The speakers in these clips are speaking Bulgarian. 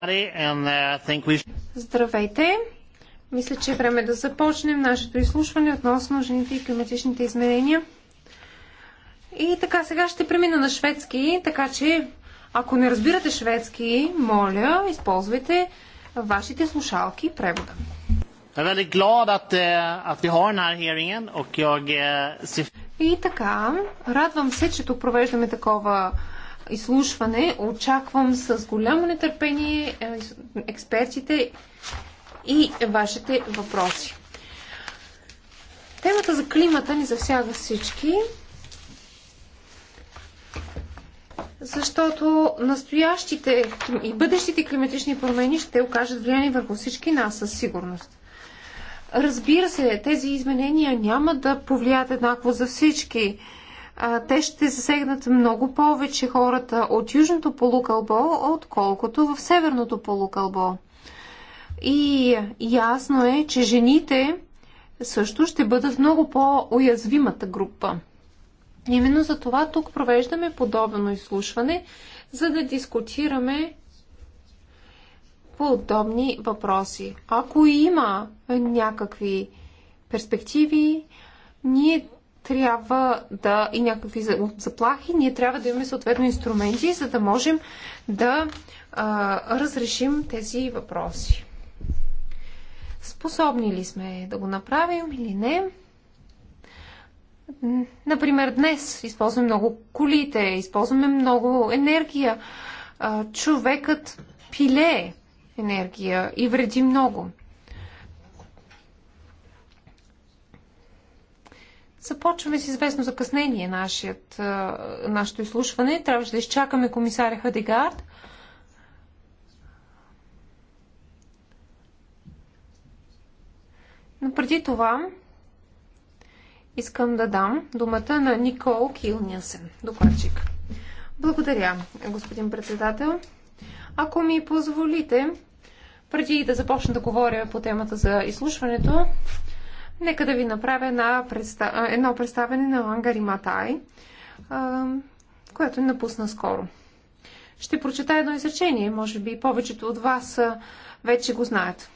Uh, Здравейте! Мисля, че е време да започнем нашето изслушване относно жените и климатичните изменения. И така, сега ще премина на шведски, така че ако не разбирате шведски, моля, използвайте вашите слушалки и превода. Eh, eh, и така, радвам се, че тук провеждаме такова изслушване. Очаквам с голямо нетърпение е, експертите и вашите въпроси. Темата за климата ни засяга всички, защото настоящите и бъдещите климатични промени ще окажат влияние върху всички нас със сигурност. Разбира се, тези изменения няма да повлият еднакво за всички а, те ще засегнат много повече хората от Южното полукълбо, отколкото в Северното полукълбо. И ясно е, че жените също ще бъдат много по-уязвимата група. Именно за това тук провеждаме подобно изслушване, за да дискутираме подобни въпроси. Ако има някакви перспективи, ние трябва да и някакви заплахи, ние трябва да имаме съответно инструменти, за да можем да а, разрешим тези въпроси. Способни ли сме да го направим или не? Например, днес използваме много колите, използваме много енергия. човекът пиле енергия и вреди много. Започваме с известно закъснение нашият, нашето изслушване. Трябваше да изчакаме комисаря Хадегард. Но преди това искам да дам думата на Никол Килнясен, докладчик. Благодаря, господин председател. Ако ми позволите, преди да започна да говоря по темата за изслушването, Нека да ви направя една представ... едно представяне на Лангари Матай, ни е напусна скоро. Ще прочета едно изречение, може би повечето от вас вече го знаят.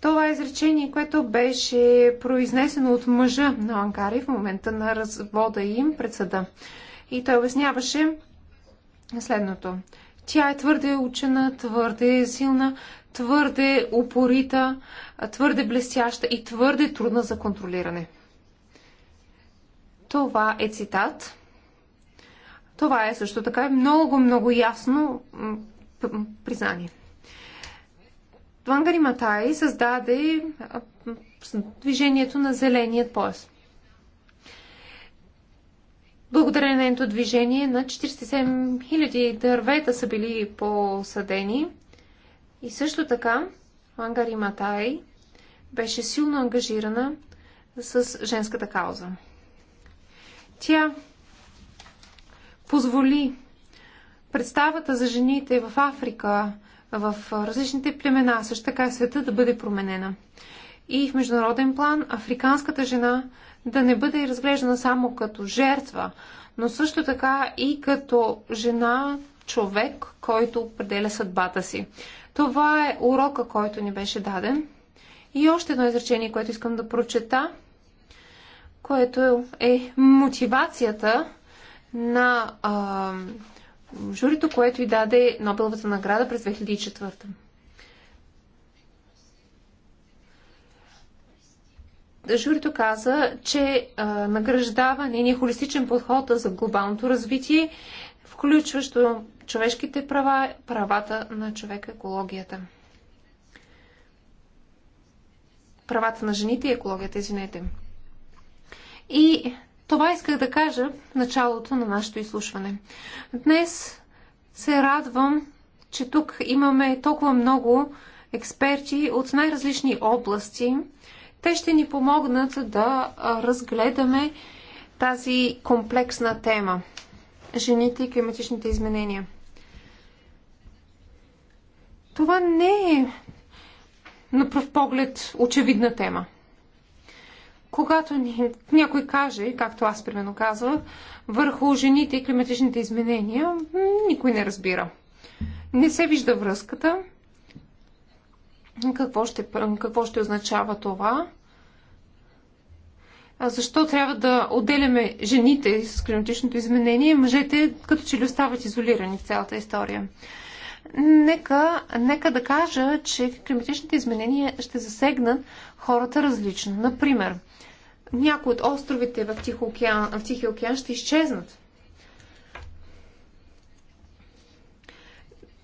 Това е изречение, което беше произнесено от мъжа на Лангари в момента на развода им пред съда. И той обясняваше следното. Тя е твърде учена, твърде силна, твърде упорита, твърде блестяща и твърде трудна за контролиране. Това е цитат. Това е също така много, много ясно признание. Вангари Матай създаде движението на зеленият пояс. Благодарението на движение на 47 000 дървета са били посадени и също така Ангари Матай беше силно ангажирана с женската кауза. Тя позволи представата за жените в Африка, в различните племена, също така и света да бъде променена. И в международен план африканската жена да не бъде разглеждана само като жертва, но също така и като жена, човек, който определя съдбата си. Това е урока, който ни беше даден. И още едно изречение, което искам да прочета, което е мотивацията на а, журито, което и даде Нобеловата награда през 2004. Журито каза, че а, награждава нейния холистичен подход за глобалното развитие, включващо човешките права, правата на човека, екологията. Правата на жените и екологията, извинете. И това исках да кажа в началото на нашето изслушване. Днес се радвам, че тук имаме толкова много експерти от най-различни области. Те ще ни помогнат да разгледаме тази комплексна тема жените и климатичните изменения. Това не е на пръв поглед очевидна тема. Когато ни, някой каже, както аз примерно казвах, върху жените и климатичните изменения, никой не разбира. Не се вижда връзката. Какво ще, какво ще означава това? А защо трябва да отделяме жените с климатичното изменение, мъжете като че ли остават изолирани в цялата история? нека, нека да кажа, че климатичните изменения ще засегнат хората различно. Например, някои от островите в Тихия океан, в Тихи океан ще изчезнат.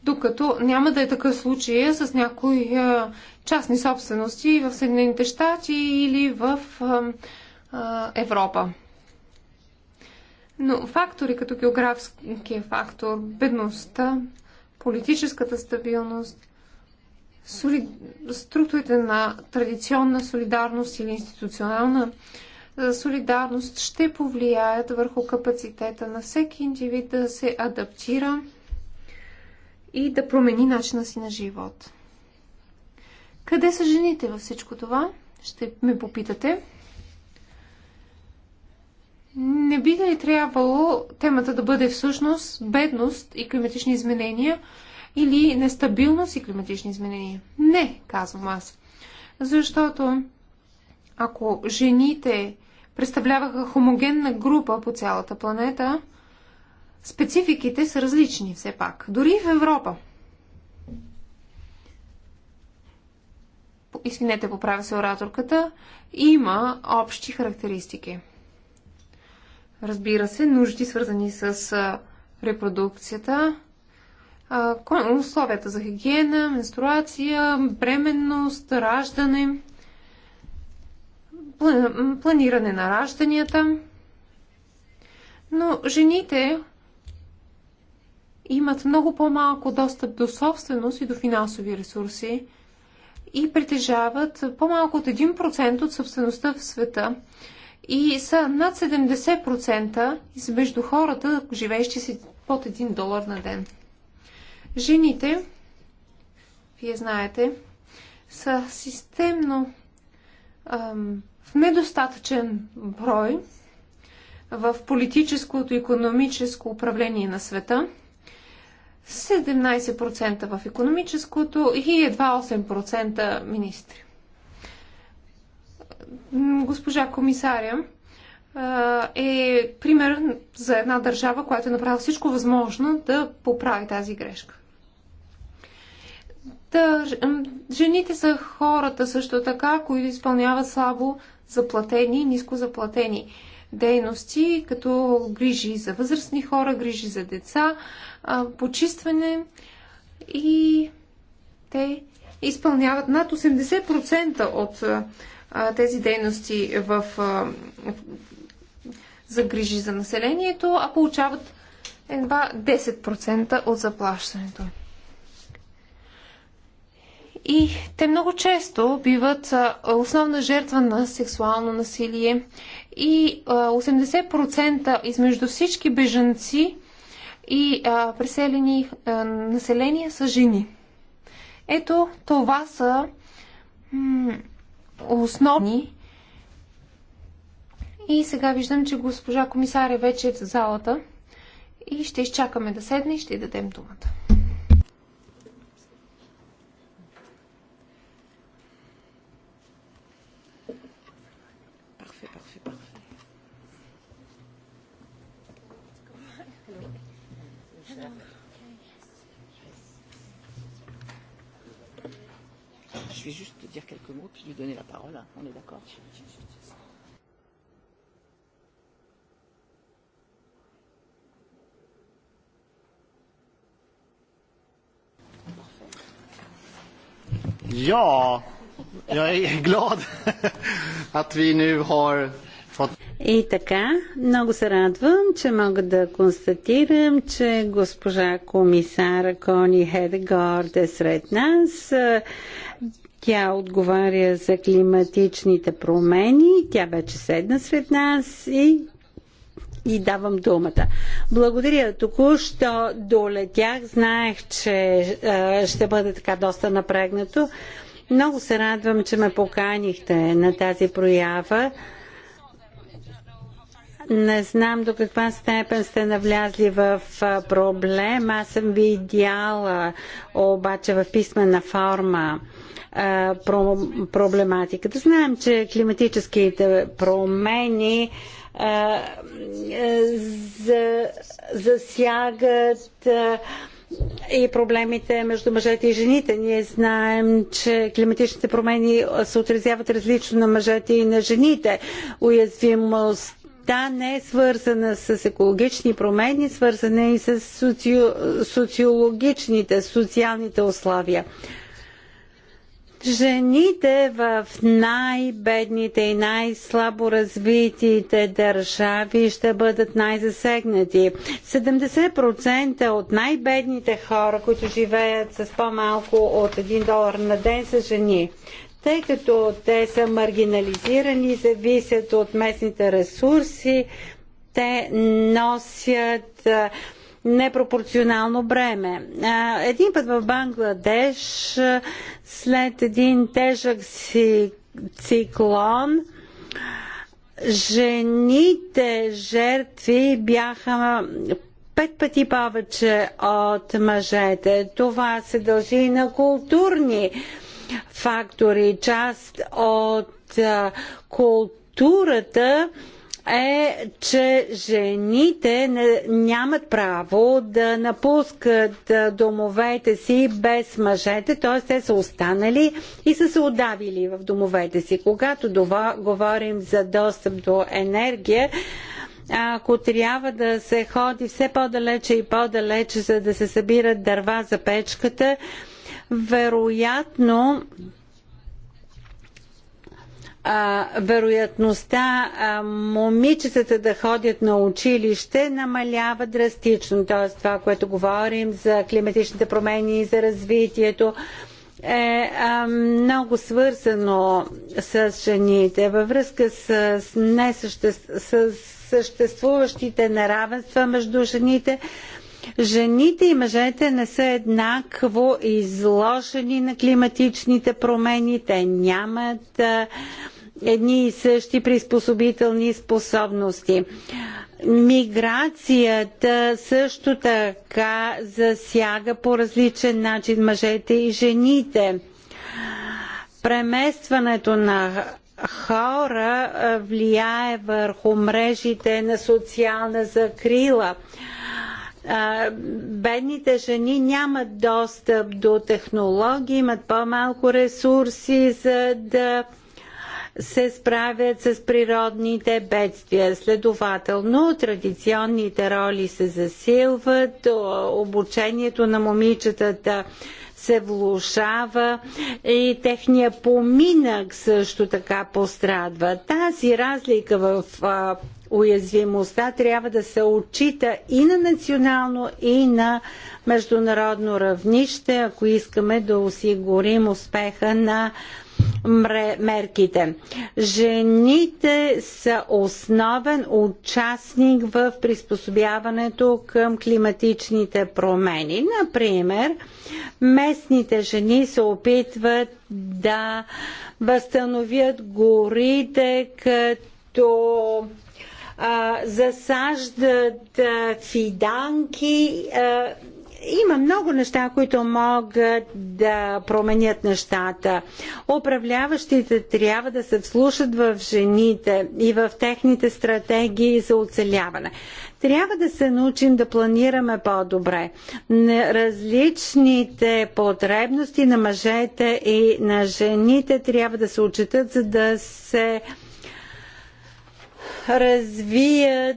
Докато няма да е такъв случай с някои частни собствености в Съединените щати или в Европа. Но фактори като географския фактор, бедността, политическата стабилност, соли... структурите на традиционна солидарност или институционална е, солидарност ще повлияят върху капацитета на всеки индивид да се адаптира и да промени начина си на живот. Къде са жените във всичко това? Ще ме попитате не би ли трябвало темата да бъде всъщност бедност и климатични изменения или нестабилност и климатични изменения? Не, казвам аз. Защото ако жените представляваха хомогенна група по цялата планета, спецификите са различни все пак. Дори в Европа. Извинете, поправя се ораторката. Има общи характеристики разбира се, нужди свързани с репродукцията, условията за хигиена, менструация, бременност, раждане, планиране на ражданията. Но жените имат много по-малко достъп до собственост и до финансови ресурси и притежават по-малко от 1% от собствеността в света и са над 70% между хората, живеещи си под 1 долар на ден. Жените, вие знаете, са системно ам, в недостатъчен брой в политическото и економическо управление на света, 17% в економическото и едва 8% министри госпожа комисаря е пример за една държава, която е направила всичко възможно да поправи тази грешка. Да, жените са хората също така, които изпълняват слабо заплатени, ниско заплатени дейности, като грижи за възрастни хора, грижи за деца, почистване и те изпълняват над 80% от тези дейности в, загрижи за населението, а получават едва 10% от заплащането. И те много често биват основна жертва на сексуално насилие. И 80% измежду всички бежанци и преселени населения са жени. Ето това са основни. И сега виждам, че госпожа комисаря е вече е в залата и ще изчакаме да седне и ще й дадем думата. dire quelques mots, puis lui donner la parole. Hein. On est d'accord Ja, jag är glad att vi nu har fått... И така, много се радвам, че мога да констатирам, че госпожа комисара Кони Хедегорд е сред нас. Тя отговаря за климатичните промени. Тя вече седна сред нас и и давам думата. Благодаря. Току-що долетях. Знаех, че е, ще бъде така доста напрегнато. Много се радвам, че ме поканихте на тази проява. Не знам до каква степен сте навлязли в проблем. Аз съм видяла обаче в писмена форма про, проблематиката. Знаем, че климатическите промени а, за, засягат а, и проблемите между мъжете и жените. Ние знаем, че климатичните промени се отразяват различно на мъжете и на жените. Уязвимост да, не е свързана с екологични промени, свързана е и с социо, социологичните, социалните условия. Жените в най-бедните и най-слабо развитите държави ще бъдат най-засегнати. 70% от най-бедните хора, които живеят с по-малко от 1 долар на ден, са жени тъй като те са маргинализирани, зависят от местните ресурси, те носят непропорционално бреме. Един път в Бангладеш, след един тежък си циклон, жените жертви бяха пет пъти повече от мъжете. Това се дължи и на културни фактори, част от културата, е, че жените нямат право да напускат домовете си без мъжете, т.е. те са останали и са се отдавили в домовете си. Когато това, говорим за достъп до енергия, ако трябва да се ходи все по-далече и по-далече, за да се събират дърва за печката, вероятно а, вероятността а, момичетата да ходят на училище намалява драстично. Тоест това, което говорим за климатичните промени и за развитието е а, много свързано с жените във връзка с, с, с съществуващите неравенства между жените Жените и мъжете не са еднакво изложени на климатичните промени, те нямат едни и същи приспособителни способности. Миграцията също така засяга по различен начин мъжете и жените. Преместването на хора влияе върху мрежите на социална закрила бедните жени нямат достъп до технологии, имат по-малко ресурси, за да се справят с природните бедствия. Следователно, традиционните роли се засилват, обучението на момичетата се влушава и техния поминък също така пострадва. Тази разлика в уязвимостта трябва да се отчита и на национално, и на международно равнище, ако искаме да осигурим успеха на мерките. Жените са основен участник в приспособяването към климатичните промени. Например, местните жени се опитват да възстановят горите като засаждат а, фиданки. А, има много неща, които могат да променят нещата. Управляващите трябва да се вслушат в жените и в техните стратегии за оцеляване. Трябва да се научим да планираме по-добре различните потребности на мъжете и на жените трябва да се отчитат, за да се развият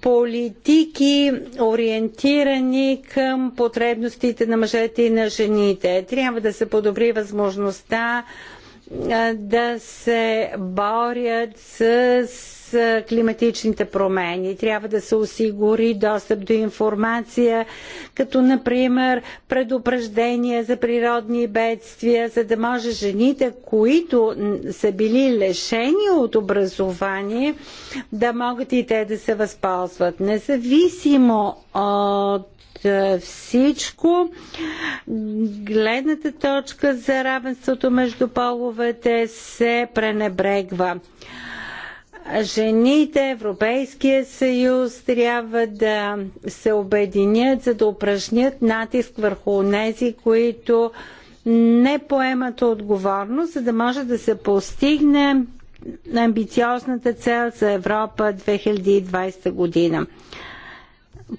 политики, ориентирани към потребностите на мъжете и на жените. Трябва да се подобри възможността да се борят с климатичните промени. Трябва да се осигури достъп до информация, като например предупреждения за природни бедствия, за да може жените, които са били лишени от образование, да могат и те да се възползват. Независимо от всичко. Гледната точка за равенството между половете се пренебрегва жените, Европейския съюз трябва да се обединят, за да упражнят натиск върху тези, които не поемат отговорност, за да може да се постигне амбициозната цел за Европа 2020 година.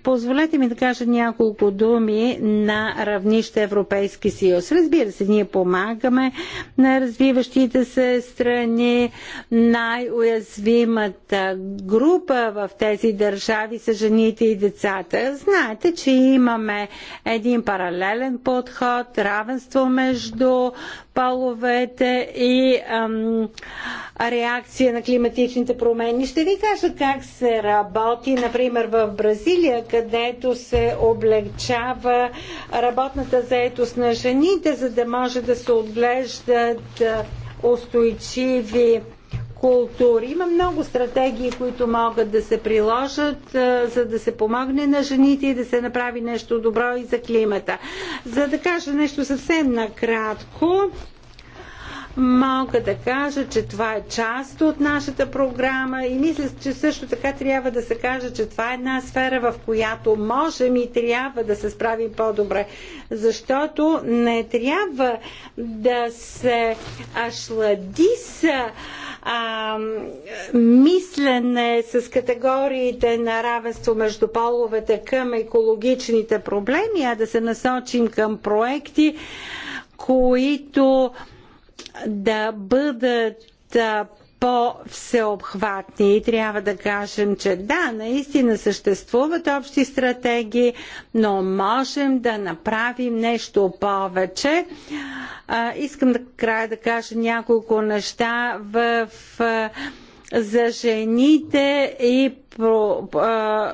Позволете ми да кажа няколко думи на равнище Европейски съюз. Разбира се, ние помагаме на развиващите се страни. Най-уязвимата група в тези държави са жените и децата. Знаете, че имаме един паралелен подход, равенство между половете и ам, реакция на климатичните промени. Ще ви кажа как се работи, например, в Бразилия, където се облегчава работната заетост на жените, за да може да се отглеждат устойчиви култури. Има много стратегии, които могат да се приложат, за да се помогне на жените и да се направи нещо добро и за климата. За да кажа нещо съвсем накратко, Малка да кажа, че това е част от нашата програма и мисля, че също така трябва да се каже, че това е една сфера, в която можем и трябва да се справим по-добре, защото не трябва да се ашладиса а, мислене с категориите на равенство между половете към екологичните проблеми, а да се насочим към проекти, които да бъдат по-всеобхватни и трябва да кажем, че да, наистина съществуват общи стратегии, но можем да направим нещо повече. А, искам да края да кажа няколко неща в а, за жените и про, а,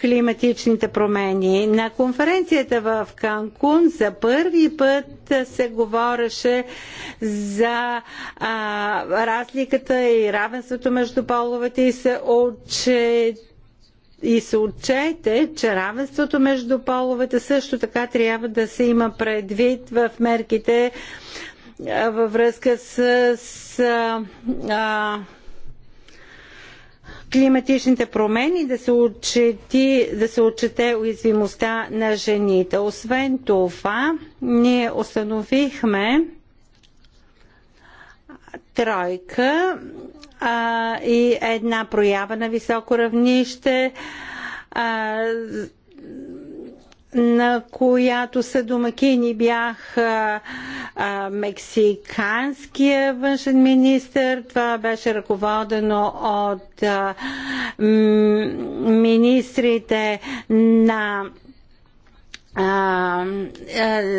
климатичните промени. На конференцията в Канкун за първи път се говореше за а, разликата и равенството между половете и се отчете и се отчете, че равенството между половете също така трябва да се има предвид в мерките във връзка с, с а, климатичните промени, да се, отчети, да се отчете уязвимостта на жените. Освен това, ние установихме тройка а, и една проява на високо равнище. А, на която са домакини бяха а, мексиканския външен министр. Това беше ръководено от а, министрите на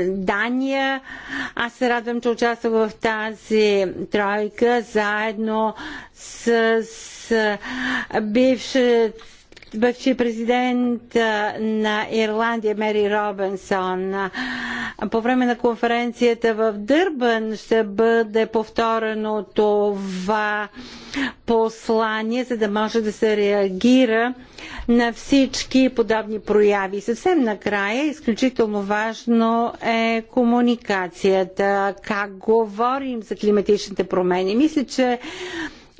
Дания. Аз се радвам, че участвах в тази тройка заедно с, с бившият бивши президент на Ирландия Мери Робинсон. По време на конференцията в Дърбан ще бъде повторено това послание, за да може да се реагира на всички подобни прояви. Съвсем накрая, изключително важно е комуникацията, как говорим за климатичните промени. Мисля, че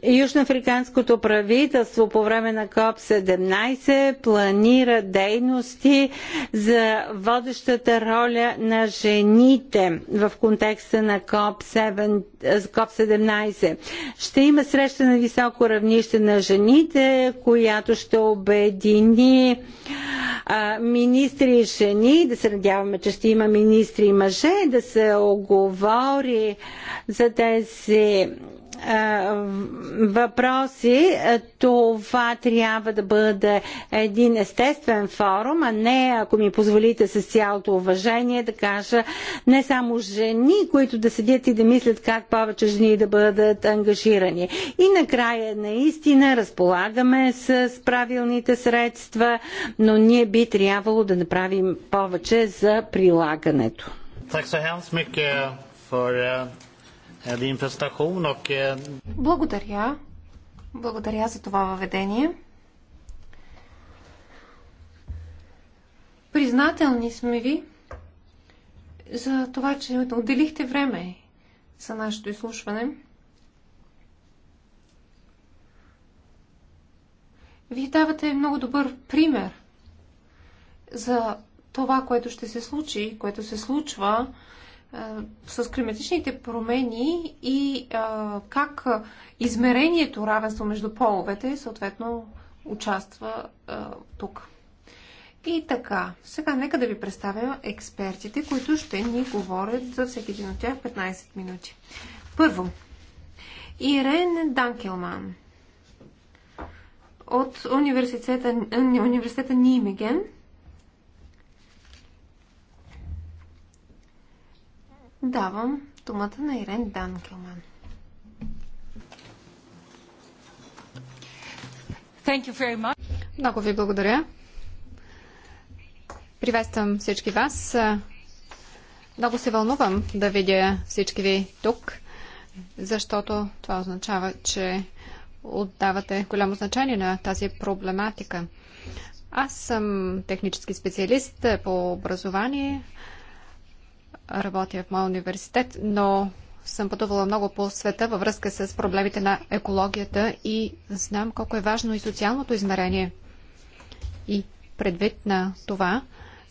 Южноафриканското правителство по време на КОП-17 планира дейности за водещата роля на жените в контекста на КОП-17. Ще има среща на високо равнище на жените, която ще обедини министри и жени, да се надяваме, че ще има министри и мъже, да се оговори за тези въпроси, това трябва да бъде един естествен форум, а не, ако ми позволите с цялото уважение, да кажа не само жени, които да седят и да мислят как повече жени да бъдат ангажирани. И накрая, наистина, разполагаме с правилните средства, но ние би трябвало да направим повече за прилагането. Благодаря så hemskt din е, presentation Благодаря. Благодаря за това въведение. Признателни сме ви за това, че отделихте време за нашето изслушване. Вие давате много добър пример за това, което ще се случи, което се случва с климатичните промени и а, как измерението равенство между половете съответно участва а, тук. И така, сега нека да ви представя експертите, които ще ни говорят за всеки един от тях 15 минути. Първо, Ирен Данкелман от университета, университета Нимеген – Давам думата на Ирен Данкелман. Много ви благодаря. Приветствам всички вас. Много се вълнувам да видя всички ви тук, защото това означава, че отдавате голямо значение на тази проблематика. Аз съм технически специалист по образование работя в моя университет, но съм пътувала много по света във връзка с проблемите на екологията и знам колко е важно и социалното измерение. И предвид на това,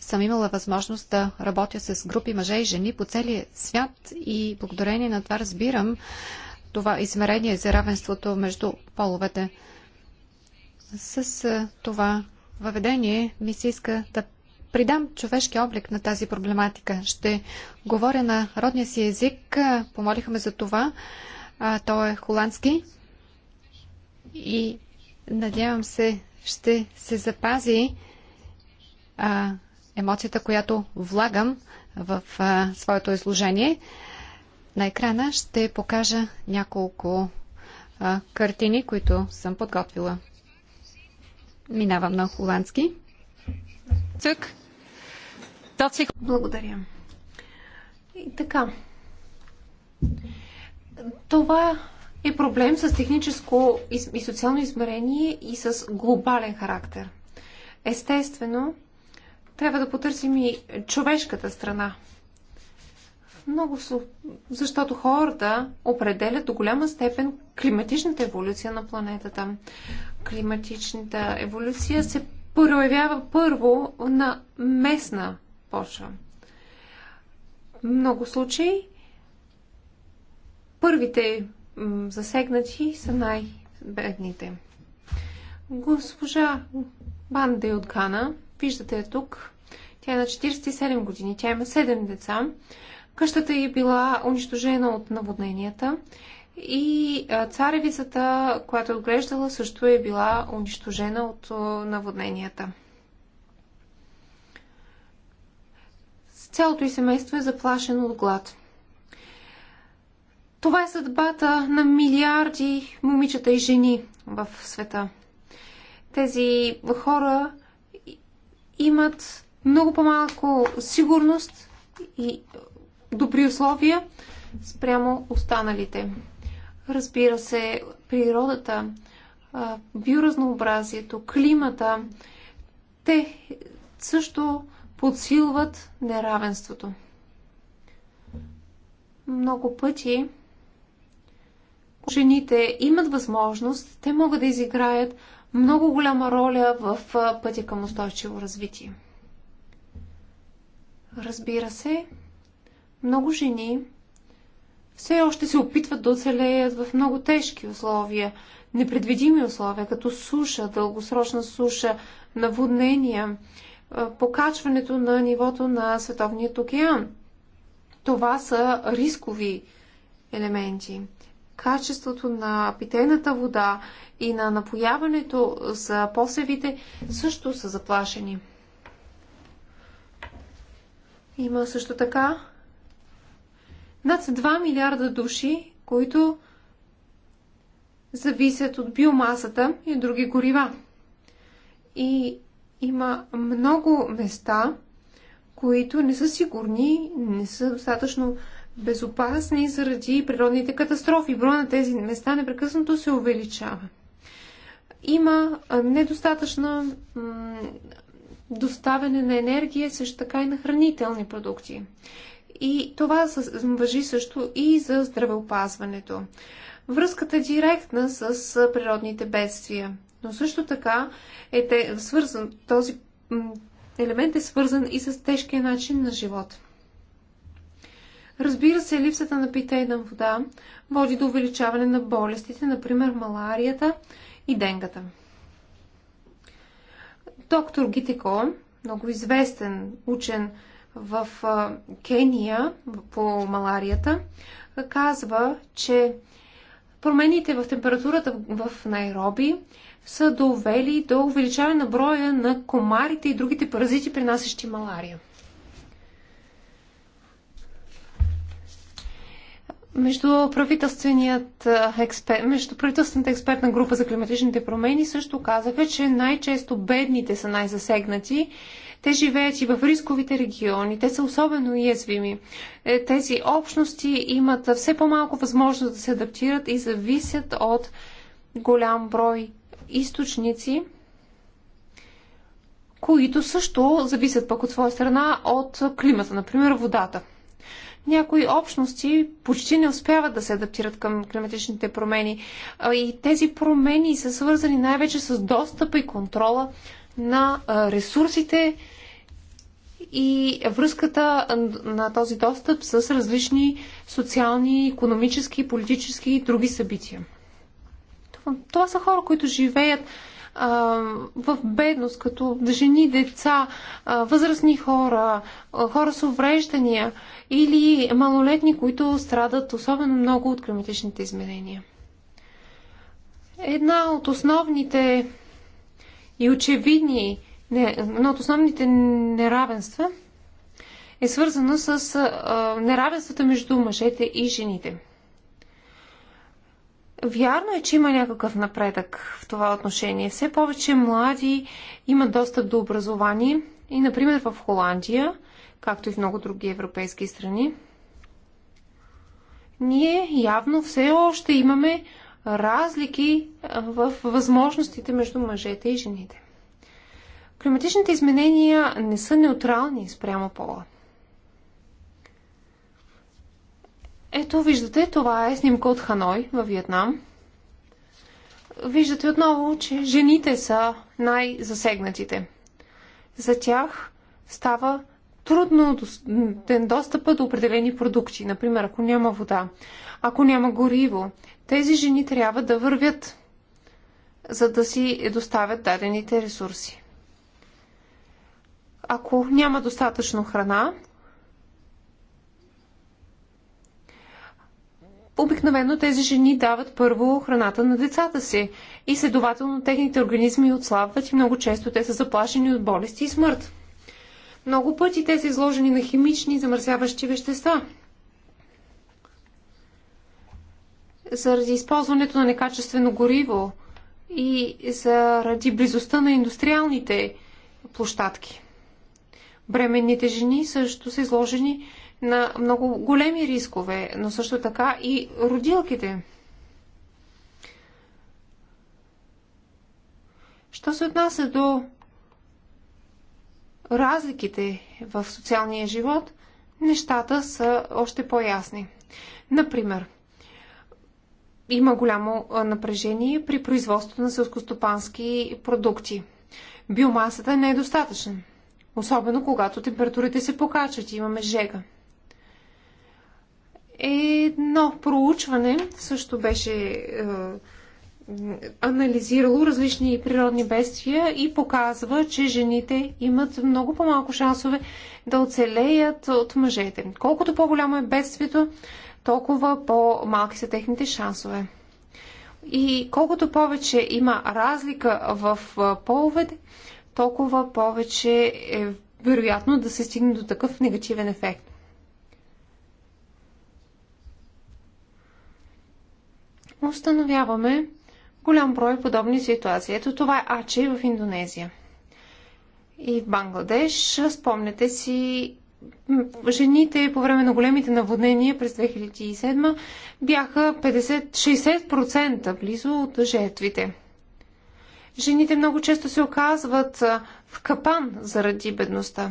съм имала възможност да работя с групи мъже и жени по целия свят и благодарение на това разбирам това измерение за равенството между половете. С това въведение ми се иска да придам човешки облик на тази проблематика. Ще говоря на родния си език. Помолиха ме за това. А, той е холандски. И надявам се, ще се запази а, емоцията, която влагам в а, своето изложение. На екрана ще покажа няколко а, картини, които съм подготвила. Минавам на холандски. Цък. Благодаря. И така. Това е проблем с техническо и социално измерение и с глобален характер. Естествено, трябва да потърсим и човешката страна. Много защото хората определят до голяма степен климатичната еволюция на планетата. Климатичната еволюция се проявява първо на местна Польша. Много случаи първите засегнати са най-бедните. Госпожа Банде от Гана, виждате я тук, тя е на 47 години, тя има 7 деца. Къщата е била унищожена от наводненията и царевицата, която е отглеждала, също е била унищожена от наводненията. Цялото й семейство е заплашено от глад. Това е съдбата на милиарди момичета и жени в света. Тези хора имат много по-малко сигурност и добри условия спрямо останалите. Разбира се, природата, биоразнообразието, климата, те също подсилват неравенството. Много пъти жените имат възможност, те могат да изиграят много голяма роля в пътя към устойчиво развитие. Разбира се, много жени все още се опитват да оцелеят в много тежки условия, непредвидими условия, като суша, дългосрочна суша, наводнения покачването на нивото на световният океан. Това са рискови елементи. Качеството на питейната вода и на напояването за посевите също са заплашени. Има също така над 2 милиарда души, които зависят от биомасата и други горива. И има много места, които не са сигурни, не са достатъчно безопасни заради природните катастрофи. Броя на тези места непрекъснато се увеличава. Има недостатъчна доставяне на енергия, също така и на хранителни продукти. И това въжи също и за здравеопазването. Връзката е директна с природните бедствия. Но също така е те, свързан, този елемент е свързан и с тежкия начин на живот. Разбира се, липсата на питейна вода води до увеличаване на болестите, например маларията и денгата. Доктор Гитеко, много известен учен в Кения по маларията, казва, че промените в температурата в Найроби са довели до увеличаване на броя на комарите и другите паразити, принасящи малария. Между, между правителствената експертна група за климатичните промени също казаха, че най-често бедните са най-засегнати. Те живеят и в рисковите региони. Те са особено уязвими. Е, тези общности имат все по-малко възможност да се адаптират и зависят от голям брой източници, които също зависят пък от своя страна от климата, например водата. Някои общности почти не успяват да се адаптират към климатичните промени и тези промени са свързани най-вече с достъпа и контрола на ресурсите и връзката на този достъп с различни социални, економически, политически и други събития. Това са хора, които живеят в бедност, като жени, деца, възрастни хора, хора с увреждания или малолетни, които страдат особено много от климатичните изменения. Една от основните и очевидни, не, от основните неравенства е свързано с неравенствата между мъжете и жените. Вярно е, че има някакъв напредък в това отношение. Все повече млади имат достъп до образование и, например, в Холандия, както и в много други европейски страни, ние явно все още имаме разлики в възможностите между мъжете и жените. Климатичните изменения не са неутрални спрямо пола. Ето, виждате, това е снимка от Ханой във Виетнам. Виждате отново, че жените са най-засегнатите. За тях става трудно достъпа до определени продукти. Например, ако няма вода, ако няма гориво, тези жени трябва да вървят, за да си доставят дадените ресурси. Ако няма достатъчно храна, обикновено тези жени дават първо храната на децата си и следователно техните организми отслабват и много често те са заплашени от болести и смърт. Много пъти те са изложени на химични замърсяващи вещества. Заради използването на некачествено гориво и заради близостта на индустриалните площадки. Бременните жени също са изложени на много големи рискове, но също така и родилките. Що се отнася до разликите в социалния живот, нещата са още по-ясни. Например, има голямо напрежение при производството на селскостопански продукти. Биомасата не е достатъчна, особено когато температурите се покачат и имаме жега. Едно проучване също беше е, анализирало различни природни бедствия и показва, че жените имат много по-малко шансове да оцелеят от мъжете. Колкото по-голямо е бедствието, толкова по-малки са техните шансове. И колкото повече има разлика в е, половете, толкова повече е вероятно да се стигне до такъв негативен ефект. установяваме голям брой подобни ситуации. Ето това е Ачи в Индонезия. И в Бангладеш, спомнете си, жените по време на големите наводнения през 2007 бяха 50-60% близо от жертвите. Жените много често се оказват в капан заради бедността.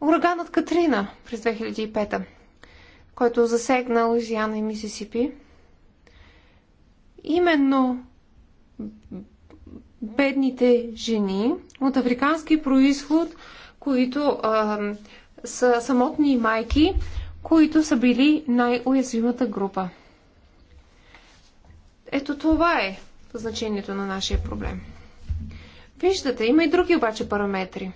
Ураганът Катрина през 2005, който е засегна Луизиана и Мисисипи, Именно бедните жени от африкански происход, които а, са самотни майки, които са били най-уязвимата група. Ето това е значението на нашия проблем. Виждате, има и други обаче параметри.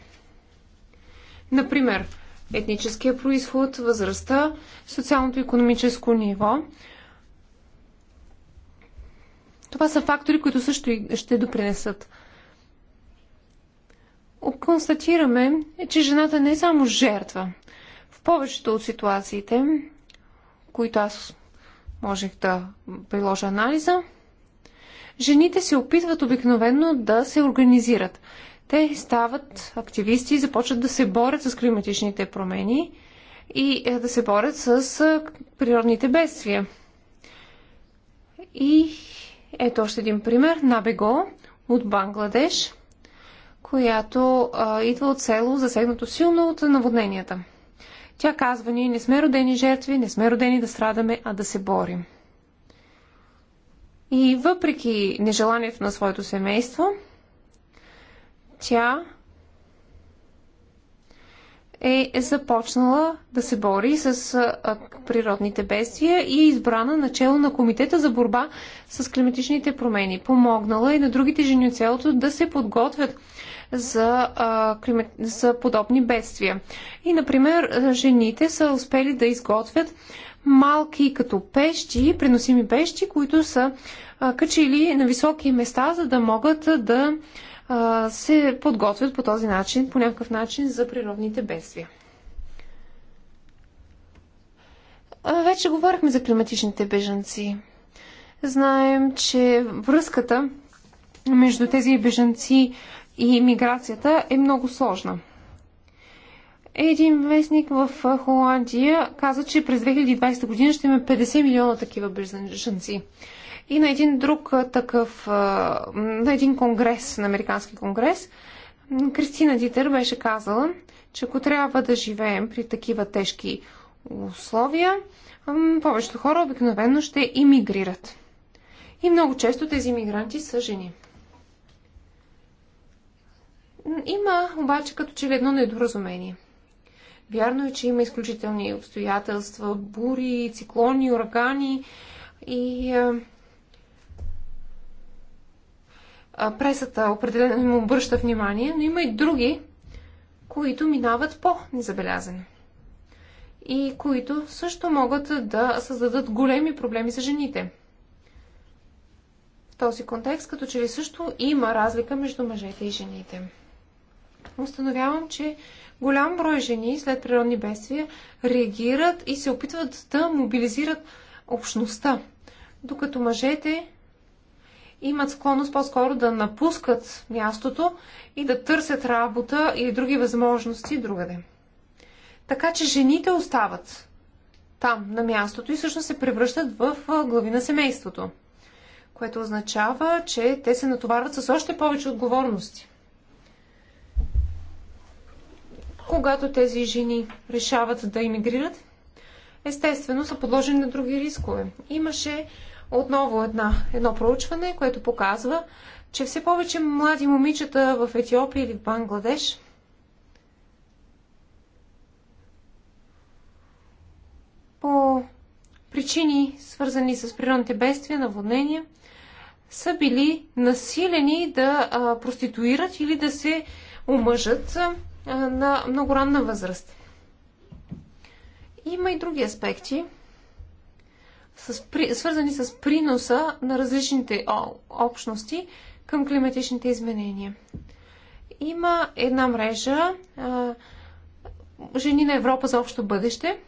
Например, етническия происход, възрастта, социалното и економическо ниво, това са фактори, които също ще допринесат. Констатираме, че жената не е само жертва. В повечето от ситуациите, които аз можех да приложа анализа, жените се опитват обикновенно да се организират. Те стават активисти и започват да се борят с климатичните промени и е, да се борят с е, природните бедствия. И ето още един пример. Набего от Бангладеш, която а, идва от село, засегнато силно от наводненията. Тя казва, ние не сме родени жертви, не сме родени да страдаме, а да се борим. И въпреки нежеланието на своето семейство, тя е започнала да се бори с природните бедствия и е избрана начало на Комитета за борба с климатичните промени. Помогнала и е на другите жени от селото да се подготвят за, а, климат... за подобни бедствия. И, например, жените са успели да изготвят малки като пещи, преносими пещи, които са а, качили на високи места, за да могат да се подготвят по този начин, по някакъв начин за природните бедствия. Вече говорихме за климатичните бежанци. Знаем, че връзката между тези бежанци и миграцията е много сложна. Един вестник в Холандия каза, че през 2020 година ще има 50 милиона такива бежанци и на един друг такъв, на един конгрес, на американски конгрес, Кристина Дитер беше казала, че ако трябва да живеем при такива тежки условия, повечето хора обикновено ще иммигрират. И много често тези иммигранти са жени. Има обаче като че ли едно недоразумение. Вярно е, че има изключителни обстоятелства, бури, циклони, урагани и пресата определено им обръща внимание, но има и други, които минават по-незабелязани и които също могат да създадат големи проблеми за жените. В този контекст, като че ли също има разлика между мъжете и жените. Установявам, че голям брой жени след природни бедствия реагират и се опитват да мобилизират общността, докато мъжете имат склонност по-скоро да напускат мястото и да търсят работа или други възможности другаде. Така че жените остават там, на мястото и всъщност се превръщат в глави на семейството, което означава, че те се натоварват с още повече отговорности. Когато тези жени решават да иммигрират, естествено са подложени на други рискове. Имаше отново една, едно проучване, което показва, че все повече млади момичета в Етиопия или в Бангладеш по причини, свързани с природните бедствия, наводнения, са били насилени да проституират или да се омъжат на много ранна възраст. Има и други аспекти – с, при, свързани с приноса на различните общности към климатичните изменения. Има една мрежа а, Жени на Европа за общо бъдеще,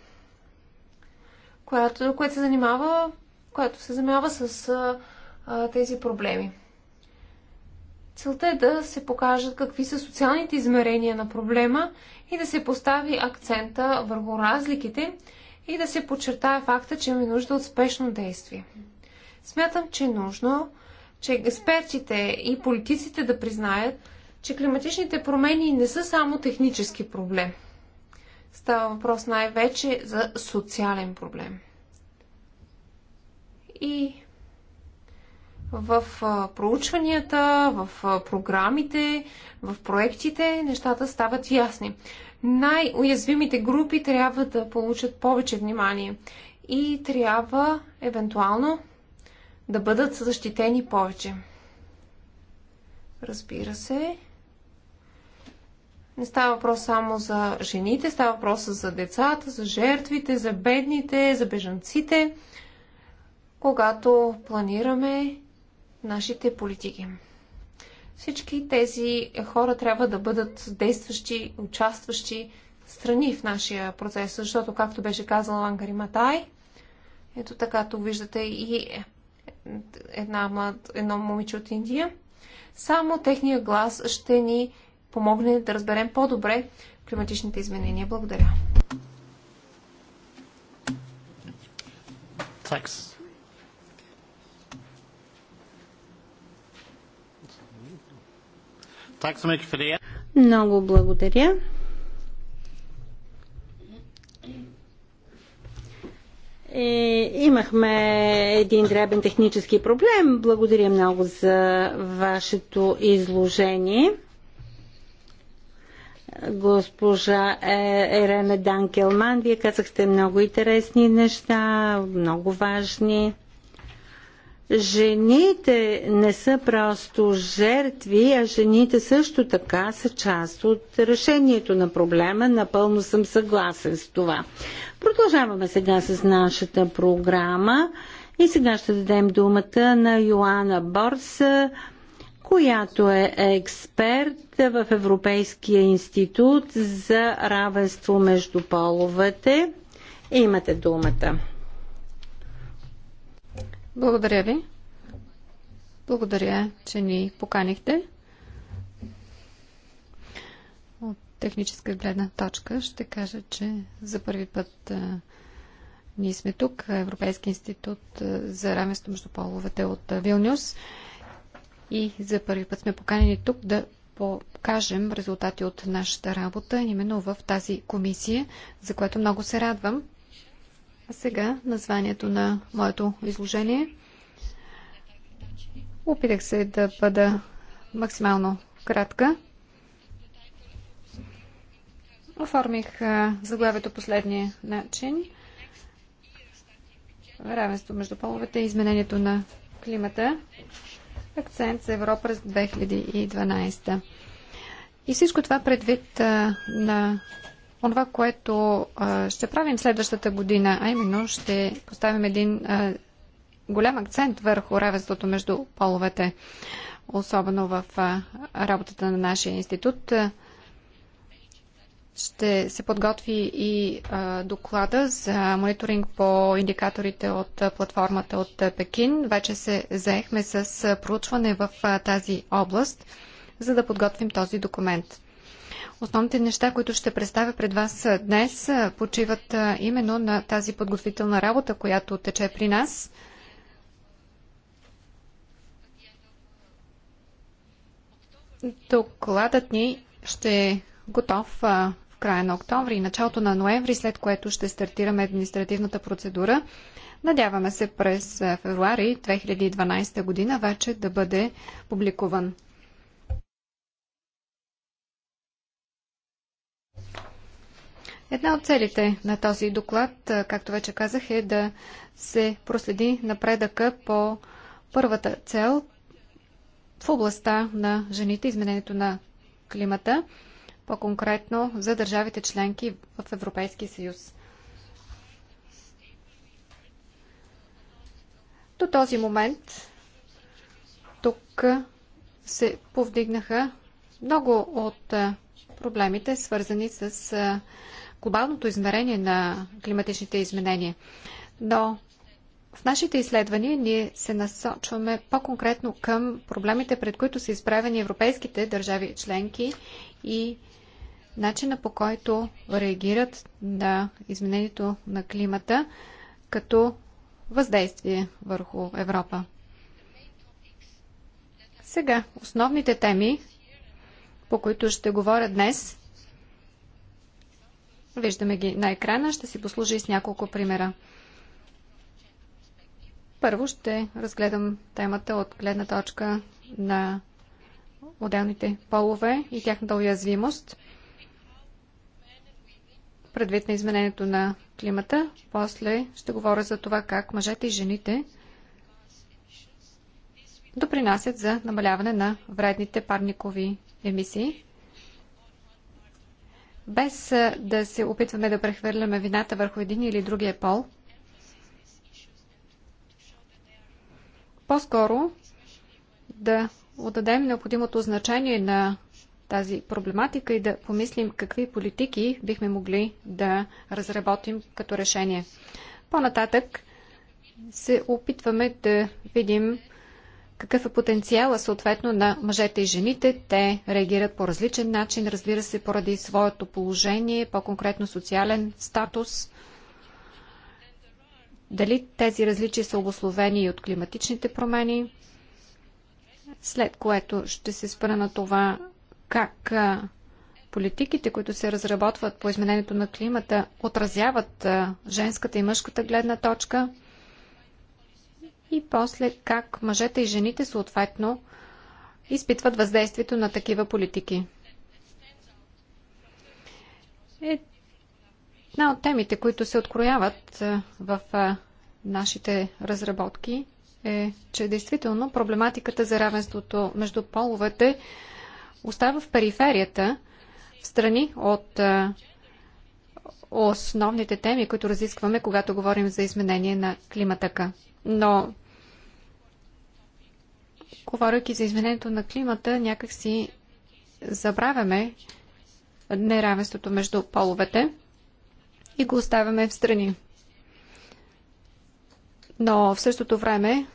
която, която се занимава, която се занимава с а, а, тези проблеми. Целта е да се покажат какви са социалните измерения на проблема и да се постави акцента върху разликите, и да се подчертая факта, че ми нужда от спешно действие. Смятам, че е нужно, че експертите и политиците да признаят, че климатичните промени не са само технически проблем. Става въпрос най-вече за социален проблем. И в проучванията, в програмите, в проектите нещата стават ясни най-уязвимите групи трябва да получат повече внимание и трябва евентуално да бъдат защитени повече. Разбира се. Не става въпрос само за жените, става въпрос за децата, за жертвите, за бедните, за бежанците, когато планираме нашите политики. Всички тези хора трябва да бъдат действащи, участващи страни в нашия процес, защото, както беше казала Ангари Матай, ето така, тук виждате и една, едно момиче от Индия. Само техния глас ще ни помогне да разберем по-добре климатичните изменения. Благодаря. Thanks. Много благодаря. И е, имахме един дребен технически проблем. Благодаря много за вашето изложение. Госпожа е, Ерена Данкелман, вие казахте много интересни неща, много важни жените не са просто жертви, а жените също така са част от решението на проблема. Напълно съм съгласен с това. Продължаваме сега с нашата програма и сега ще дадем думата на Йоана Борса, която е експерт в Европейския институт за равенство между половете. Имате думата. Благодаря ви. Благодаря, че ни поканихте. От техническа гледна точка ще кажа, че за първи път а, ние сме тук, Европейски институт за равенство между половете от Вилнюс и за първи път сме поканени тук да покажем резултати от нашата работа именно в тази комисия, за което много се радвам. А сега названието на моето изложение. Опитах се да бъда максимално кратка. Оформих заглавието последния начин. Равенство между половете и изменението на климата. Акцент за Европа през 2012. И всичко това предвид на това, което ще правим следващата година, а именно ще поставим един голям акцент върху равенството между половете, особено в работата на нашия институт. Ще се подготви и доклада за мониторинг по индикаторите от платформата от Пекин. Вече се заехме с проучване в тази област, за да подготвим този документ. Основните неща, които ще представя пред вас днес, почиват именно на тази подготвителна работа, която тече при нас. Докладът ни ще е готов в края на октомври и началото на ноември, след което ще стартираме административната процедура. Надяваме се през февруари 2012 година вече да бъде публикуван. Една от целите на този доклад, както вече казах, е да се проследи напредъка по първата цел в областта на жените, изменението на климата, по-конкретно за държавите членки в Европейския съюз. До този момент тук се повдигнаха много от проблемите, свързани с глобалното измерение на климатичните изменения. Но в нашите изследвания ние се насочваме по-конкретно към проблемите, пред които са изправени европейските държави членки и начина по който реагират на изменението на климата като въздействие върху Европа. Сега, основните теми, по които ще говоря днес, Виждаме ги на екрана. Ще си послужа и с няколко примера. Първо ще разгледам темата от гледна точка на отделните полове и тяхната уязвимост. Предвид на изменението на климата, после ще говоря за това как мъжете и жените допринасят за намаляване на вредните парникови емисии без да се опитваме да прехвърляме вината върху един или другия пол. По-скоро да отдадем необходимото значение на тази проблематика и да помислим какви политики бихме могли да разработим като решение. По-нататък се опитваме да видим какъв е потенциала съответно на мъжете и жените. Те реагират по различен начин, разбира се, поради своето положение, по-конкретно социален статус. Дали тези различия са обословени и от климатичните промени, след което ще се спра на това как политиките, които се разработват по изменението на климата, отразяват женската и мъжката гледна точка – и после как мъжете и жените съответно изпитват въздействието на такива политики. Една от темите, които се открояват е, в е, нашите разработки е, че действително проблематиката за равенството между половете остава в периферията, в страни от е, основните теми, които разискваме, когато говорим за изменение на климатъка. Но, говоряки за изменението на климата, някакси забравяме неравенството между половете и го оставяме в страни. Но в същото време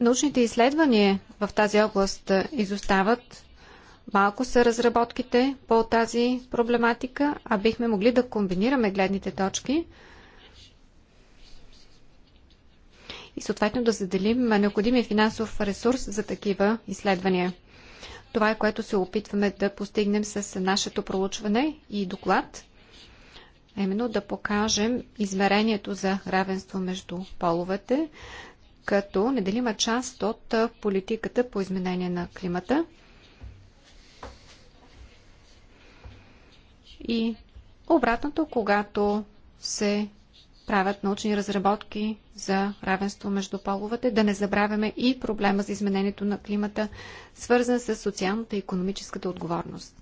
научните изследвания в тази област изостават. Малко са разработките по тази проблематика, а бихме могли да комбинираме гледните точки – и съответно да заделим необходимия финансов ресурс за такива изследвания. Това е което се опитваме да постигнем с нашето проучване и доклад, именно да покажем измерението за равенство между половете като неделима част от политиката по изменение на климата. И обратното, когато се правят научни разработки за равенство между половете. Да не забравяме и проблема за изменението на климата, свързан с социалната и економическата отговорност.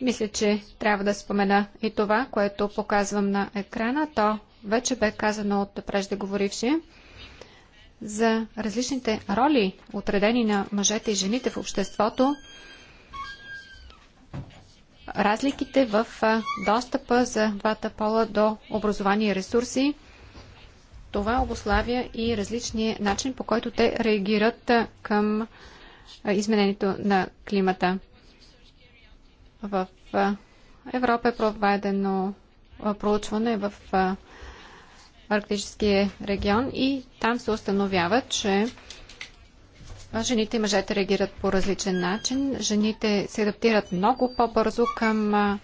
Мисля, че трябва да спомена и това, което показвам на екрана. То вече бе казано от преждеговорившия за различните роли, отредени на мъжете и жените в обществото разликите в достъпа за двата пола до образование и ресурси. Това обославя и различния начин, по който те реагират към изменението на климата. В Европа е проведено проучване в Арктическия регион и там се установява, че Жените и мъжете реагират по различен начин. Жените се адаптират много по-бързо към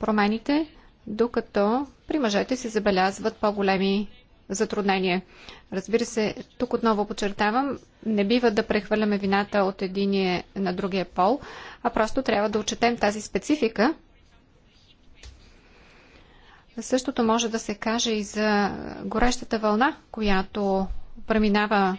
промените, докато при мъжете се забелязват по-големи затруднения. Разбира се, тук отново подчертавам, не бива да прехвърляме вината от единия на другия пол, а просто трябва да отчетем тази специфика. Същото може да се каже и за горещата вълна, която преминава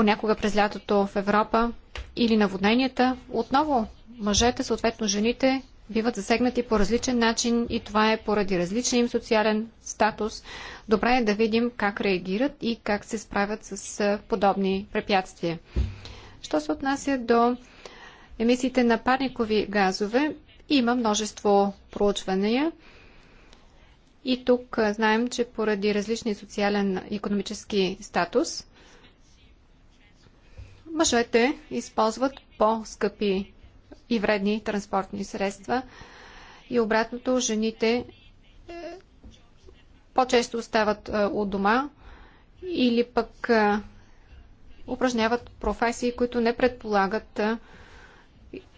понякога през лятото в Европа или наводненията, отново мъжете, съответно жените, биват засегнати по различен начин и това е поради различен им социален статус. Добре е да видим как реагират и как се справят с подобни препятствия. Що се отнася до емисиите на парникови газове, има множество проучвания. И тук знаем, че поради различни социален и економически статус, мъжете използват по-скъпи и вредни транспортни средства и обратното жените е, по-често остават у е, дома или пък е, упражняват професии, които не предполагат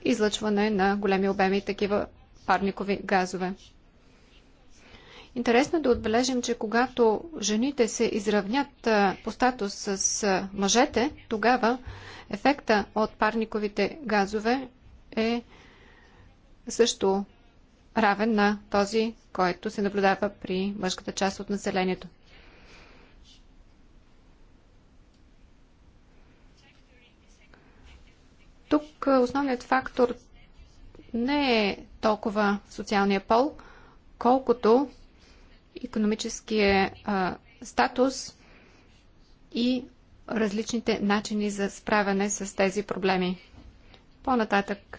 излъчване на големи обеми такива парникови газове. Интересно е да отбележим, че когато жените се изравнят по статус с мъжете, тогава ефекта от парниковите газове е също равен на този, който се наблюдава при мъжката част от населението. Тук основният фактор не е толкова социалния пол, колкото економическия а, статус и различните начини за справяне с тези проблеми. По-нататък.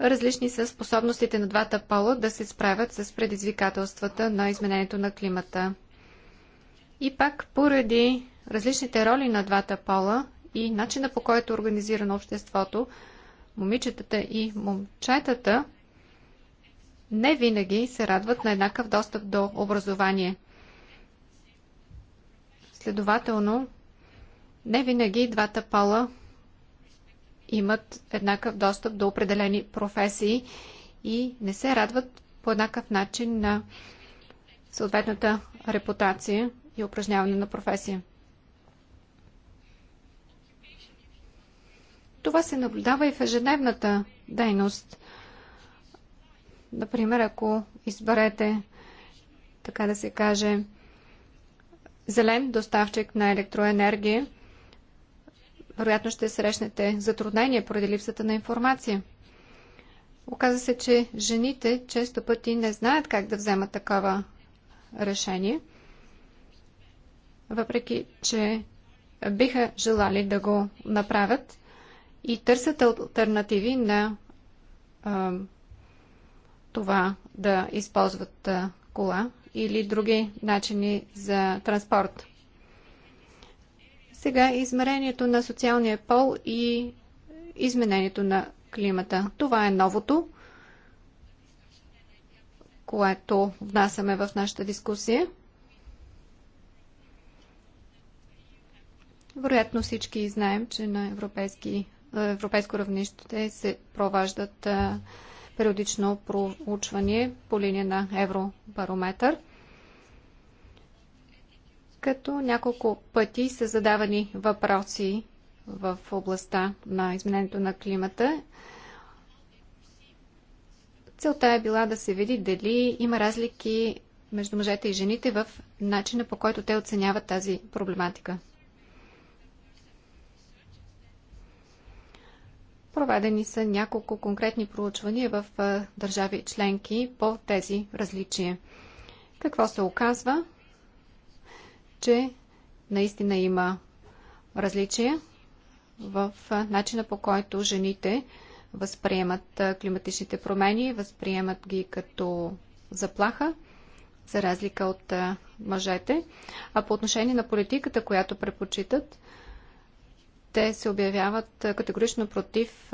Различни са способностите на двата пола да се справят с предизвикателствата на изменението на климата. И пак поради различните роли на двата пола и начина по който е организирано обществото, момичетата и момчетата – не винаги се радват на еднакъв достъп до образование. Следователно, не винаги двата пола имат еднакъв достъп до определени професии и не се радват по еднакъв начин на съответната репутация и упражняване на професия. Това се наблюдава и в ежедневната дейност. Например, ако изберете, така да се каже, зелен доставчик на електроенергия, вероятно ще срещнете затруднение поради липсата на информация. Оказва се, че жените често пъти не знаят как да вземат такова решение, въпреки че биха желали да го направят и търсят альтернативи на а, това да използват кола или други начини за транспорт. Сега измерението на социалния пол и изменението на климата. Това е новото, което внасяме в нашата дискусия. Вероятно всички знаем, че на европейски, европейско равнище се проваждат периодично проучване по линия на Евробарометър. Като няколко пъти са задавани въпроси в областта на изменението на климата. Целта е била да се види дали има разлики между мъжете и жените в начина по който те оценяват тази проблематика. Проведени са няколко конкретни проучвания в държави членки по тези различия. Какво се оказва? Че наистина има различия в начина по който жените възприемат климатичните промени, възприемат ги като заплаха, за разлика от мъжете. А по отношение на политиката, която предпочитат, те се обявяват категорично против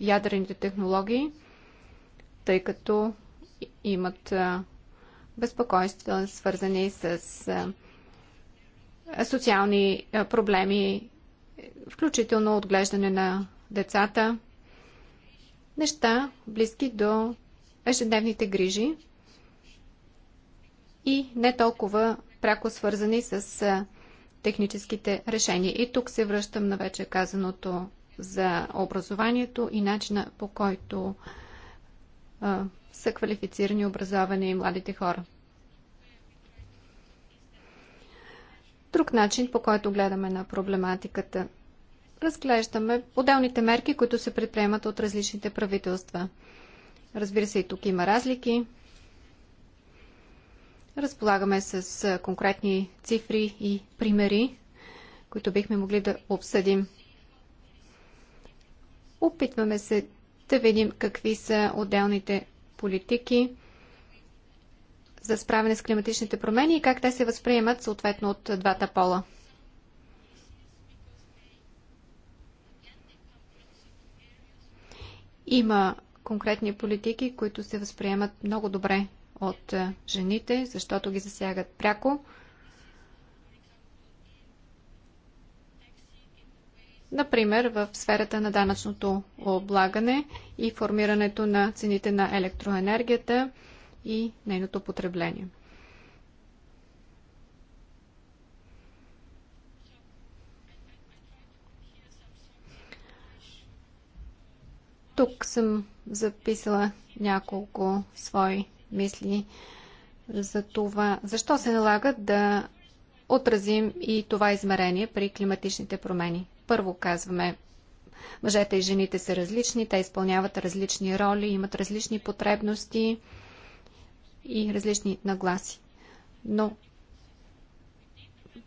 ядрените технологии, тъй като имат безпокойства, свързани с социални проблеми, включително отглеждане на децата, неща близки до ежедневните грижи и не толкова пряко свързани с техническите решения. И тук се връщам на вече казаното за образованието и начина по който а, са квалифицирани образование и младите хора. Друг начин, по който гледаме на проблематиката, разглеждаме отделните мерки, които се предприемат от различните правителства. Разбира се, и тук има разлики. Разполагаме с конкретни цифри и примери, които бихме могли да обсъдим. Опитваме се да видим какви са отделните политики за справяне с климатичните промени и как те се възприемат съответно от двата пола. Има конкретни политики, които се възприемат много добре от е, жените, защото ги засягат пряко. Например, в сферата на данъчното облагане и формирането на цените на електроенергията и нейното потребление. Тук съм записала няколко свои мисли за това, защо се налага да отразим и това измерение при климатичните промени. Първо казваме, мъжете и жените са различни, те изпълняват различни роли, имат различни потребности и различни нагласи. Но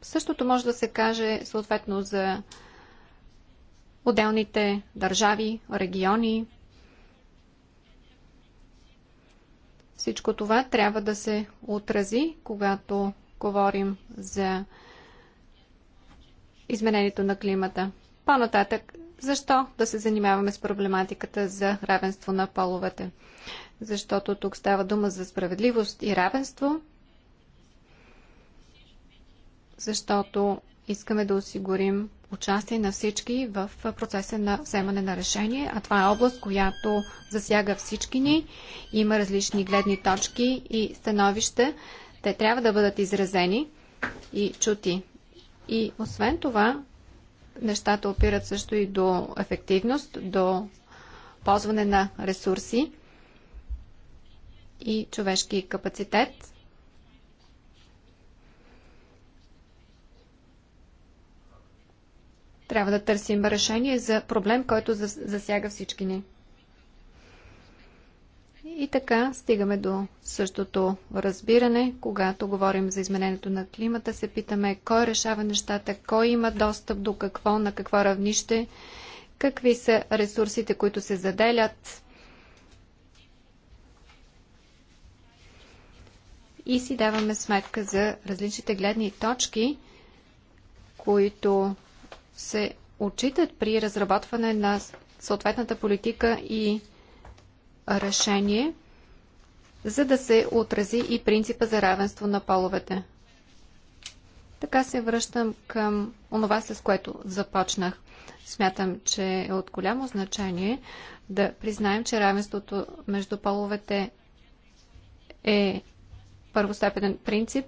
същото може да се каже съответно за отделните държави, региони, Всичко това трябва да се отрази, когато говорим за изменението на климата. По-нататък, защо да се занимаваме с проблематиката за равенство на половете? Защото тук става дума за справедливост и равенство, защото искаме да осигурим участие на всички в процеса на вземане на решение, а това е област, която засяга всички ни. Има различни гледни точки и становища. Те трябва да бъдат изразени и чути. И освен това, нещата опират също и до ефективност, до ползване на ресурси и човешки капацитет. Трябва да търсим решение за проблем, който засяга всички ни. И така стигаме до същото разбиране. Когато говорим за изменението на климата, се питаме кой решава нещата, кой има достъп до какво, на какво равнище, какви са ресурсите, които се заделят. И си даваме сметка за различните гледни точки, които се отчитат при разработване на съответната политика и решение, за да се отрази и принципа за равенство на половете. Така се връщам към онова, с което започнах. Смятам, че е от голямо значение да признаем, че равенството между половете е първостепенен принцип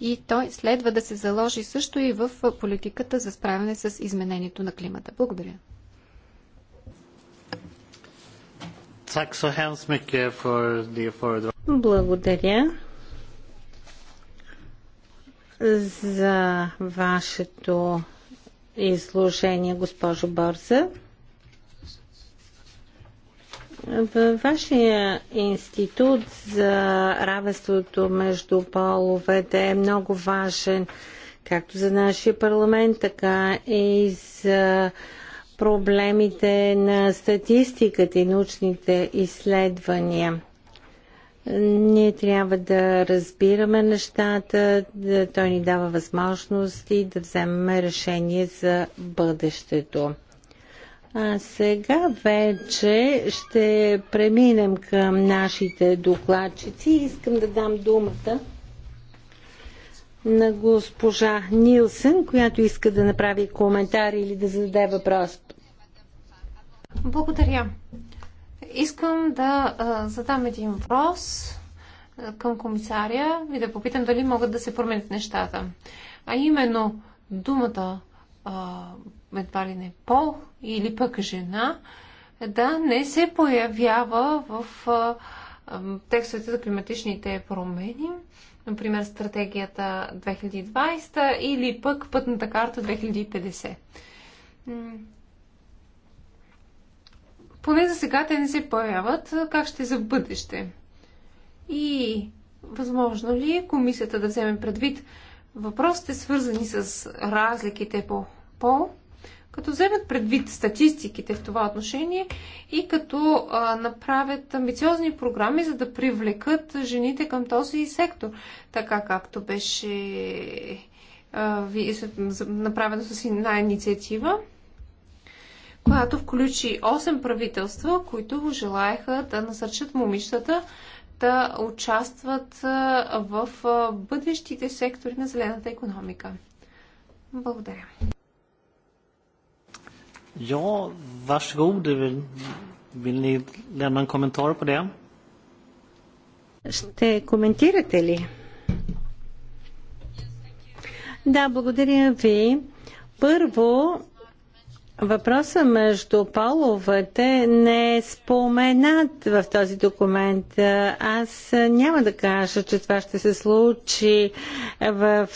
и той следва да се заложи също и в политиката за справяне с изменението на климата. Благодаря. Благодаря за вашето изложение, госпожо Борза. Във вашия институт за равенството между половете е много важен както за нашия парламент, така и за проблемите на статистиката и научните изследвания. Ние трябва да разбираме нещата, да той ни дава възможности да вземем решение за бъдещето. А сега вече ще преминем към нашите докладчици. Искам да дам думата на госпожа Нилсен, която иска да направи коментар или да зададе въпрос. Благодаря. Искам да а, задам един въпрос към комисаря и да попитам дали могат да се променят нещата. А именно думата а, едва ли не пол или пък жена, да не се появява в а, текстовете за климатичните промени, например стратегията 2020 или пък пътната карта 2050. Поне за сега те не се появяват, как ще за бъдеще. И възможно ли е комисията да вземе предвид въпросите, свързани с разликите по пол като вземат предвид статистиките в това отношение и като а, направят амбициозни програми, за да привлекат жените към този сектор, така както беше направено с една инициатива, която включи 8 правителства, които желаяха да насърчат момичетата да участват в бъдещите сектори на зелената економика. Благодаря. Ja, varsågod. Vill ni lämna en kommentar på det? Ще коментирате ли? Да, благодаря ви. Първо, Въпросът между половете не е споменат в този документ. Аз няма да кажа, че това ще се случи в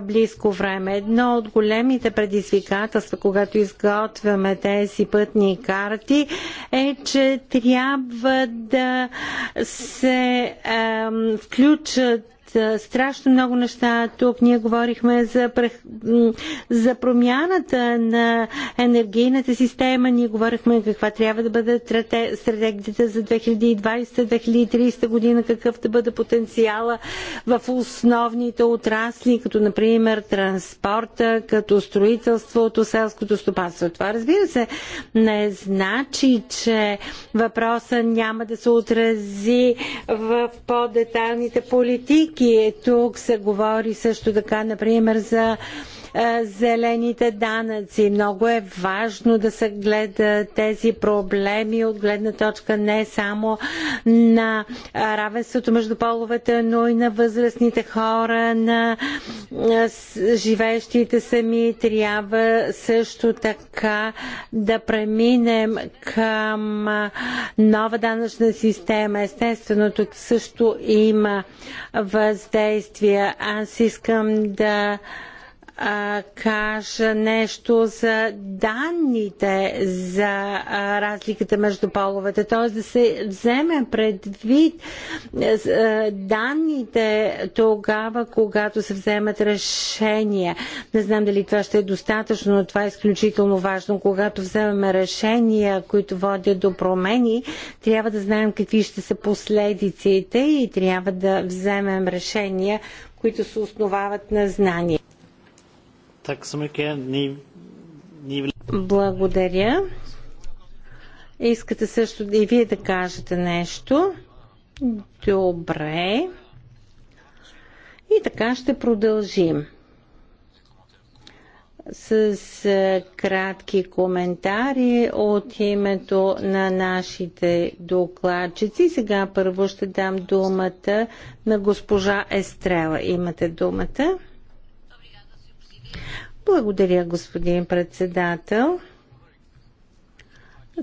близко време. Едно от големите предизвикателства, когато изготвяме тези пътни карти, е, че трябва да се включат за страшно много неща. Тук ние говорихме за, за промяната на енергийната система. Ние говорихме каква трябва да бъде стратегията за 2020-2030 година, какъв да бъде потенциала в основните отрасли, като например транспорта, като строителството, селското стопанство. Това разбира се не значи, че въпроса няма да се отрази в по-детайлните политики развитие. Тук се говори също така, например, за зелените данъци. Много е важно да се гледа тези проблеми от гледна точка не само на равенството между половете, но и на възрастните хора, на живеещите сами. Трябва също така да преминем към нова данъчна система. Естествено, тук също има въздействие. Аз искам да а, кажа нещо за данните за а, разликата между половете, т.е. да се вземе предвид а, данните тогава, когато се вземат решения. Не знам дали това ще е достатъчно, но това е изключително важно. Когато вземем решения, които водят до промени, трябва да знаем какви ще са последиците и трябва да вземем решения, които се основават на знания. Благодаря. Искате също и вие да кажете нещо. Добре. И така ще продължим с кратки коментари от името на нашите докладчици. Сега първо ще дам думата на госпожа Естрела. Имате думата. Благодаря, господин председател.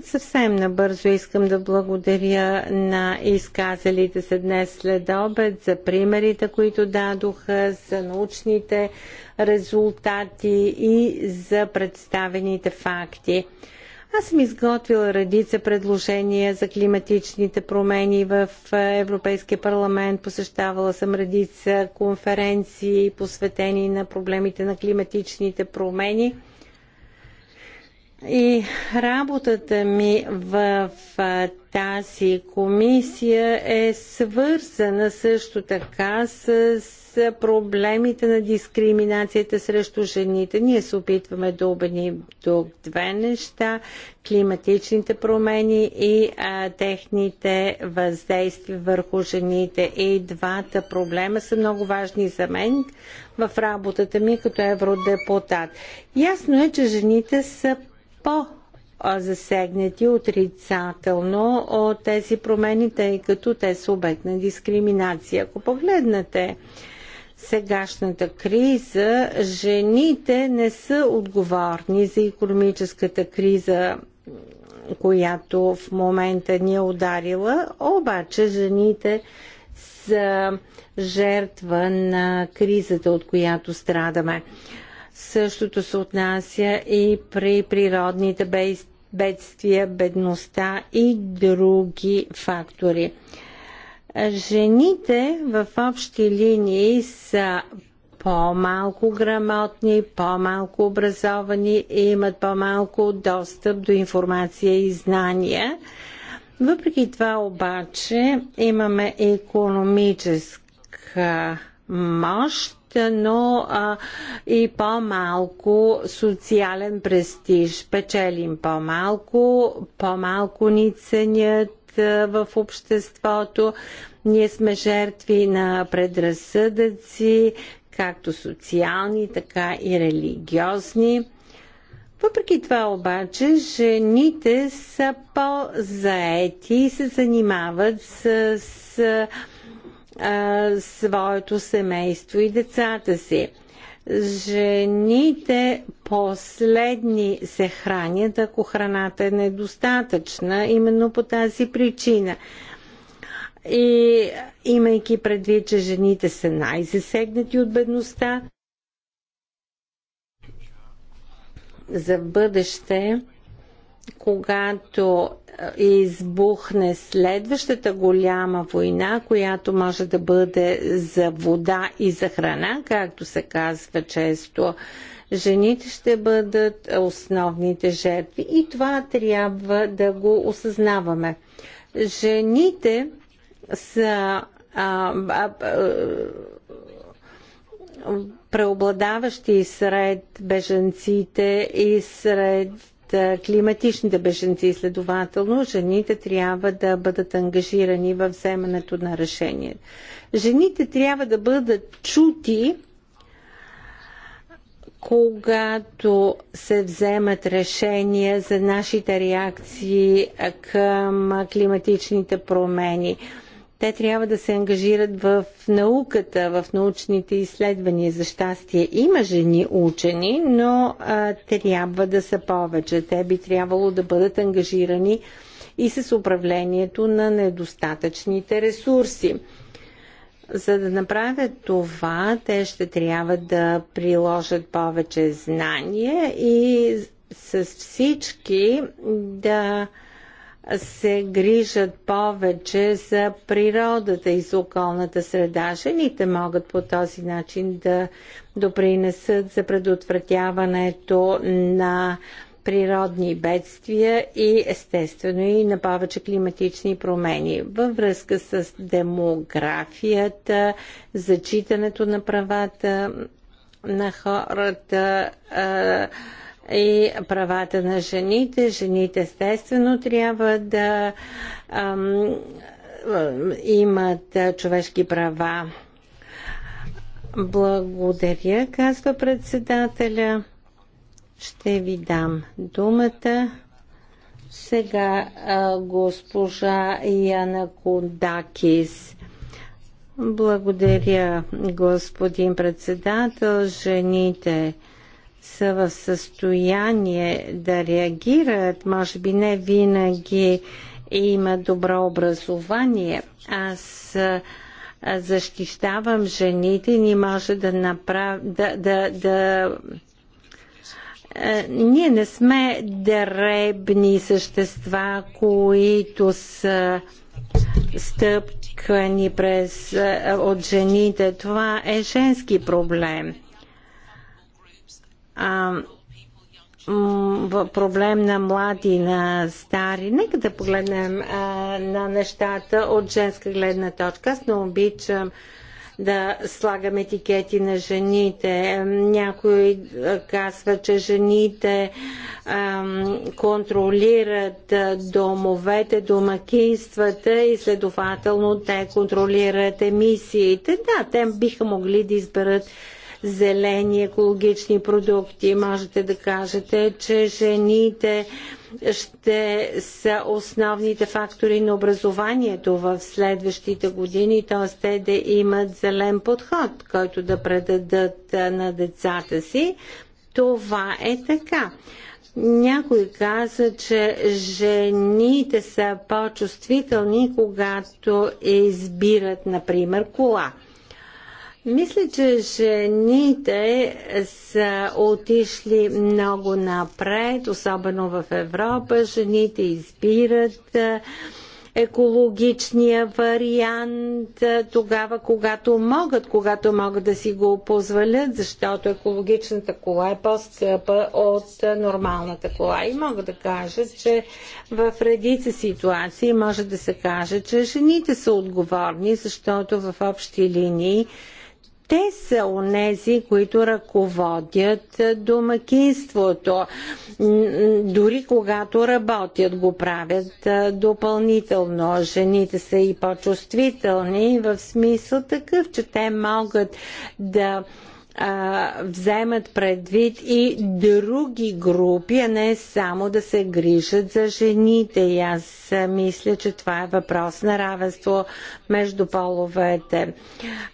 Съвсем набързо искам да благодаря на изказалите се днес след обед за примерите, които дадоха, за научните резултати и за представените факти. Аз съм изготвила редица предложения за климатичните промени в е, Европейския парламент. Посещавала съм редица конференции, посветени на проблемите на климатичните промени. И работата ми в е, тази комисия е свързана също така с са проблемите на дискриминацията срещу жените. Ние се опитваме да обедним до две неща климатичните промени и а, техните въздействия върху жените. И двата проблема са много важни за мен в работата ми като евродепутат. Ясно е, че жените са по засегнати отрицателно от тези промени, тъй като те са обект на дискриминация. Ако погледнете сегашната криза, жените не са отговорни за економическата криза, която в момента ни е ударила, обаче жените са жертва на кризата, от която страдаме. Същото се отнася и при природните бедствия, бедността и други фактори. Жените в общи линии са по-малко грамотни, по-малко образовани и имат по-малко достъп до информация и знания. Въпреки това обаче имаме економическа мощ, но а, и по-малко социален престиж. Печелим по-малко, по-малко ни ценят, в обществото. Ние сме жертви на предразсъдъци, както социални, така и религиозни. Въпреки това обаче, жените са по-заети и се занимават с, с а, своето семейство и децата си жените последни се хранят, ако храната е недостатъчна, именно по тази причина. И имайки предвид, че жените са най-засегнати от бедността, за бъдеще, когато избухне следващата голяма война, която може да бъде за вода и за храна, както се казва често. Жените ще бъдат основните жертви и това трябва да го осъзнаваме. Жените са а, а, а, преобладаващи сред беженците и сред е, климатичните беженци. Следователно, жените трябва да бъдат ангажирани във вземането на решение. Жените трябва да бъдат чути, когато се вземат решения за нашите реакции към климатичните промени. Те трябва да се ангажират в науката, в научните изследвания. За щастие има жени учени, но а, трябва да са повече. Те би трябвало да бъдат ангажирани и с управлението на недостатъчните ресурси. За да направят това, те ще трябва да приложат повече знания и с всички да се грижат повече за природата и за околната среда. Жените могат по този начин да допринесат за предотвратяването на природни бедствия и естествено и на повече климатични промени. Във връзка с демографията, зачитането на правата на хората, и правата на жените. Жените естествено трябва да ам, имат човешки права. Благодаря, казва председателя. Ще ви дам думата. Сега а, госпожа Яна Кодакис. Благодаря, господин председател. Жените са в състояние да реагират, може би не винаги има добро образование. Аз защищавам жените и ние може да направим да, да, да ние не сме дребни същества, които са стъпкани през, от жените. Това е женски проблем а, проблем на млади, на стари. Нека да погледнем а, на нещата от женска гледна точка. Аз не обичам да слагам етикети на жените. Някой казва, че жените ам, контролират домовете, домакинствата и следователно те контролират емисиите. Да, те биха могли да изберат зелени екологични продукти. Можете да кажете, че жените ще са основните фактори на образованието в следващите години, т.е. те да имат зелен подход, който да предадат на децата си. Това е така. Някой каза, че жените са по-чувствителни, когато избират, например, кола. Мисля, че жените са отишли много напред, особено в Европа. Жените избират екологичния вариант тогава, когато могат, когато могат да си го позволят, защото екологичната кола е по-скъпа от нормалната кола. И мога да кажа, че в редица ситуации може да се каже, че жените са отговорни, защото в общи линии те са онези, които ръководят е, домакинството. Дори когато работят, го правят е, допълнително. Жените са и по-чувствителни в смисъл такъв, че те могат да а, вземат предвид и други групи, а не само да се грижат за жените. И аз мисля, че това е въпрос на равенство между половете.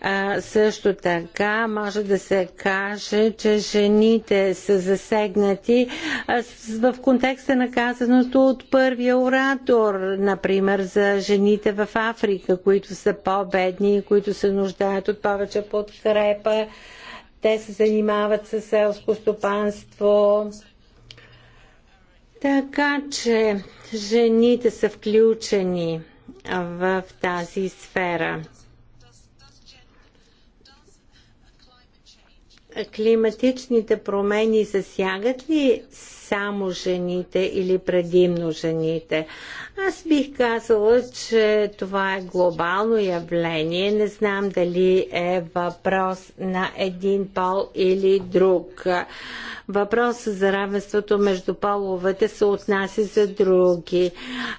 А, също така може да се каже, че жените са засегнати а, в контекста на казаното от първия оратор, например за жените в Африка, които са по-бедни и които се нуждаят от повече подкрепа те се занимават с селско стопанство. Така че жените са включени в тази сфера. Климатичните промени засягат ли само жените или предимно жените. Аз бих казала, че това е глобално явление. Не знам дали е въпрос на един пол или друг. Въпросът за равенството между половете се отнася за други.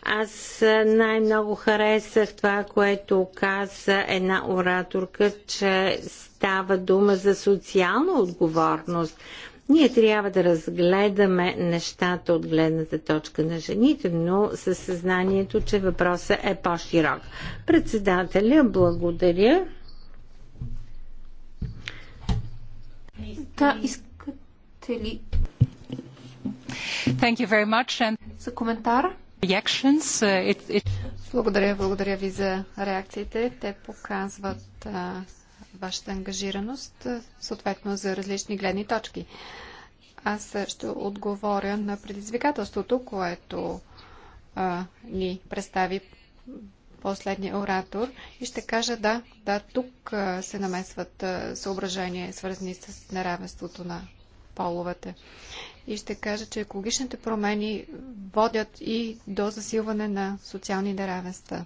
Аз най-много харесах това, което каза една ораторка, че става дума за социална отговорност. Ние трябва да разгледаме нещата от гледната точка на жените, но със съзнанието, че въпросът е по-широк. Председателя, благодаря. Да, искате ли? Thank you very much. And... За коментар? Reactions, uh, it, it... Благодаря, благодаря ви за реакциите. Те показват а, uh, вашата ангажираност, съответно за различни гледни точки. Аз ще отговоря на предизвикателството, което а, ни представи последния оратор и ще кажа да, да, тук се намесват съображения, свързани с неравенството на половете. И ще кажа, че екологичните промени водят и до засилване на социални неравенства.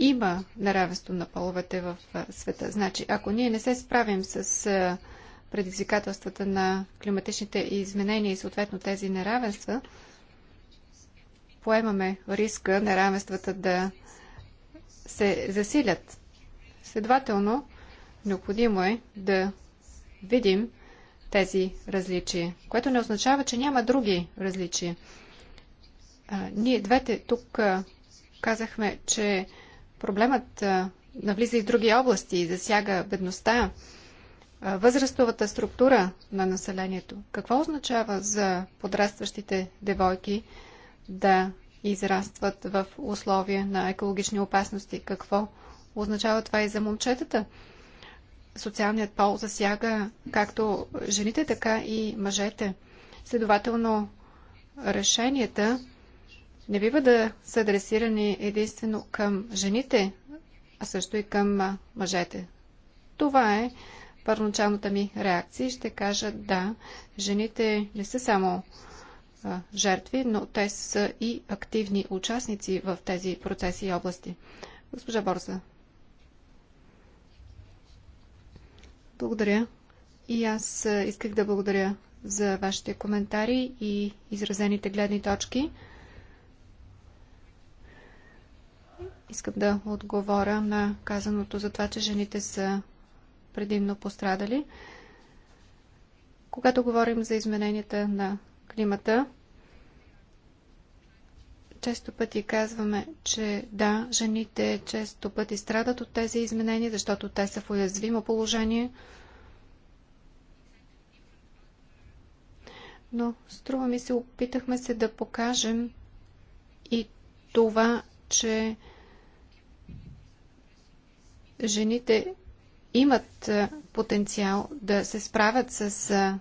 има неравенство на половете в света. Значи, ако ние не се справим с предизвикателствата на климатичните изменения и съответно тези неравенства, поемаме риска неравенствата да се засилят. Следователно, необходимо е да видим тези различия, което не означава, че няма други различия. А, ние двете тук а, казахме, че Проблемът навлиза и в други области и засяга бедността, възрастовата структура на населението. Какво означава за подрастващите девойки да израстват в условия на екологични опасности? Какво означава това и за момчетата? Социалният пол засяга както жените, така и мъжете. Следователно, решенията не бива да са адресирани единствено към жените, а също и към мъжете. Това е първоначалната ми реакция и ще кажа да, жените не са само жертви, но те са и активни участници в тези процеси и области. Госпожа Борза. Благодаря. И аз исках да благодаря за вашите коментари и изразените гледни точки. Искам да отговоря на казаното за това, че жените са предимно пострадали. Когато говорим за измененията на климата, често пъти казваме, че да, жените често пъти страдат от тези изменения, защото те са в уязвимо положение. Но струва ми се, опитахме се да покажем и това, че жените имат потенциал да се справят с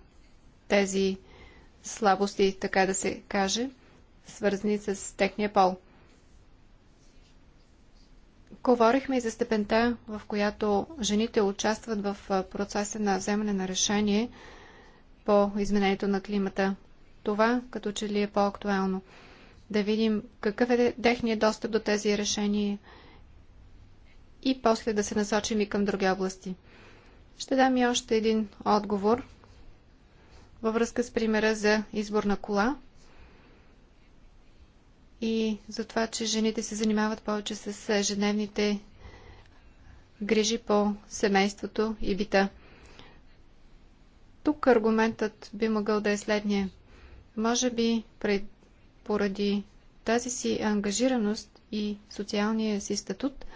тези слабости, така да се каже, свързани с техния пол. Говорихме и за степента, в която жените участват в процеса на вземане на решение по изменението на климата. Това като че ли е по-актуално. Да видим какъв е техният достъп до тези решения – и после да се насочим и към други области. Ще дам и още един отговор във връзка с примера за избор на кола и за това, че жените се занимават повече с е, ежедневните грижи по семейството и бита. Тук аргументът би могъл да е следния. Може би пред, поради тази си ангажираност и социалния си статут –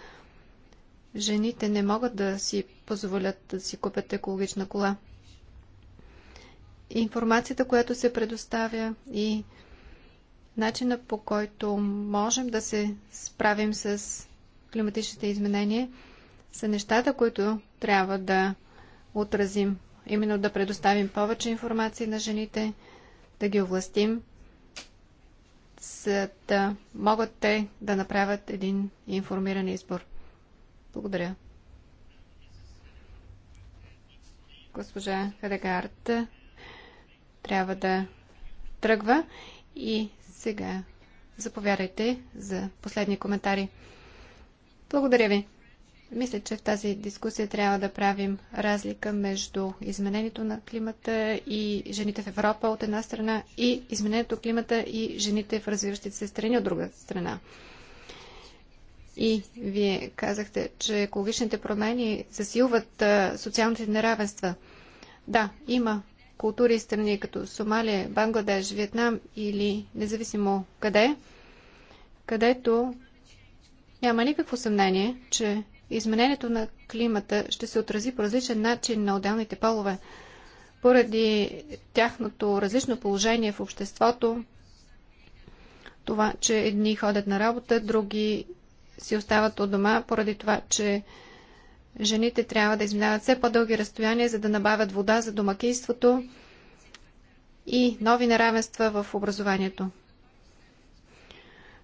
жените не могат да си позволят да си купят екологична кола. Информацията, която се предоставя и начина по който можем да се справим с климатичните изменения са нещата, които трябва да отразим. Именно да предоставим повече информация на жените, да ги овластим, за да могат те да направят един информиран избор. Благодаря. Госпожа Хадегард трябва да тръгва и сега заповядайте за последни коментари. Благодаря ви. Мисля, че в тази дискусия трябва да правим разлика между изменението на климата и жените в Европа от една страна и изменението на климата и жените в развиващите се страни от друга страна. И вие казахте, че екологичните промени засилват социалните неравенства. Да, има култури и страни като Сомалия, Бангладеш, Виетнам или независимо къде, където няма никакво съмнение, че изменението на климата ще се отрази по различен начин на отделните полове, поради тяхното различно положение в обществото, това, че едни ходят на работа, други си остават у дома, поради това, че жените трябва да изминават все по-дълги разстояния, за да набавят вода за домакинството и нови неравенства в образованието.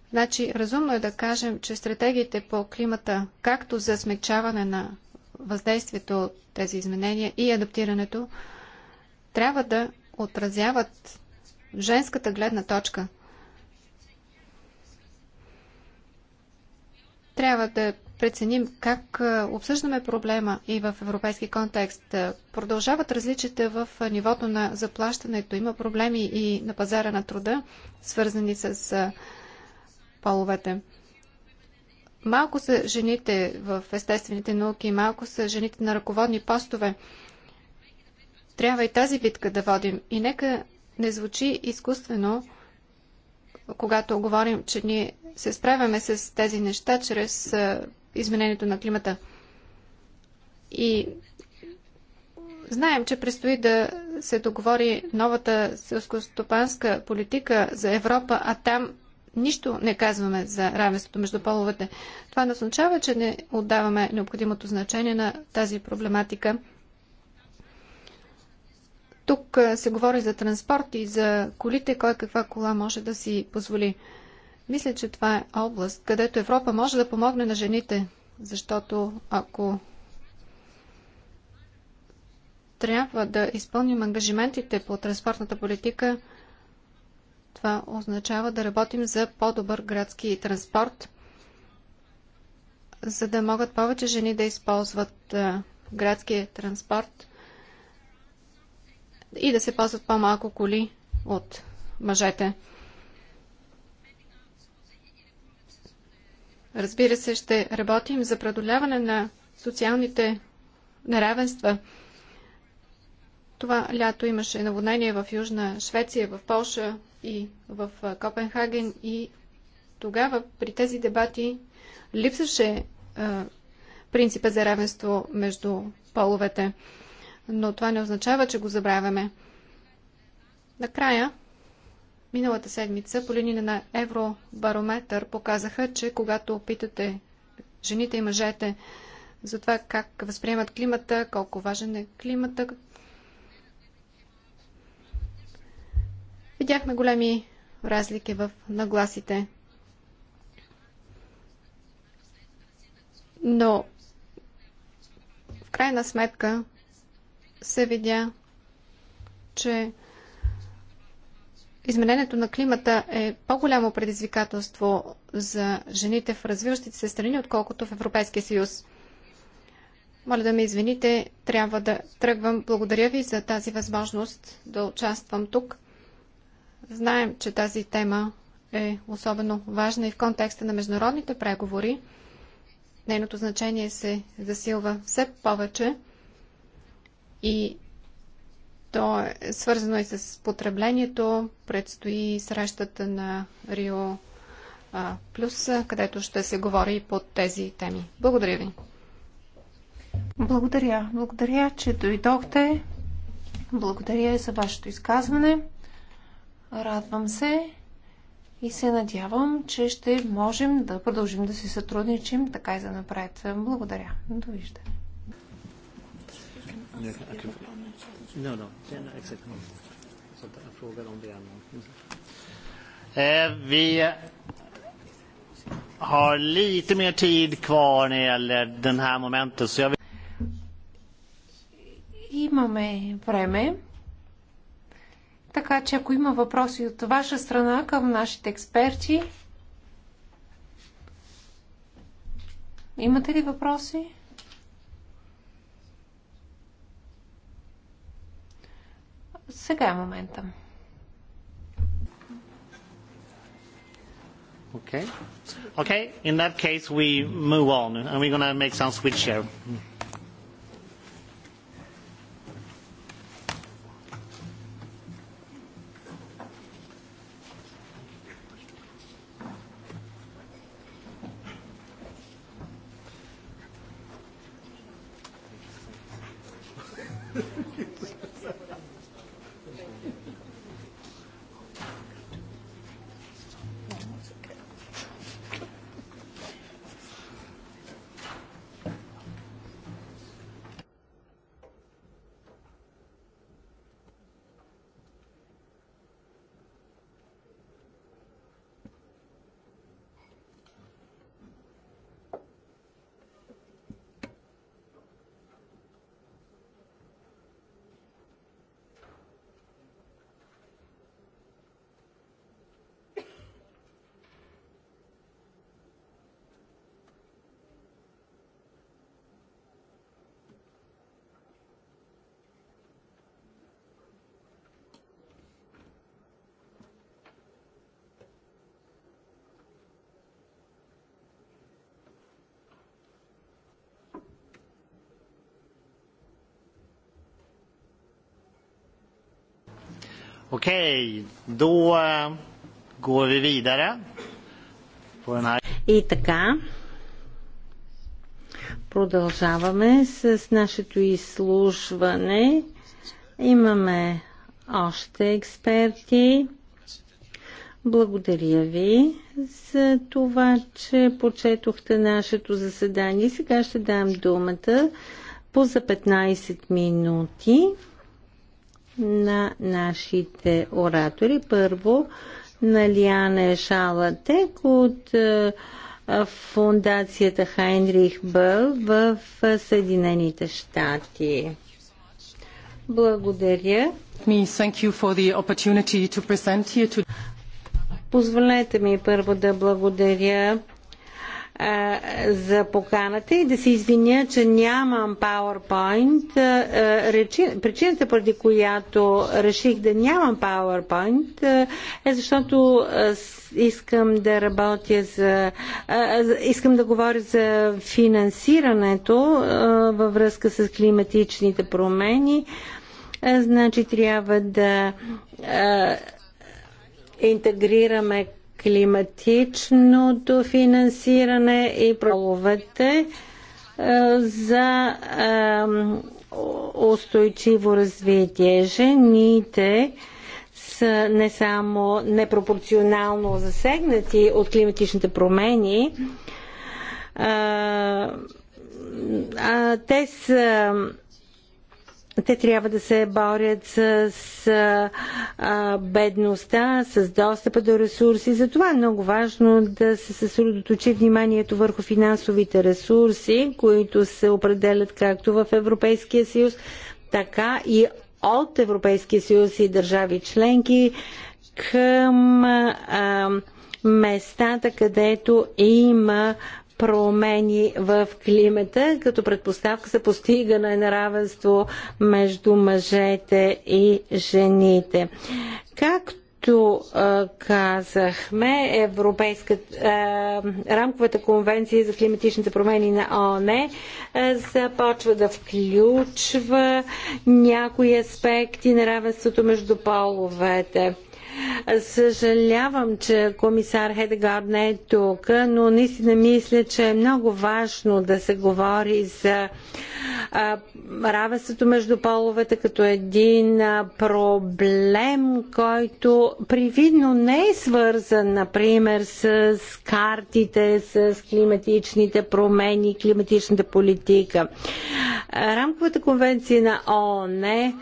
Значи, разумно е да кажем, че стратегиите по климата, както за смягчаване на въздействието от тези изменения и адаптирането, трябва да отразяват женската гледна точка – трябва да преценим как обсъждаме проблема и в европейски контекст. Продължават различите в нивото на заплащането. Има проблеми и на пазара на труда, свързани с половете. Малко са жените в естествените науки, малко са жените на ръководни постове. Трябва и тази битка да водим. И нека не звучи изкуствено, когато говорим, че ние се справяме с тези неща чрез изменението на климата. И знаем, че предстои да се договори новата селскостопанска политика за Европа, а там нищо не казваме за равенството между половете. Това не означава, че не отдаваме необходимото значение на тази проблематика – тук се говори за транспорт и за колите, кой каква кола може да си позволи. Мисля, че това е област, където Европа може да помогне на жените, защото ако трябва да изпълним ангажиментите по транспортната политика, това означава да работим за по-добър градски транспорт, за да могат повече жени да използват градския транспорт и да се пазват по-малко коли от мъжете. Разбира се, ще работим за преодоляване на социалните неравенства. Това лято имаше наводнение в Южна Швеция, в Полша и в Копенхаген и тогава при тези дебати липсваше принципа за равенство между половете но това не означава, че го забравяме. Накрая, миналата седмица по линия на Евробарометър показаха, че когато опитате жените и мъжете за това как възприемат климата, колко важен е климата, видяхме големи разлики в нагласите. Но в крайна сметка се видя, че изменението на климата е по-голямо предизвикателство за жените в развиващите се страни, отколкото в Европейския съюз. Моля да ме извините, трябва да тръгвам. Благодаря ви за тази възможност да участвам тук. Знаем, че тази тема е особено важна и в контекста на международните преговори. Нейното значение се засилва все повече – и то е свързано и с потреблението. Предстои срещата на Рио Плюс, където ще се говори и по тези теми. Благодаря ви. Благодаря. Благодаря, че дойдохте. Благодаря за вашето изказване. Радвам се и се надявам, че ще можем да продължим да се сътрудничим така и за напред. Благодаря. Довиждане. No, no, den, exakt. Så jag frågar om det är någon. Eh, vi har lite mer tid kvar när det gäller den här momentet. Så jag vill... Имаме време. Така че ако има въпроси от ваша страна към нашите експерти, имате ли въпроси? Сега е момента. Okay. Okay, in that case we move on and we're going to make some switch here. Окей, до eh, går vi vidare. И така, продължаваме с нашето изслушване. Имаме още експерти. Благодаря ви за това, че почетохте нашето заседание. Сега ще дам думата по за 15 минути на нашите оратори. Първо, на Ешала Шалатек от е, фундацията Хайнрих Бъл в Съединените щати. Благодаря. Позволете ми първо да благодаря за поканата и да се извиня, че нямам PowerPoint. Причината, поради която реших да нямам PowerPoint, е защото искам да работя за. Искам да говоря за финансирането във връзка с климатичните промени. Значи трябва да интегрираме климатичното финансиране и проловете е, за устойчиво развитие. Жените са не само непропорционално засегнати от климатичните промени, е, а, те са те трябва да се борят с, с а, бедността, с достъпа до ресурси. Затова е много важно да се съсредоточи вниманието върху финансовите ресурси, които се определят както в Европейския съюз, така и от Европейския съюз и държави членки към а, местата, където има промени в климата, като предпоставка за постигане на равенство между мъжете и жените. Както както казахме, Европейската е, рамковата конвенция за климатичните промени на ООН е, започва да включва някои аспекти на равенството между половете. Съжалявам, че комисар Хедегард не е тук, но наистина мисля, че е много важно да се говори за равенството между половете като един проблем, който привидно не е свързан, например, с картите, с климатичните промени, климатичната политика. Рамковата конвенция на ООН е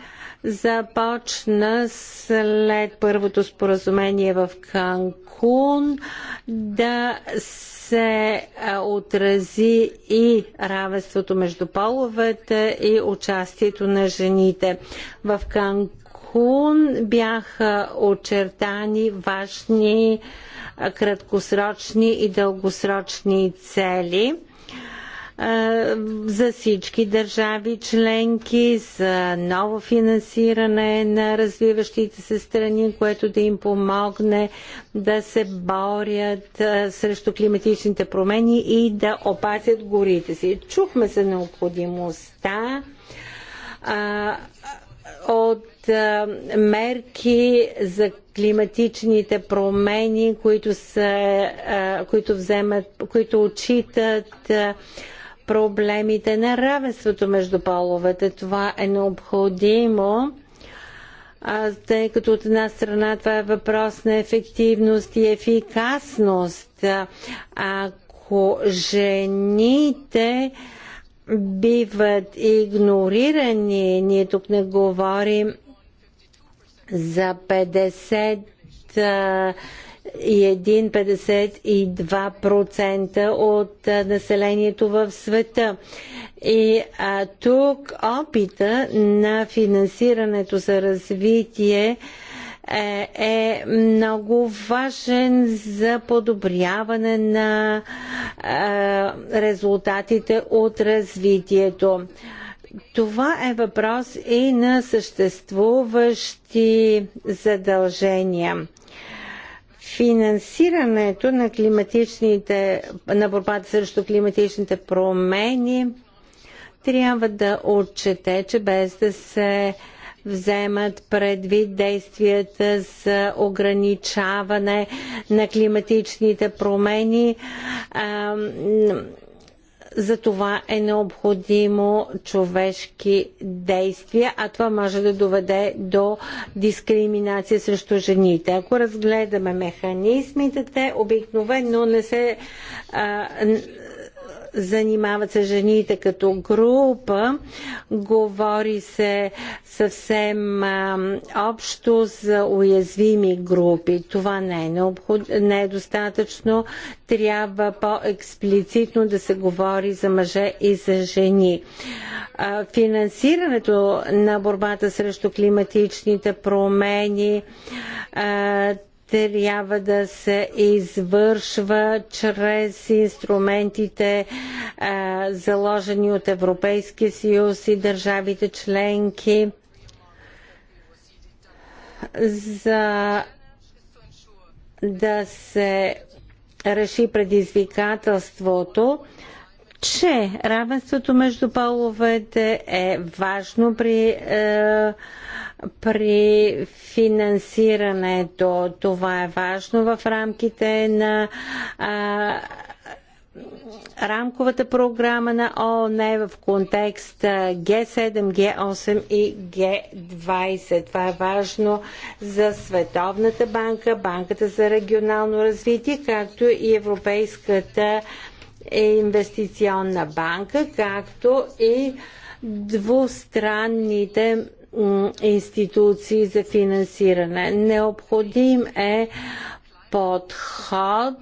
започна след първото споразумение в Канкун да се отрази и равенството между половете и участието на жените. В Канкун бяха очертани важни краткосрочни и дългосрочни цели – за всички държави членки, за ново финансиране на развиващите се страни, което да им помогне да се борят срещу климатичните промени и да опазят горите си. Чухме за необходимостта от мерки за климатичните промени, които, са, които, вземат, които отчитат проблемите на равенството между половете. Това е необходимо, тъй като от една страна това е въпрос на ефективност и ефикасност. Ако жените биват игнорирани, ние тук не говорим за 50 1,52% от населението в света. И а, тук опита на финансирането за развитие е, е много важен за подобряване на е, резултатите от развитието. Това е въпрос и на съществуващи задължения финансирането на климатичните, на борбата срещу климатичните промени трябва да отчете, че без да се вземат предвид действията за ограничаване на климатичните промени, за това е необходимо човешки действия, а това може да доведе до дискриминация срещу жените. Ако разгледаме механизмите, те обикновено не се а, занимават се жените като група. Говори се съвсем а, общо за уязвими групи. Това не е, необход... не е достатъчно. Трябва по-експлицитно да се говори за мъже и за жени. А, финансирането на борбата срещу климатичните промени а, трябва да се извършва чрез инструментите а, заложени от Европейския съюз и държавите членки за да се реши предизвикателството че равенството между половете е важно при, е, при финансирането. Това е важно в рамките на е, рамковата програма на ООН в контекст Г7, Г8 и Г20. Това е важно за Световната банка, Банката за регионално развитие, както и Европейската банка е инвестиционна банка, както и двустранните институции за финансиране. Необходим е подход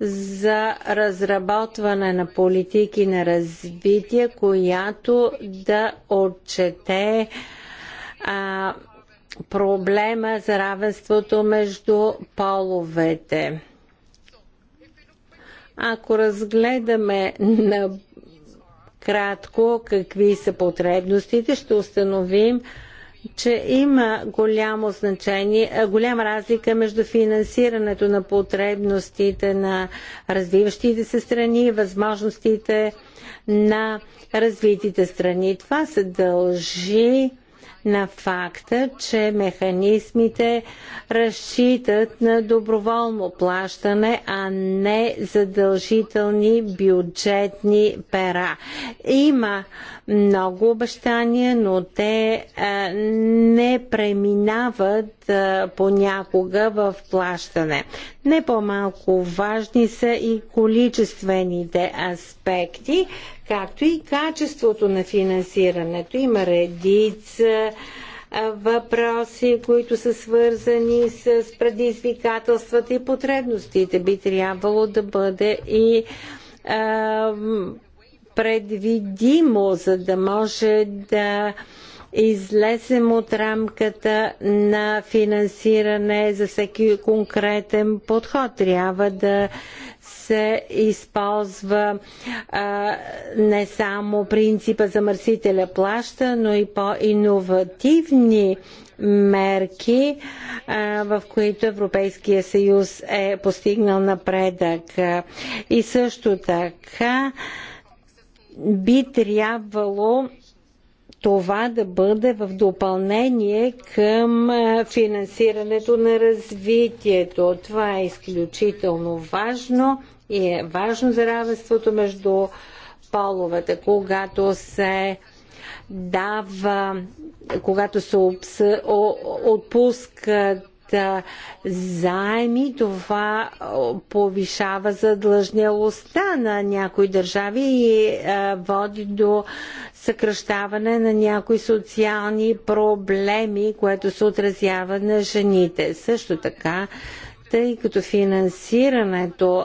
за разработване на политики на развитие, която да отчете а, проблема за равенството между половете. Ако разгледаме на кратко какви са потребностите, ще установим, че има голямо значение, голяма разлика между финансирането на потребностите на развиващите се страни и възможностите на развитите страни. Това се дължи на факта, че механизмите разчитат на доброволно плащане, а не задължителни бюджетни пера. Има много обещания, но те а, не преминават а, понякога в плащане. Не по-малко важни са и количествените аспекти, както и качеството на финансирането. Има редица въпроси, които са свързани с предизвикателствата и потребностите. Би трябвало да бъде и а, предвидимо, за да може да излезем от рамката на финансиране за всеки конкретен подход. Трябва да се използва а, не само принципа замърсителя плаща, но и по-инновативни мерки, а, в които Европейския съюз е постигнал напредък. И също така би трябвало това да бъде в допълнение към финансирането на развитието. Това е изключително важно и е важно за равенството между половете, когато се дава, когато се отпускат заеми, това повишава задлъжнялостта на някои държави и води до съкръщаване на някои социални проблеми, което се отразява на жените. Също така тъй като финансирането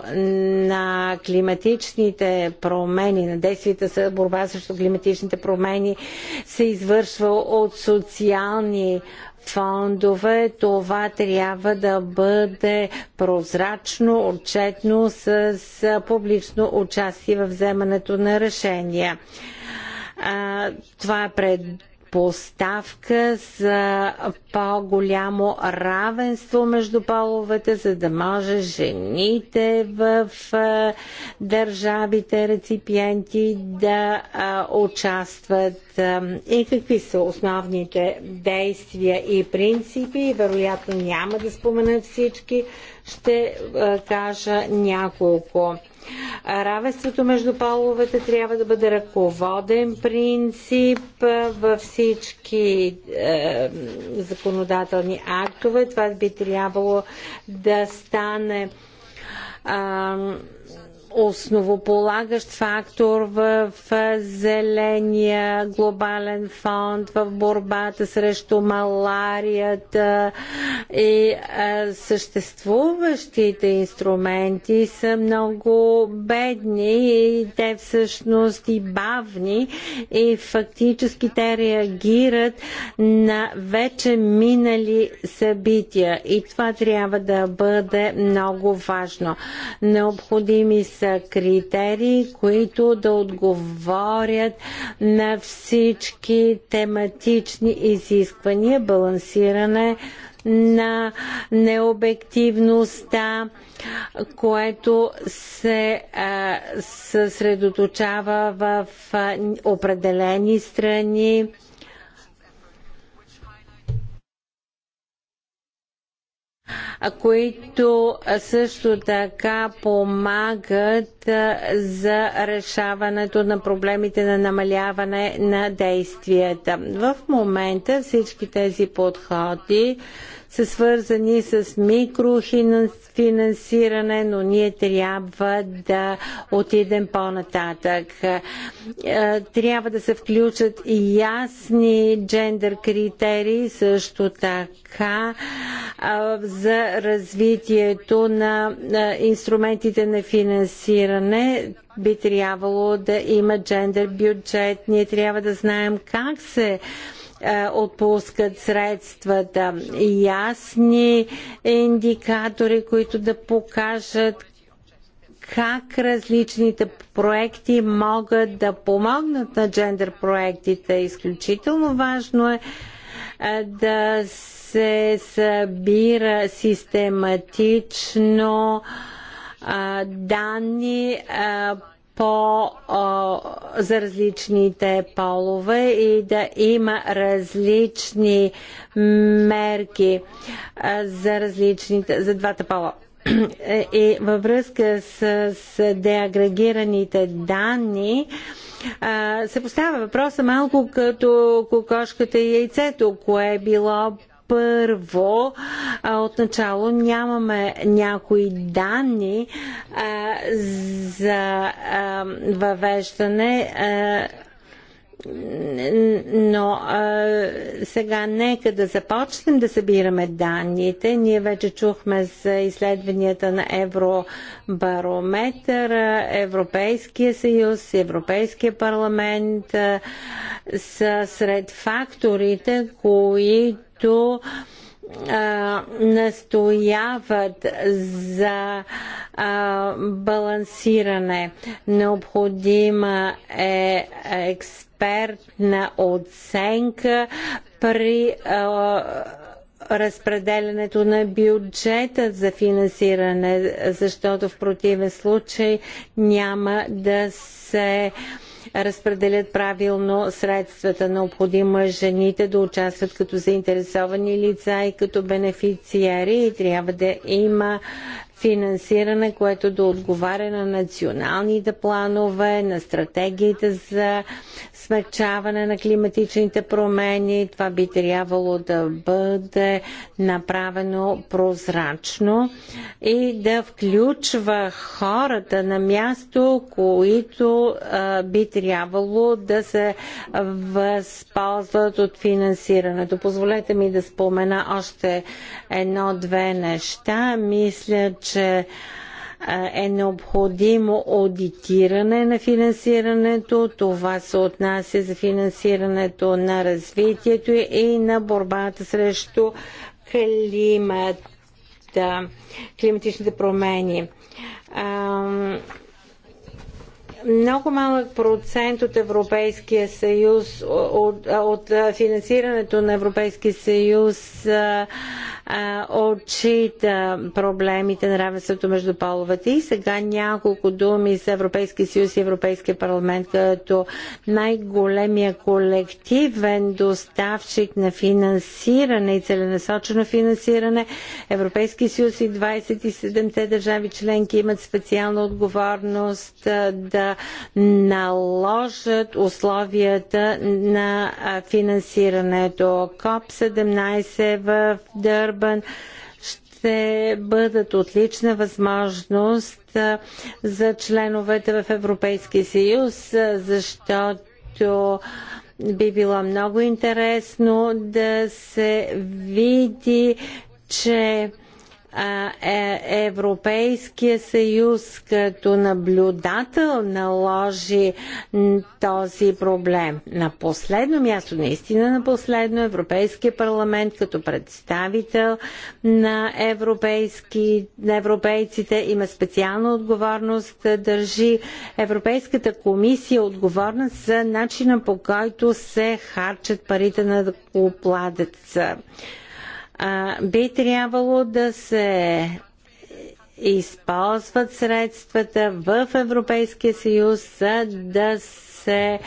на климатичните промени, на действията за борба срещу климатичните промени се извършва от социални фондове, това трябва да бъде прозрачно, отчетно с публично участие в вземането на решения. това е пред предпоставка за по-голямо равенство между половете, за да може жените в държавите реципиенти да участват. И какви са основните действия и принципи? Вероятно няма да спомена всички. Ще кажа няколко Равенството между половете трябва да бъде ръководен принцип във всички е, законодателни актове. Това би трябвало да стане е, основополагащ фактор в зеления глобален фонд, в борбата срещу маларията и съществуващите инструменти са много бедни и те всъщност и бавни и фактически те реагират на вече минали събития и това трябва да бъде много важно. Необходими са са критерии, които да отговорят на всички тематични изисквания, балансиране на необективността, което се а, съсредоточава в а, определени страни които също така помагат за решаването на проблемите на намаляване на действията. В момента всички тези подходи са свързани с микрофинансиране, но ние трябва да отидем по-нататък. Е, трябва да се включат и ясни джендър критерии, също така е, за развитието на инструментите на финансиране би трябвало да има джендър бюджет. Ние трябва да знаем как се е, отпускат средствата. Ясни индикатори, които да покажат как различните проекти могат да помогнат на джендър проектите. Изключително важно е, е да се събира систематично е, данни по, за различните полове и да има различни мерки за, различните, за двата пола. И във връзка с, с деагрегираните данни, се поставя въпроса малко като кокошката и яйцето, кое е било първо, отначало нямаме някои данни а, за а, въвеждане. А, но а, сега нека да започнем да събираме данните. Ние вече чухме за изследванията на Евробарометър, Европейския съюз, Европейския парламент а, са сред факторите, които които а, настояват за а, балансиране. Необходима е експертна оценка при а, разпределянето на бюджета за финансиране, защото в противен случай няма да се а, разпределят правилно средствата. Необходимо е жените да участват като заинтересовани лица и като бенефициери и трябва да има финансиране, което да отговаря на националните планове, на стратегиите за смягчаване на климатичните промени. Това би трябвало да бъде направено прозрачно и да включва хората на място, които а, би трябвало да се възползват от финансирането. Позволете ми да спомена още едно-две неща. Мисля, че е необходимо аудитиране на финансирането. Това се отнася за финансирането на развитието и на борбата срещу климата, климатичните промени много малък процент от Европейския съюз, от, от финансирането на Европейския съюз а, отчита проблемите на равенството между половете. И сега няколко думи за Европейския съюз и Европейския парламент като най-големия колективен доставчик на финансиране и целенасочено финансиране. Европейския съюз и 27-те държави членки имат специална отговорност да наложат условията на финансирането. КОП 17 в Дърб Дърбан ще бъдат отлична възможност за членовете в Европейския съюз, защото би било много интересно да се види, че е, Европейския съюз като наблюдател наложи този проблем. На последно място, наистина на последно, Европейския парламент като представител на, европейски, на европейците има специална отговорност да държи Европейската комисия е отговорна за начина по който се харчат парите на платеца а, би трябвало да се използват средствата в Европейския съюз, за да се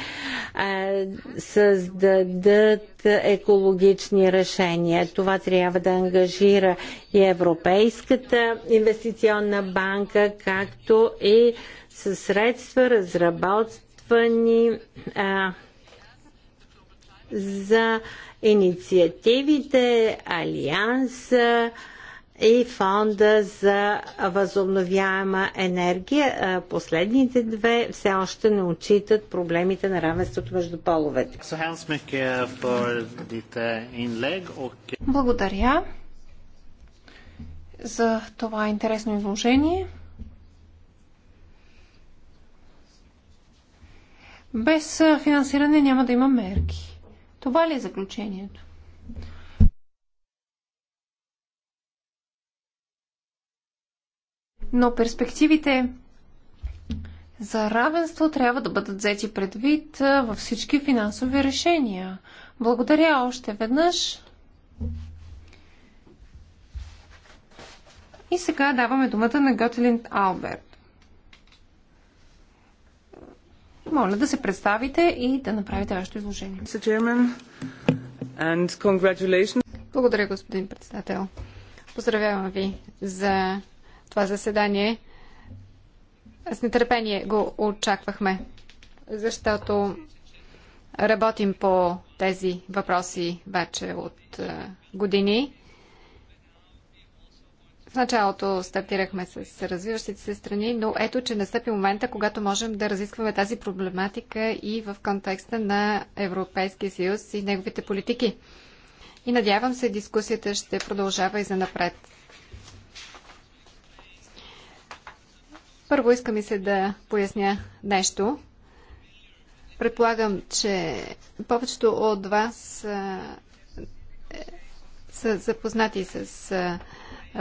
а, създадат екологични решения. Това трябва да ангажира и Европейската инвестиционна банка, както и със средства разработвани а, за инициативите, Алианса и фонда за възобновяема енергия. Последните две все още не отчитат проблемите на равенството между половете. Uh, uh, Благодаря за това интересно изложение. Без финансиране няма да има мерки. Това ли е заключението? Но перспективите за равенство трябва да бъдат взети предвид във всички финансови решения. Благодаря още веднъж. И сега даваме думата на Готелин Алберт. Моля да се представите и да направите вашето изложение. Благодаря, господин председател. Поздравявам ви за това заседание. С нетърпение го очаквахме, защото работим по тези въпроси вече от е, години. В началото стартирахме с развиващите се страни, но ето, че настъпи момента, когато можем да разискваме тази проблематика и в контекста на Европейския съюз и неговите политики. И надявам се, дискусията ще продължава и за напред. Първо искам и се да поясня нещо. Предполагам, че повечето от вас е, са запознати с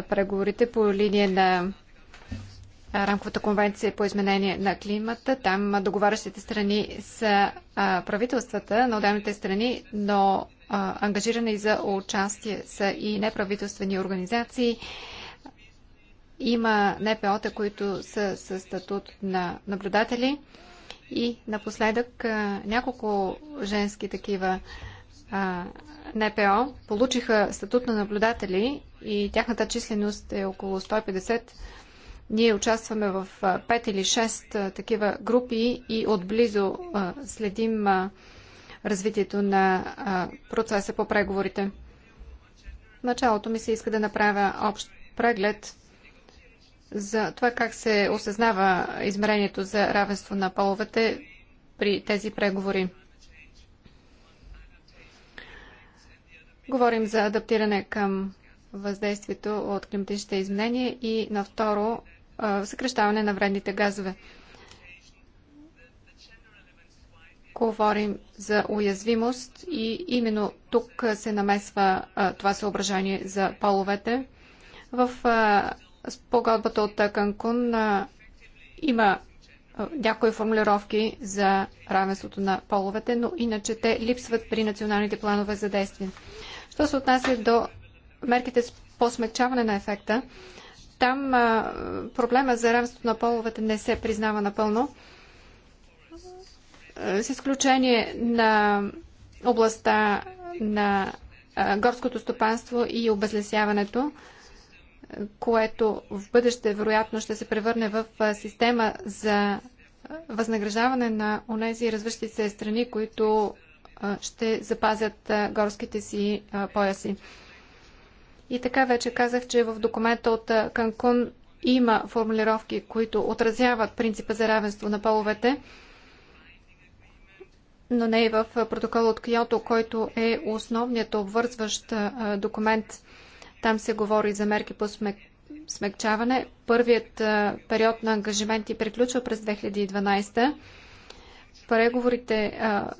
преговорите по линия на рамковата конвенция по изменение на климата. Там договарящите страни са правителствата на отделните страни, но ангажирани за участие са и неправителствени организации. Има НПО-та, които са с статут на наблюдатели. И напоследък няколко женски такива НПО получиха статут на наблюдатели и тяхната численост е около 150. Ние участваме в 5 или 6 такива групи и отблизо следим развитието на процеса по преговорите. В началото ми се иска да направя общ преглед за това как се осъзнава измерението за равенство на половете при тези преговори. Говорим за адаптиране към въздействието от климатичните изменения и на второ съкрещаване на вредните газове. Говорим за уязвимост и именно тук се намесва това съображение за половете. В погодбата от Канкун има някои формулировки за равенството на половете, но иначе те липсват при националните планове за действие. Що се отнася до мерките по смягчаване на ефекта, там а, проблема за равенството на половете не се признава напълно, е, с изключение на областта на а, горското стопанство и обезлесяването, което в бъдеще вероятно ще се превърне в а, система за възнаграждаване на онези развъщи се страни, които ще запазят горските си пояси. И така вече казах, че в документа от Канкун има формулировки, които отразяват принципа за равенство на половете, но не и в протокол от Киото, който е основният обвързващ документ. Там се говори за мерки по смек... смекчаване. Първият период на ангажименти приключва през 2012 преговорите а,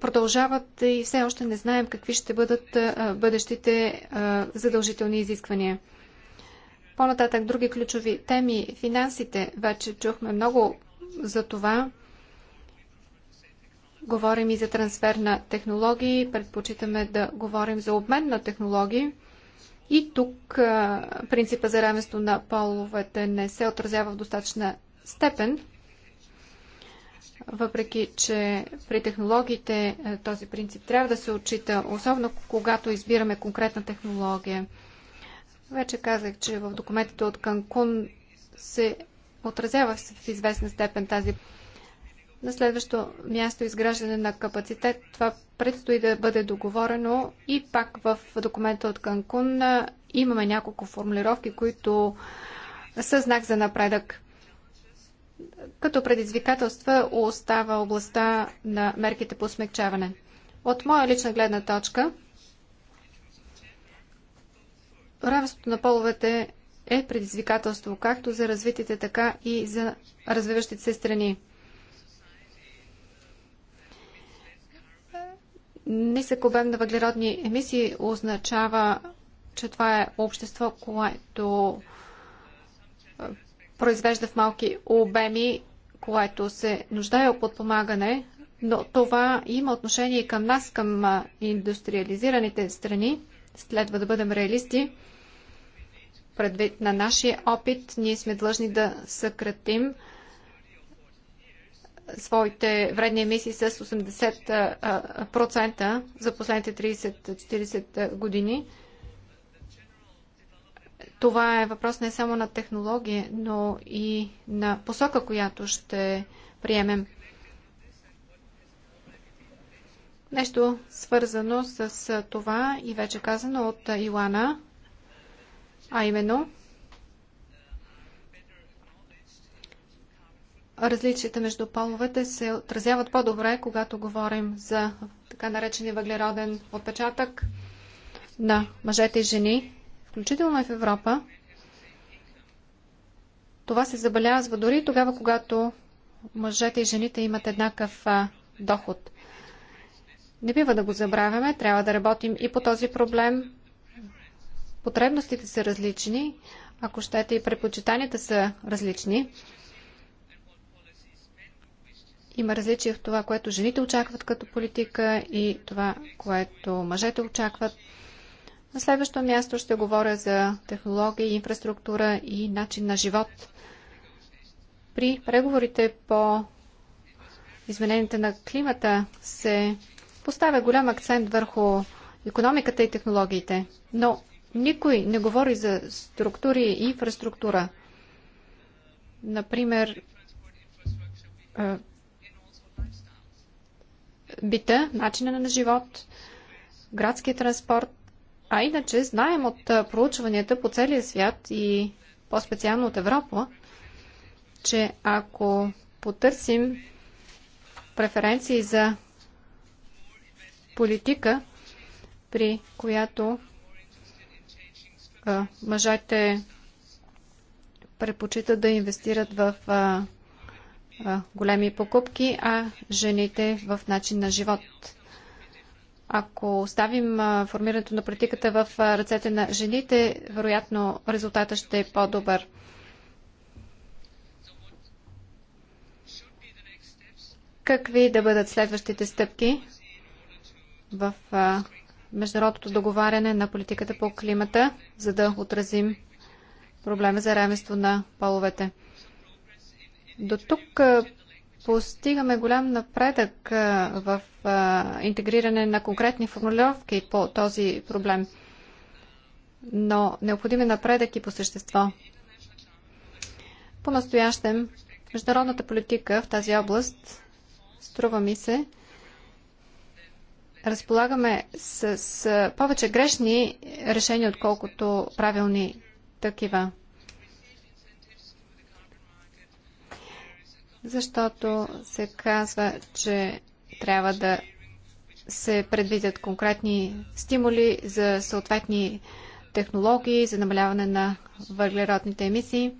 продължават и все още не знаем какви ще бъдат а, бъдещите а, задължителни изисквания. По-нататък други ключови теми. Финансите. Вече чухме много за това. Говорим и за трансфер на технологии. Предпочитаме да говорим за обмен на технологии. И тук принципа за равенство на половете не се отразява в достатъчна степен въпреки че при технологиите е, този принцип трябва да се отчита, особено когато избираме конкретна технология. Вече казах, че в документите от Канкун се отразява в известна степен тази. На следващо място изграждане на капацитет. Това предстои да бъде договорено и пак в документа от Канкун имаме няколко формулировки, които са знак за напредък като предизвикателства остава областта на мерките по смягчаване. От моя лична гледна точка, равенството на половете е предизвикателство както за развитите, така и за развиващите се страни. Нисък обем на въглеродни емисии означава, че това е общество, което произвежда в малки обеми, което се нуждае от подпомагане, но това има отношение и към нас, към индустриализираните страни. Следва да бъдем реалисти. Предвид на нашия опит, ние сме длъжни да съкратим своите вредни емисии с 80% за последните 30-40 години. Това е въпрос не само на технология, но и на посока, която ще приемем. Нещо свързано с това и вече казано от Илана, а именно различията между половете се отразяват по-добре, когато говорим за така наречения въглероден отпечатък на мъжете и жени включително и в Европа, това се забелязва дори тогава, когато мъжете и жените имат еднакъв доход. Не бива да го забравяме, трябва да работим и по този проблем. Потребностите са различни, ако щете и предпочитанията са различни. Има различия в това, което жените очакват като политика и това, което мъжете очакват. На следващо място ще говоря за технологии, инфраструктура и начин на живот. При преговорите по измененията на климата се поставя голям акцент върху економиката и технологиите, но никой не говори за структури и инфраструктура. Например, бита, начина на живот, градския транспорт, а иначе знаем от проучванията по целия свят и по-специално от Европа, че ако потърсим преференции за политика, при която а, мъжете предпочитат да инвестират в а, а, големи покупки, а жените в начин на живот. Ако оставим формирането на политиката в ръцете на жените, вероятно резултата ще е по-добър. Какви да бъдат следващите стъпки в международното договаряне на политиката по климата, за да отразим проблема за равенство на половете? До тук постигаме голям напредък в интегриране на конкретни формулировки по този проблем. Но необходим е напредък и по същество. По-настоящем, международната политика в тази област, струва ми се, разполагаме с, с повече грешни решения, отколкото правилни такива. защото се казва, че трябва да се предвидят конкретни стимули за съответни технологии, за намаляване на въглеродните емисии.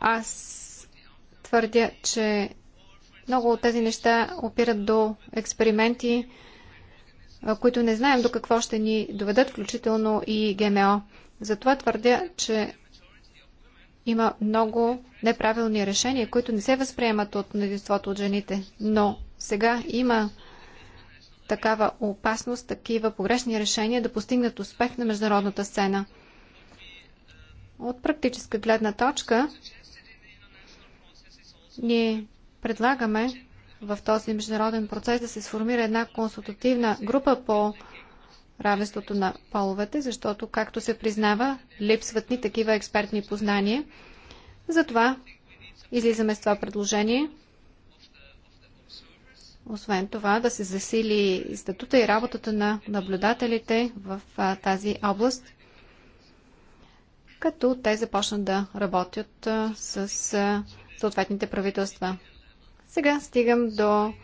Аз твърдя, че много от тези неща опират до експерименти, които не знаем до какво ще ни доведат, включително и ГМО. Затова твърдя, че има много неправилни решения, които не се възприемат от мнозинството от жените. Но сега има такава опасност, такива погрешни решения да постигнат успех на международната сцена. От практическа гледна точка, ние предлагаме в този международен процес да се сформира една консултативна група по равенството на половете, защото, както се признава, липсват ни такива експертни познания. Затова излизаме с това предложение. Освен това, да се засили статута и работата на наблюдателите в тази област, като те започнат да работят с съответните правителства. Сега стигам до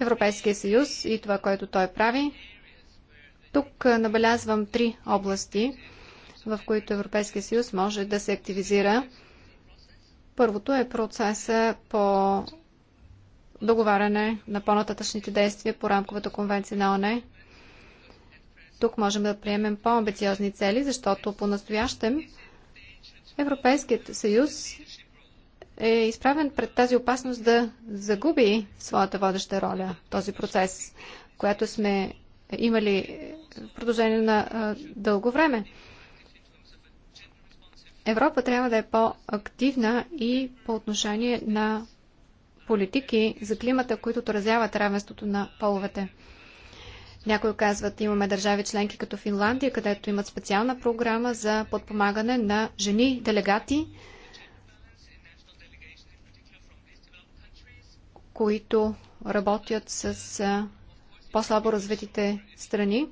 Европейския съюз и това, което той прави. Тук набелязвам три области, в които Европейския съюз може да се активизира. Първото е процеса по договаряне на по-нататъчните действия по рамковата конвенция на ОНЕ. Тук можем да приемем по-амбициозни цели, защото по-настоящем Европейският съюз е изправен пред тази опасност да загуби своята водеща роля в този процес, която сме имали в е, продължение на е, дълго време. Европа трябва да е по-активна и по отношение на политики за климата, които отразяват равенството на половете. Някои казват, имаме държави членки като Финландия, където имат специална програма за подпомагане на жени делегати, които работят с е, по-слабо развитите страни.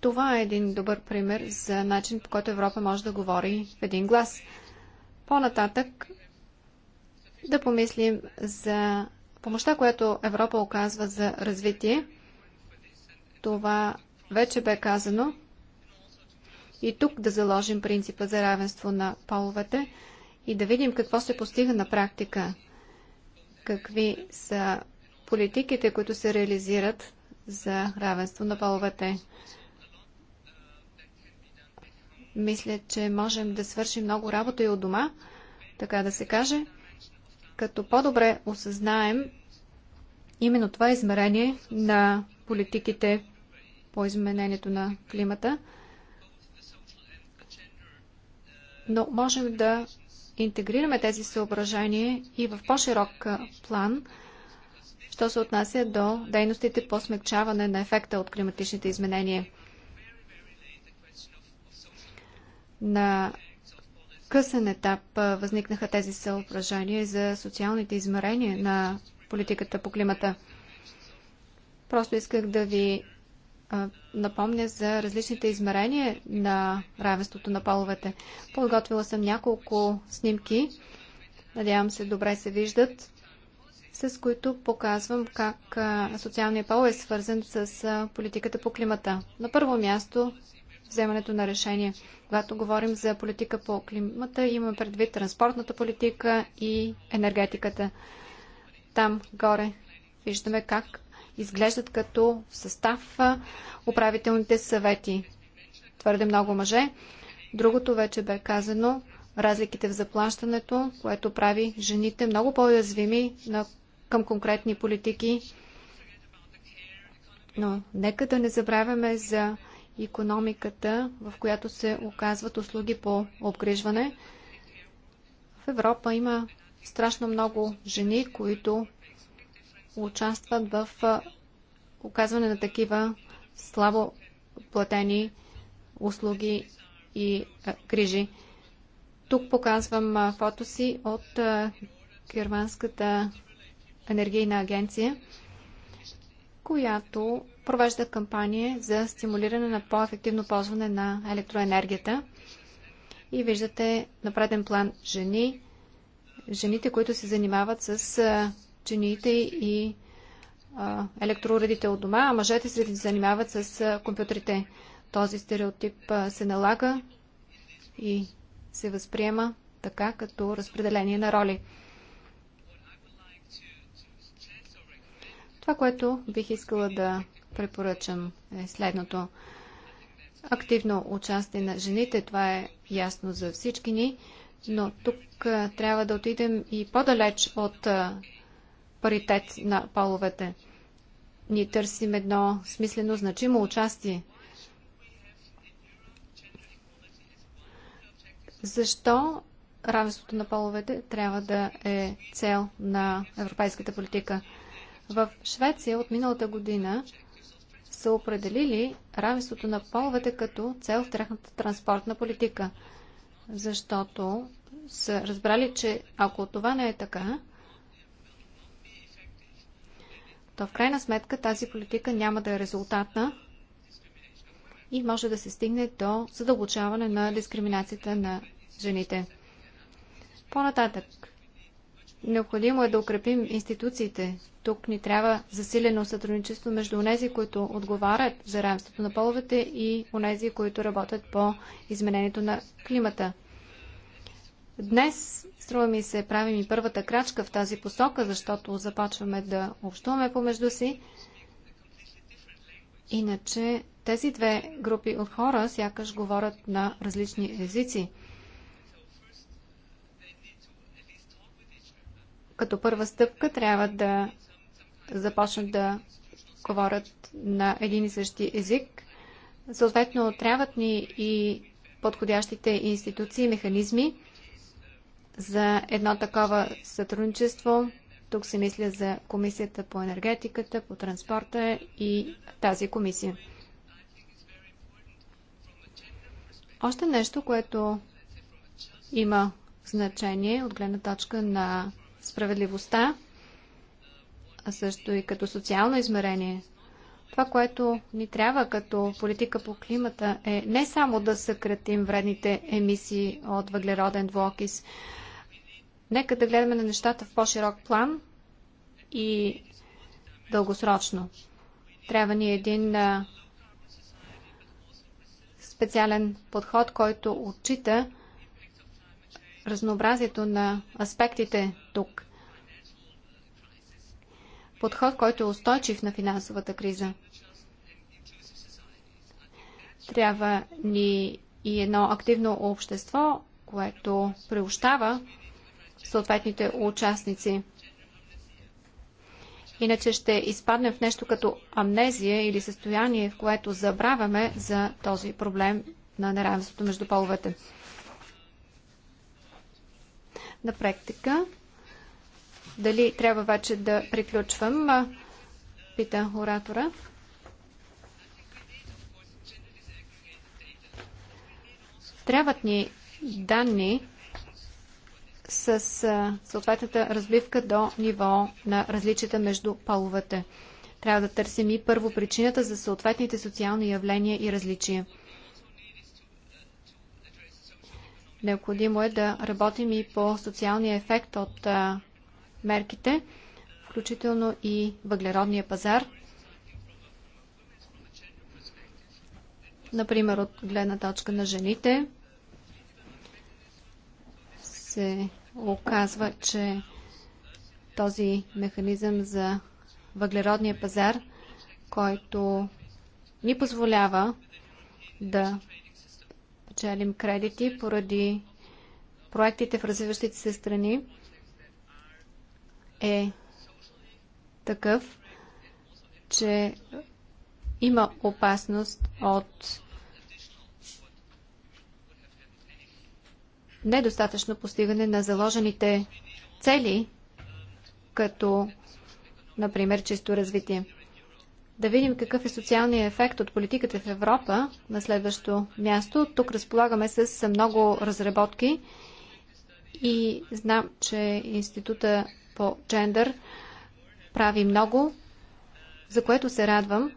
Това е един добър пример за начин, по който Европа може да говори в един глас. По-нататък да помислим за помощта, която Европа оказва за развитие. Това вече бе казано. И тук да заложим принципа за равенство на половете и да видим какво се постига на практика. Какви са политиките, които се реализират за равенство на половете. Мисля, че можем да свършим много работа и от дома, така да се каже, като по-добре осъзнаем именно това измерение на политиките по изменението на климата, но можем да интегрираме тези съображения и в по-широк план – що се отнася до дейностите по смягчаване на ефекта от климатичните изменения. На късен етап възникнаха тези съображения за социалните измерения на политиката по климата. Просто исках да ви напомня за различните измерения на равенството на половете. Подготвила съм няколко снимки. Надявам се, добре се виждат с които показвам как социалният пол е свързан с политиката по климата. На първо място вземането на решение. Когато говорим за политика по климата, имаме предвид транспортната политика и енергетиката. Там горе виждаме как изглеждат като състав управителните съвети. Твърде много мъже. Другото вече бе казано разликите в заплащането, което прави жените много по язвими на към конкретни политики. Но нека да не забравяме за економиката, в която се оказват услуги по обгрижване. В Европа има страшно много жени, които участват в оказване на такива слабо платени услуги и грижи. Тук показвам фото си от германската енергийна агенция, която провежда кампания за стимулиране на по-ефективно ползване на електроенергията. И виждате на преден план жени, жените, които се занимават с чиниите и електроуредите от дома, а мъжете се занимават с компютрите. Този стереотип се налага и се възприема така като разпределение на роли. Това, което бих искала да препоръчам е следното. Активно участие на жените, това е ясно за всички ни, но тук трябва да отидем и по-далеч от паритет на половете. Ние търсим едно смислено значимо участие. Защо равенството на половете трябва да е цел на европейската политика? В Швеция от миналата година са определили равенството на половете като цел в тяхната транспортна политика, защото са разбрали, че ако това не е така, то в крайна сметка тази политика няма да е резултатна и може да се стигне до задълбочаване на дискриминацията на жените. По-нататък, Необходимо е да укрепим институциите. Тук ни трябва засилено сътрудничество между онези, които отговарят за равенството на половете и онези, които работят по изменението на климата. Днес, струва ми се, правим и първата крачка в тази посока, защото започваме да общуваме помежду си. Иначе тези две групи от хора сякаш говорят на различни езици. като първа стъпка трябва да започнат да говорят на един и същи език. Съответно, трябват ни и подходящите институции и механизми за едно такова сътрудничество. Тук се мисля за Комисията по енергетиката, по транспорта и тази комисия. Още нещо, което има значение от гледна точка на справедливостта, а също и като социално измерение. Това, което ни трябва като политика по климата е не само да съкратим вредните емисии от въглероден двуокис. Нека да гледаме на нещата в по-широк план и дългосрочно. Трябва ни един специален подход, който отчита разнообразието на аспектите тук. Подход, който е устойчив на финансовата криза. Трябва ни и едно активно общество, което приощава съответните участници. Иначе ще изпаднем в нещо като амнезия или състояние, в което забравяме за този проблем на неравенството между половете. На практика, дали трябва вече да приключвам, пита оратора. Трябват ни данни с съответната разбивка до ниво на различията между половете. Трябва да търсим и първо причината за съответните социални явления и различия. Необходимо е да работим и по социалния ефект от мерките, включително и въглеродния пазар. Например, от гледна точка на жените се оказва, че този механизъм за въглеродния пазар, който ни позволява да печелим кредити поради проектите в развиващите се страни е такъв, че има опасност от недостатъчно постигане на заложените цели, като, например, чисто развитие да видим какъв е социалният ефект от политиката в Европа на следващо място. Тук разполагаме с много разработки и знам, че Института по джендър прави много, за което се радвам.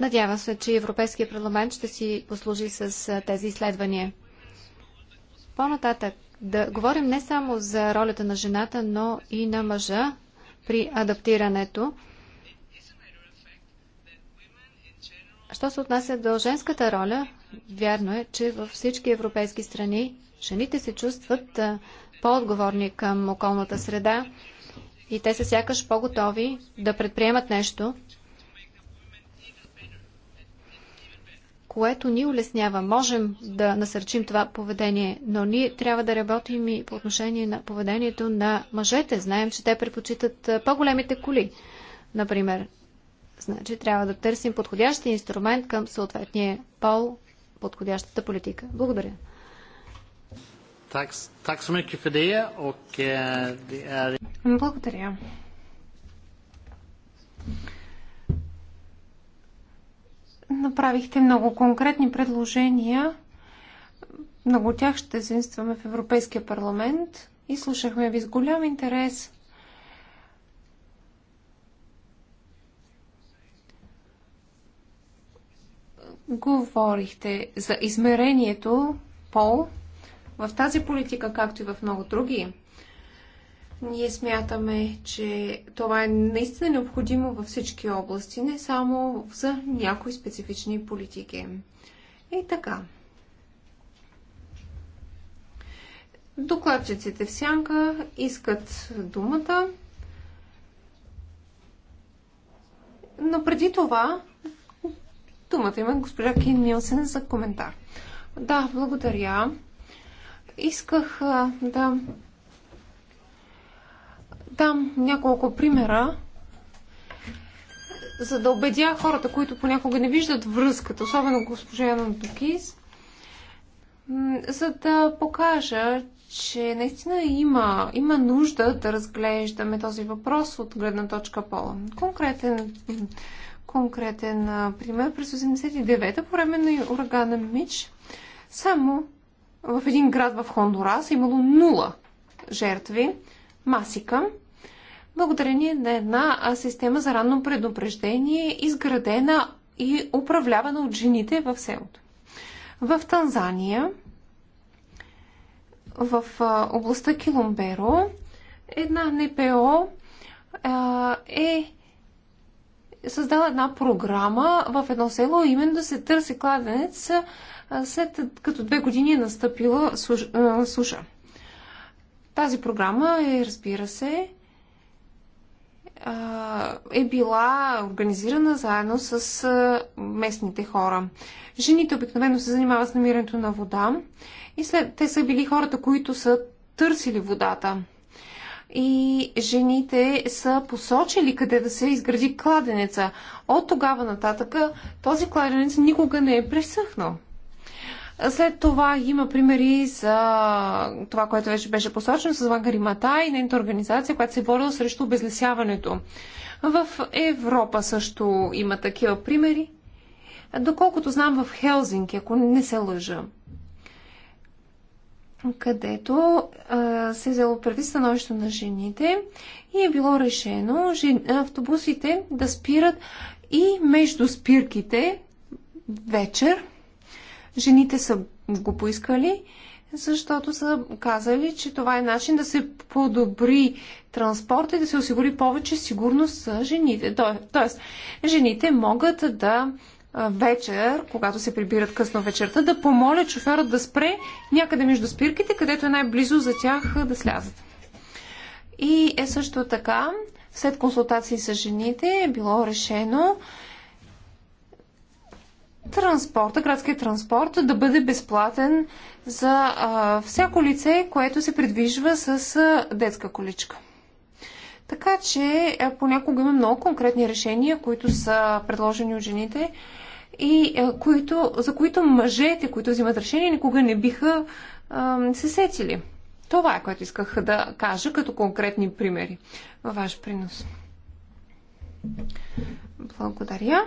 Надявам се, че Европейския парламент ще си послужи с тези изследвания. По-нататък да говорим не само за ролята на жената, но и на мъжа при адаптирането. Що се отнася до женската роля, вярно е, че във всички европейски страни жените се чувстват по-отговорни към околната среда и те са сякаш по-готови да предприемат нещо, което ни улеснява. Можем да насърчим това поведение, но ние трябва да работим и по отношение на поведението на мъжете. Знаем, че те предпочитат по-големите коли, например. Значи трябва да търсим подходящия инструмент към съответния пол, подходящата политика. Благодаря. Е, е, Благодаря направихте много конкретни предложения. Много от тях ще заинстваме в Европейския парламент и слушахме ви с голям интерес. Говорихте за измерението пол в тази политика, както и в много други ние смятаме, че това е наистина необходимо във всички области, не само за някои специфични политики. И така. Докладчиците в сянка искат думата. Но преди това думата има госпожа Кин Нилсен за коментар. Да, благодаря. Исках да дам няколко примера, за да убедя хората, които понякога не виждат връзката, особено госпожа Яна Дукис, за да покажа, че наистина има, има нужда да разглеждаме този въпрос от гледна точка пола. Конкретен, конкретен пример през 89-та по време на урагана Мич, само в един град в Хондурас е имало нула жертви, Масика, благодарение на една система за ранно предупреждение, изградена и управлявана от жените в селото. В Танзания, в областта Киломберо, една НПО е създала една програма в едно село, именно да се търси кладенец след като две години е настъпила суша. Тази програма е, разбира се, е била организирана заедно с местните хора. Жените обикновено се занимават с намирането на вода и след, те са били хората, които са търсили водата. И жените са посочили къде да се изгради кладенеца. От тогава нататъка този кладенец никога не е пресъхнал. След това има примери за това, което вече беше посочено с Мата и нейната организация, която се е борила срещу обезлесяването. В Европа също има такива примери. Доколкото знам в Хелзинки, ако не се лъжа, където а, се е взело преди становището на жените и е било решено жен... автобусите да спират и между спирките вечер Жените са го поискали, защото са казали, че това е начин да се подобри транспорта и да се осигури повече сигурност за жените. Тоест, жените могат да вечер, когато се прибират късно вечерта, да помолят шофьорът да спре някъде между спирките, където е най-близо за тях да слязат. И е също така, след консултации с жените е било решено транспорта, градския транспорт да бъде безплатен за а, всяко лице, което се придвижва с а, детска количка. Така че а, понякога има много конкретни решения, които са предложени от жените и а, които, за които мъжете, които взимат решение, никога не биха а, се сетили. Това е което исках да кажа като конкретни примери във ваш принос. Благодаря.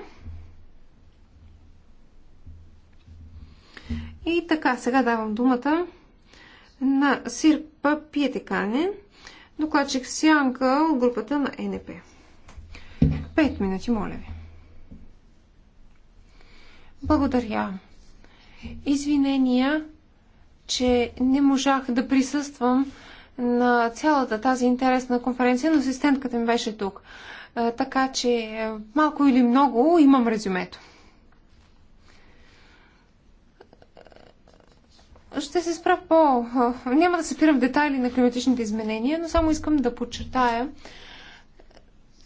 И така, сега давам думата на Сирпа пиетекане, докладчик Сянка от групата на НП. Пет минути, моля ви. Благодаря. Извинения, че не можах да присъствам на цялата тази интересна конференция, но асистентката ми беше тук. Така че малко или много имам резюмето. Ще се спра по... Няма да се спирам в детайли на климатичните изменения, но само искам да подчертая,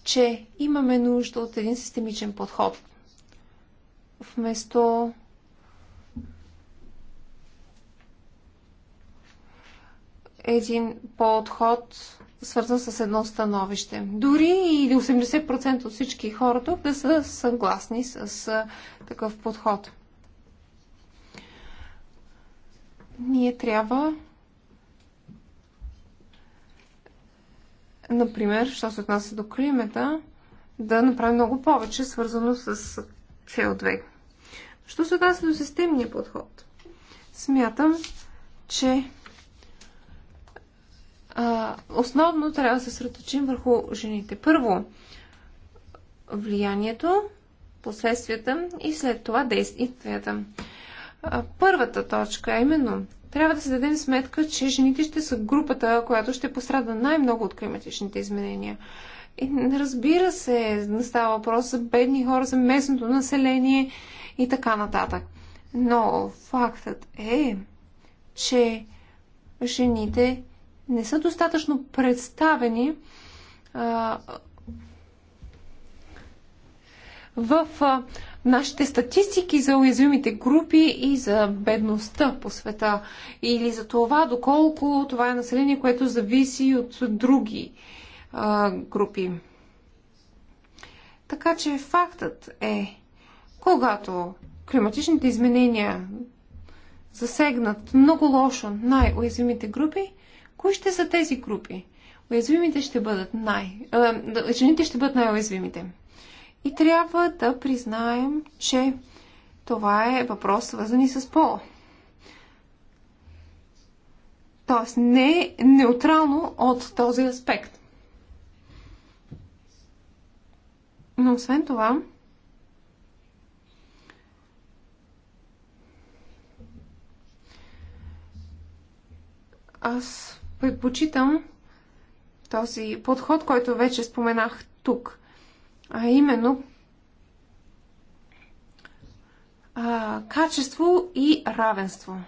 че имаме нужда от един системичен подход. Вместо един подход, свързан с едно становище. Дори и 80% от всички хора тук да са съгласни с такъв подход. ние трябва например, що се отнася до климата, да направим много повече, свързано с CO2. Що се отнася до системния подход? Смятам, че а, основно трябва да се средоточим върху жените. Първо, влиянието, последствията и след това действията първата точка, а именно трябва да се дадем сметка, че жените ще са групата, която ще пострада най-много от климатичните изменения. И, разбира се, става въпрос за бедни хора, за местното население и така нататък. Но фактът е, че жените не са достатъчно представени а, в а, нашите статистики за уязвимите групи и за бедността по света или за това доколко това е население, което зависи от други а, групи. Така че фактът е, когато климатичните изменения засегнат много лошо най-уязвимите групи, кои ще са тези групи? Уязвимите ще бъдат най... жените ще бъдат най-уязвимите. И трябва да признаем, че това е въпрос свързан и с пола. Тоест не е неутрално от този аспект. Но освен това, аз предпочитам този подход, който вече споменах тук – а именно а, качество и равенство.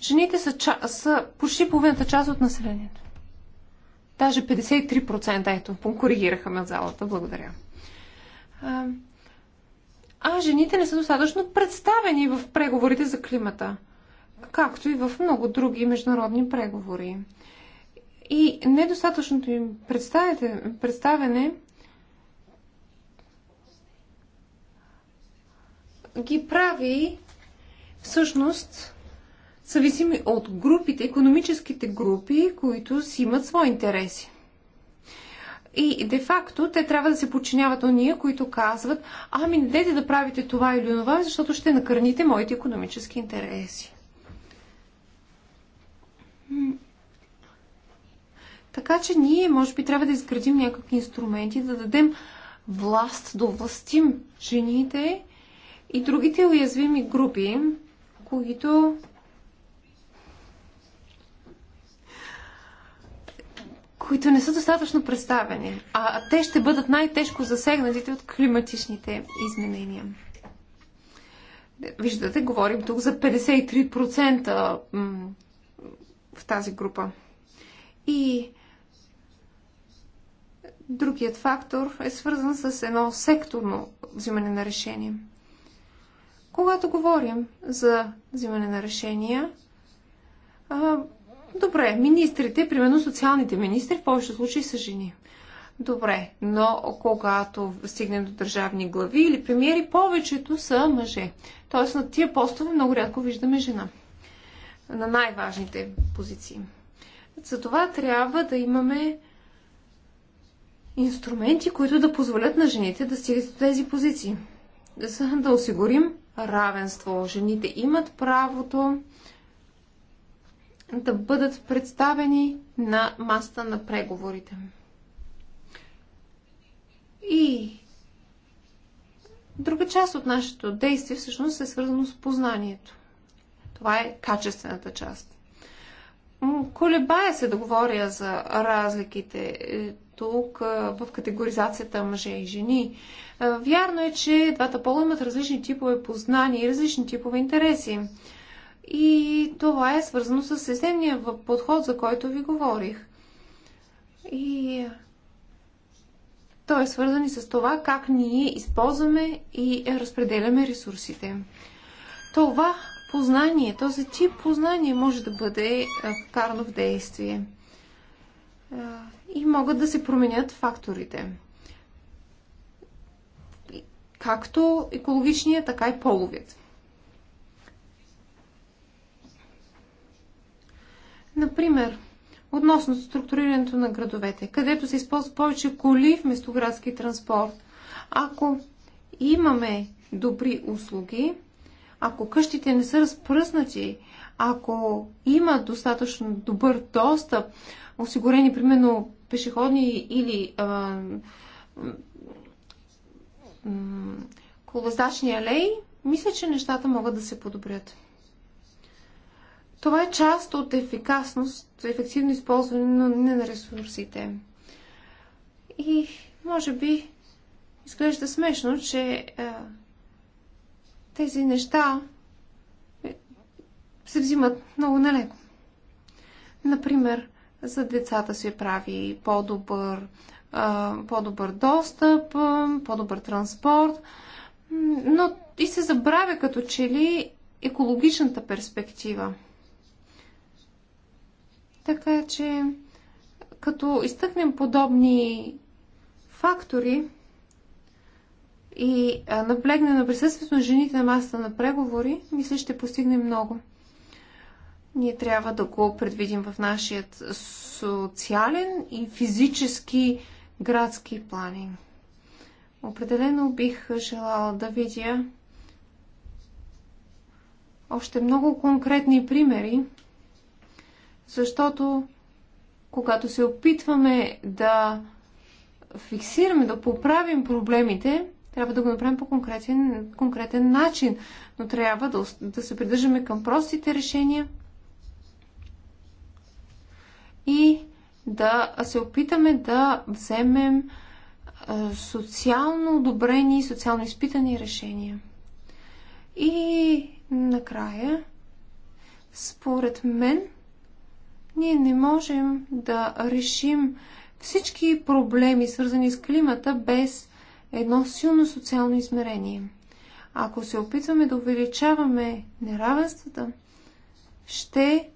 Жените са, са почти половината част от населението. Даже 53%, ето, коригираха ме от залата, благодаря. А, а жените не са достатъчно представени в преговорите за климата, както и в много други международни преговори. И недостатъчното им представяне ги прави всъщност зависими от групите, економическите групи, които си имат свои интереси. И де-факто те трябва да се подчиняват ние, които казват, ами не дайте да правите това или това, защото ще накърните моите економически интереси. Така че ние, може би, трябва да изградим някакви инструменти, да дадем власт, да властим жените, и другите уязвими групи, които които не са достатъчно представени, а те ще бъдат най-тежко засегнатите от климатичните изменения. Виждате, говорим тук за 53% в тази група. И другият фактор е свързан с едно секторно взимане на решение – когато говорим за взимане на решения, а, добре, министрите, примерно социалните министри, в повечето случаи са жени. Добре, но когато стигнем до държавни глави или премиери, повечето са мъже. Тоест на тия постове много рядко виждаме жена. На най-важните позиции. Затова трябва да имаме инструменти, които да позволят на жените да стигат до тези позиции. За да осигурим равенство. Жените имат правото да бъдат представени на маста на преговорите. И друга част от нашето действие всъщност е свързано с познанието. Това е качествената част. Колебая се да говоря за разликите. Е, тук в категоризацията мъже и жени. Вярно е, че двата пола имат различни типове познания и различни типове интереси. И това е свързано с системния подход, за който ви говорих. И той е свързан и с това как ние използваме и разпределяме ресурсите. Това познание, този тип познание може да бъде вкарано в действие и могат да се променят факторите. Както екологичния, така и половият. Например, относно структурирането на градовете, където се използва повече коли вместо градски транспорт. Ако имаме добри услуги, ако къщите не са разпръснати, ако има достатъчно добър достъп, осигурени примерно пешеходни или а, колоздачни алеи, мисля, че нещата могат да се подобрят. Това е част от ефикасност, ефективно използване на, не на ресурсите. И може би изглежда смешно, че тези неща е, се взимат много налеко. Например, за децата се прави по-добър, по-добър достъп, по-добър транспорт, но и се забравя като че ли екологичната перспектива. Така че, като изтъкнем подобни фактори и наблегнем на присъствието на жените на масата на преговори, мисля, ще постигнем много. Ние трябва да го предвидим в нашия социален и физически градски планинг. Определено бих желала да видя още много конкретни примери, защото когато се опитваме да фиксираме, да поправим проблемите, трябва да го направим по конкретен, конкретен начин, но трябва да, да се придържаме към простите решения – и да се опитаме да вземем е, социално одобрени, социално изпитани решения. И накрая, според мен, ние не можем да решим всички проблеми, свързани с климата, без едно силно социално измерение. Ако се опитваме да увеличаваме неравенствата, ще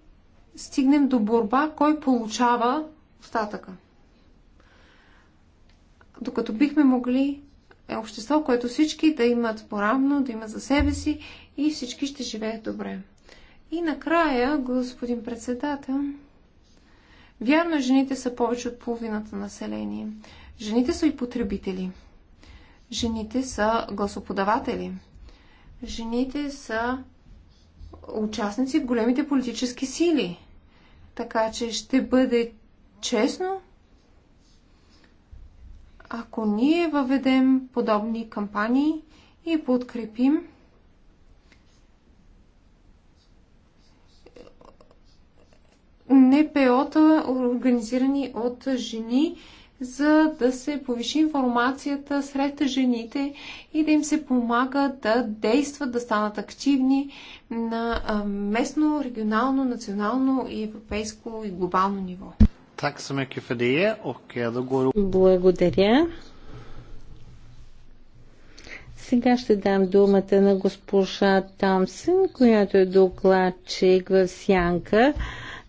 стигнем до борба, кой получава остатъка. Докато бихме могли е общество, което всички да имат поравно, да имат за себе си и всички ще живеят добре. И накрая, господин председател, вярно е, жените са повече от половината население. Жените са и потребители. Жените са гласоподаватели. Жените са участници в големите политически сили. Така че ще бъде честно, ако ние въведем подобни кампании и подкрепим НПО-та, организирани от жени, за да се повиши информацията сред жените и да им се помага да действат, да станат активни на местно, регионално, национално и европейско и глобално ниво. Благодаря. Сега ще дам думата на госпожа Томсън, която е докладчик в Сянка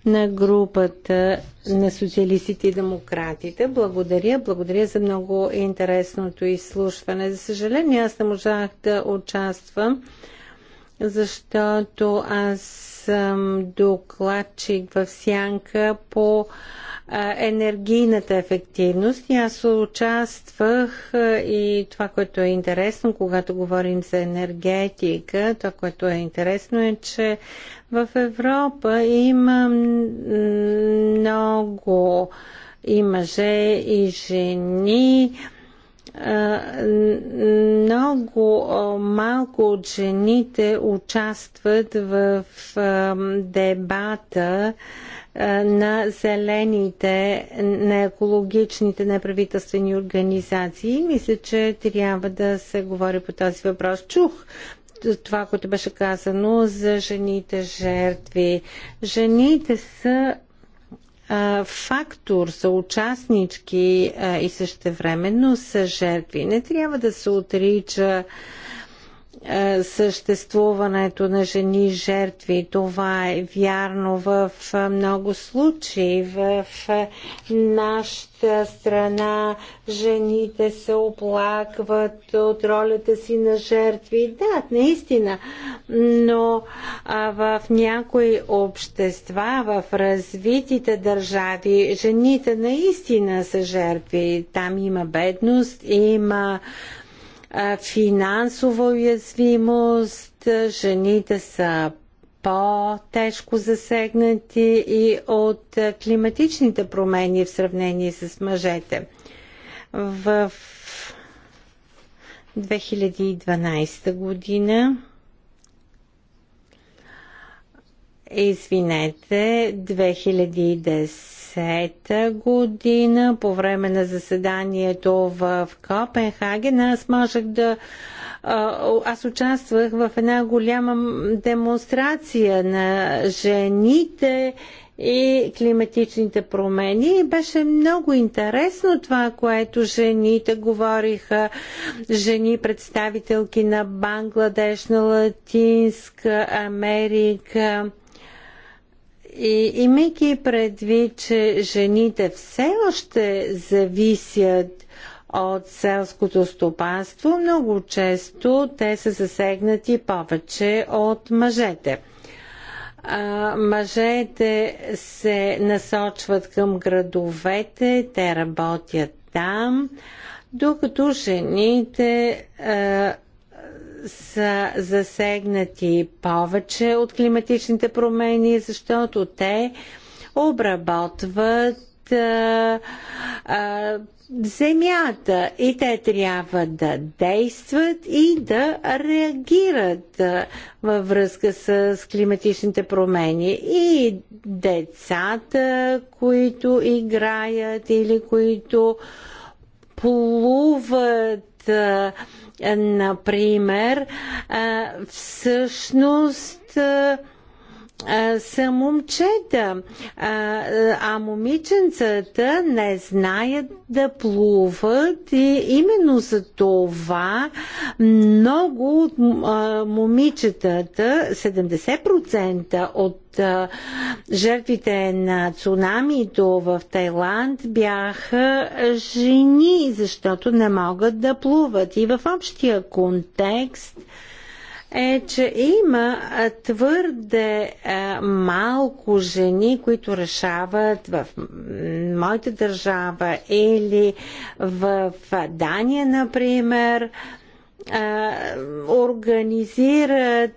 на групата на социалистите и демократите. Благодаря, благодаря за много интересното изслушване. За съжаление, аз не можах да участвам, защото аз съм докладчик в Сянка по енергийната ефективност. И аз участвах и това, което е интересно, когато говорим за енергетика, това, което е интересно е, че в Европа има много и мъже, и жени, много малко от жените участват в дебата на зелените, на екологичните неправителствени организации. Мисля, че трябва да се говори по този въпрос. Чух това, което беше казано за жените жертви. Жените са фактор, са участнички и същевременно са жертви. Не трябва да се отрича е, съществуването на жени жертви. Това е вярно в е, много случаи. В е, нашата страна жените се оплакват от ролята си на жертви. Да, наистина. Но в някои общества, в развитите държави, жените наистина са жертви. Там има бедност, има финансова уязвимост, жените са по-тежко засегнати и от климатичните промени в сравнение с мъжете. В 2012 година извинете, 2010 2010 година по време на заседанието в Копенхаген. Аз можех да аз участвах в една голяма демонстрация на жените и климатичните промени. И беше много интересно това, което жените говориха. Жени, представителки на Бангладеш, на Латинска Америка. И имайки предвид, че жените все още зависят от селското стопанство, много често те са засегнати повече от мъжете. А, мъжете се насочват към градовете, те работят там, докато жените а, са засегнати повече от климатичните промени, защото те обработват земята и те трябва да действат и да реагират във връзка с климатичните промени. И децата, които играят или които плуват например, всъщност са момчета, а момиченцата не знаят да плуват и именно за това много от момичетата, 70% от жертвите на цунамито в Тайланд бяха жени, защото не могат да плуват. И в общия контекст е, че има твърде малко жени, които решават в моята държава или в Дания, например, организират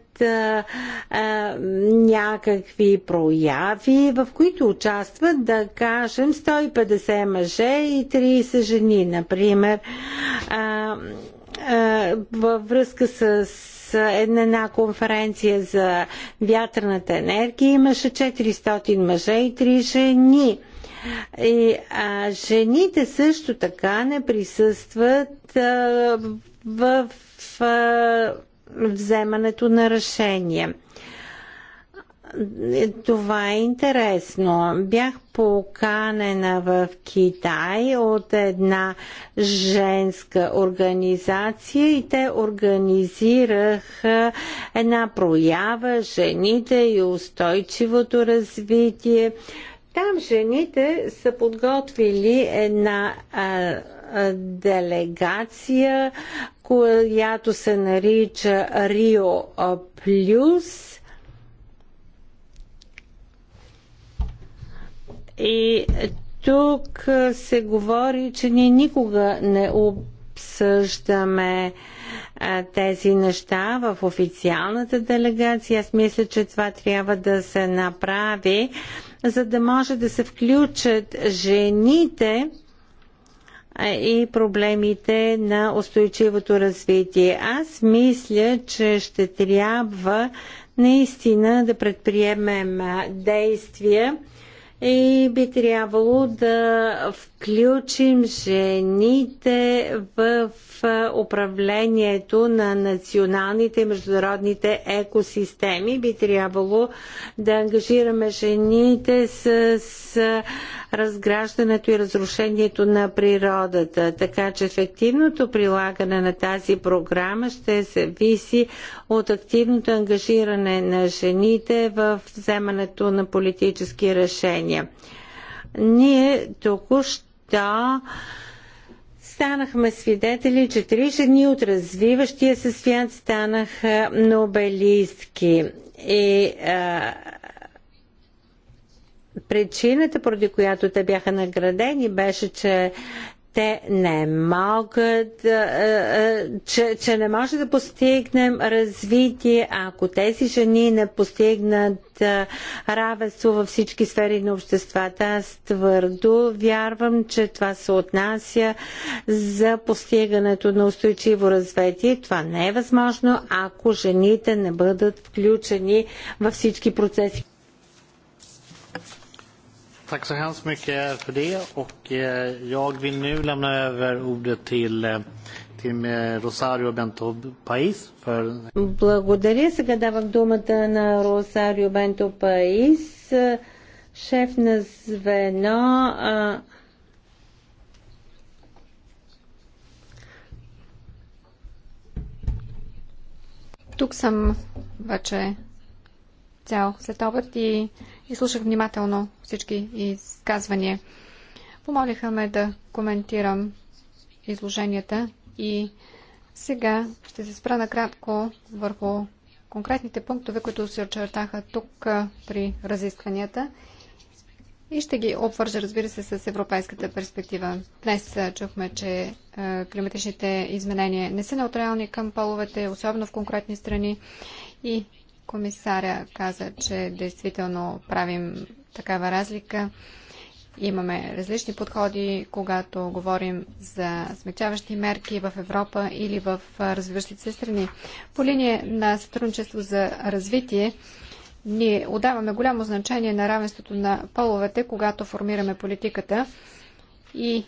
някакви прояви, в които участват, да кажем, 150 мъже и 30 жени, например. във връзка с една, една конференция за вятърната енергия имаше 400 мъже и 3 жени. И, а, жените също така не присъстват а, в, в, в вземането на решение. Е, това е интересно. Бях поканена в Китай от една женска организация и те организираха една проява Жените и устойчивото развитие. Там жените са подготвили една а, а, делегация, която се нарича Рио Плюс И тук се говори, че ние никога не обсъждаме а, тези неща в официалната делегация. Аз мисля, че това трябва да се направи, за да може да се включат жените и проблемите на устойчивото развитие. Аз мисля, че ще трябва наистина да предприемем действия и би трябвало да включим жените в управлението на националните и международните екосистеми. Би трябвало да ангажираме жените с, с разграждането и разрушението на природата. Така че ефективното прилагане на тази програма ще зависи от активното ангажиране на жените в вземането на политически решения. Ние току-що станахме свидетели, че три жени от развиващия се свят станаха нобелистки. И а, причината, поради която те бяха наградени, беше, че те не могат, че, че не може да постигнем развитие, ако тези жени не постигнат равенство във всички сфери на обществата. Аз твърдо вярвам, че това се отнася за постигането на устойчиво развитие. Това не е възможно, ако жените не бъдат включени във всички процеси. Tack så hemskt mycket för det. Och jag vill nu lämna över ordet till, till Rosario Bento Pais. För... Благодаря. Сега давам думата на Росарио Бенто Паис, шеф на звено а, Тук съм вече цял след обед и и слушах внимателно всички изказвания. Помолиха ме да коментирам изложенията и сега ще се спра накратко върху конкретните пунктове, които се очертаха тук при разискванията и ще ги обвържа, разбира се, с европейската перспектива. Днес чухме, че климатичните изменения не са неутрални към половете, особено в конкретни страни и Комисаря каза, че действително правим такава разлика. Имаме различни подходи, когато говорим за смягчаващи мерки в Европа или в развиващите се страни. По линия на сътрудничество за развитие, ние отдаваме голямо значение на равенството на половете, когато формираме политиката. И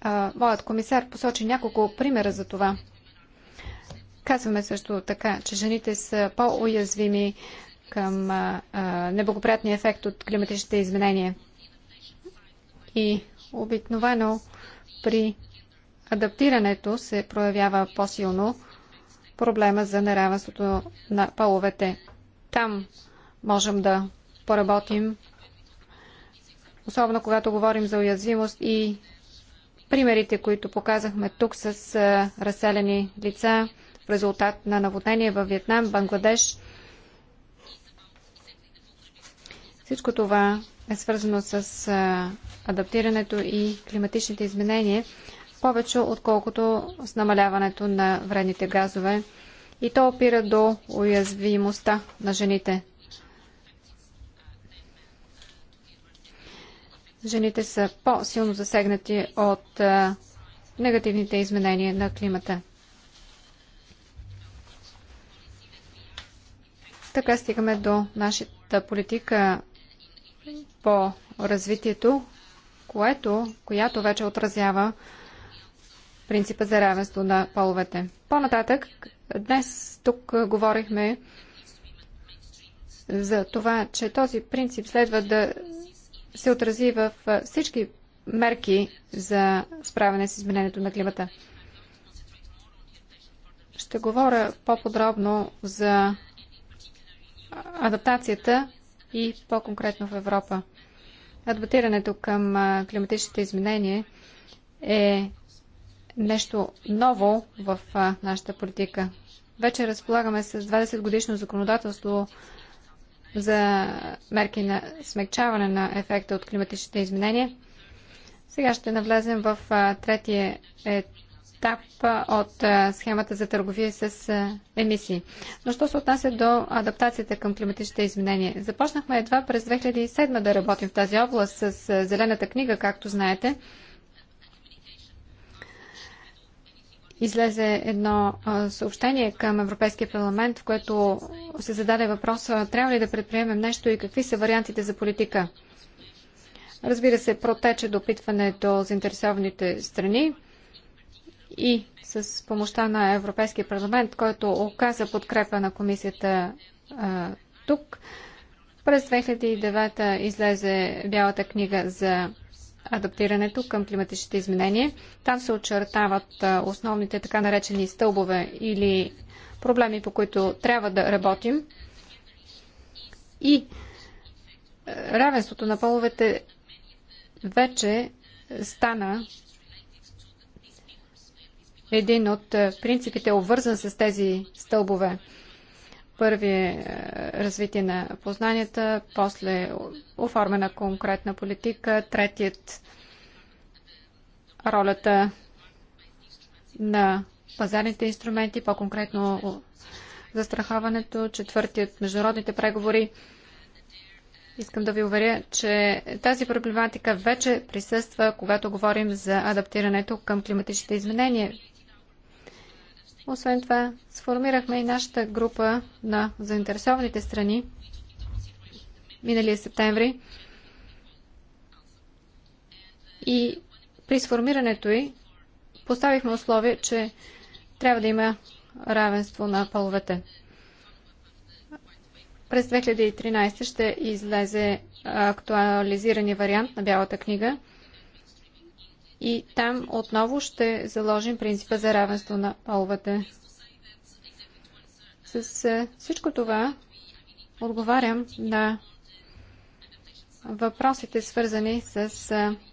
а, моят комисар посочи няколко примера за това. Казваме също така, че жените са по-уязвими към неблагоприятния ефект от климатичните изменения. И обикновено при адаптирането се проявява по-силно проблема за неравенството на половете. Там можем да поработим, особено когато говорим за уязвимост и примерите, които показахме тук с разселени лица, в резултат на наводнение във Вьетнам, Бангладеш. Всичко това е свързано с адаптирането и климатичните изменения повече отколкото с намаляването на вредните газове и то опира до уязвимостта на жените. Жените са по-силно засегнати от негативните изменения на климата. Така стигаме до нашата политика по развитието, което, която вече отразява принципа за равенство на половете. По-нататък, днес тук говорихме за това, че този принцип следва да се отрази в всички мерки за справяне с изменението на климата. Ще говоря по-подробно за адаптацията и по-конкретно в Европа. Адаптирането към климатичните изменения е нещо ново в нашата политика. Вече разполагаме с 20 годишно законодателство за мерки на смягчаване на ефекта от климатичните изменения. Сега ще навлезем в третия етап етап от схемата за търговия с емисии. Но що се отнася до адаптацията към климатичните изменения? Започнахме едва през 2007 да работим в тази област с Зелената книга, както знаете. излезе едно съобщение към Европейския парламент, в което се зададе въпроса трябва ли да предприемем нещо и какви са вариантите за политика. Разбира се, протече допитване до заинтересованите страни и с помощта на Европейския парламент, който оказа подкрепа на комисията а, тук. През 2009 излезе Бялата книга за адаптирането към климатичните изменения. Там се очертават основните така наречени стълбове или проблеми, по които трябва да работим. И равенството на половете вече стана един от е, принципите обвързан с тези стълбове. Първи е развитие на познанията, после оформена конкретна политика, третият ролята на пазарните инструменти, по-конкретно застраховането, четвъртият международните преговори. Искам да ви уверя, че тази проблематика вече присъства, когато говорим за адаптирането към климатичните изменения. Освен това, сформирахме и нашата група на заинтересованите страни миналия септември. И при сформирането й поставихме условие, че трябва да има равенство на половете. През 2013 ще излезе актуализирани вариант на Бялата книга – и там отново ще заложим принципа за равенство на половете. С всичко това отговарям на въпросите, свързани с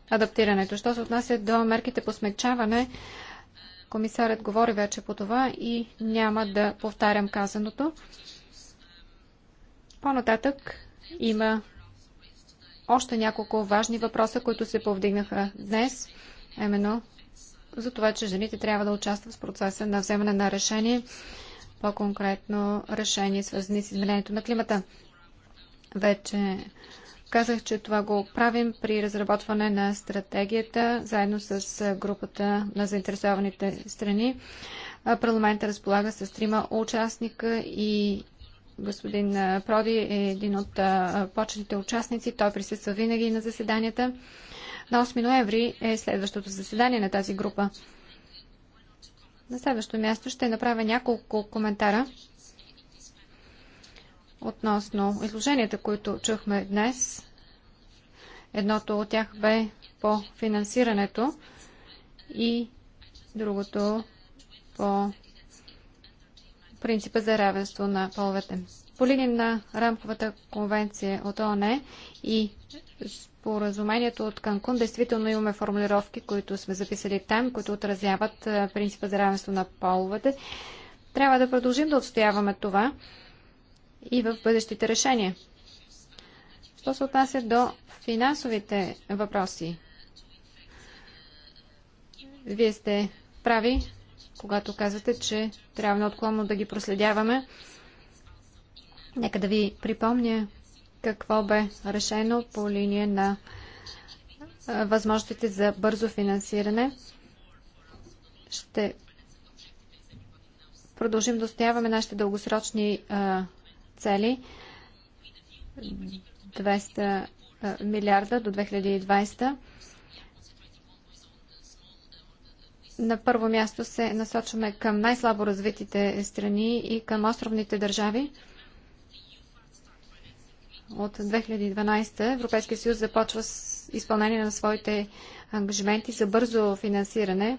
адаптирането. Що се отнася до мерките по смягчаване, комисарят говори вече по това и няма да повтарям казаното. По-нататък има още няколко важни въпроса, които се повдигнаха днес именно за това, че жените трябва да участват в процеса на вземане на решение, по-конкретно решение, свързани с изменението на климата. Вече казах, че това го правим при разработване на стратегията, заедно с групата на заинтересованите страни. Парламентът разполага с трима участника и господин Проди е един от почните участници. Той присъства винаги на заседанията. На 8 ноември е следващото заседание на тази група. На следващо място ще направя няколко коментара относно изложенията, които чухме днес. Едното от тях бе по финансирането и другото по принципа за равенство на половете. По линия на рамковата конвенция от ОНЕ и споразумението от Канкун действително имаме формулировки, които сме записали там, които отразяват принципа за равенство на половете. Трябва да продължим да отстояваме това и в бъдещите решения. Що се отнася до финансовите въпроси? Вие сте прави, когато казвате, че трябва неотклонно да ги проследяваме. Нека да ви припомня какво бе решено по линия на възможностите за бързо финансиране. Ще продължим да стояваме нашите дългосрочни цели 200 милиарда до 2020. На първо място се насочваме към най-слабо развитите страни и към островните държави от 2012 Европейския съюз започва с изпълнение на своите ангажименти за бързо финансиране.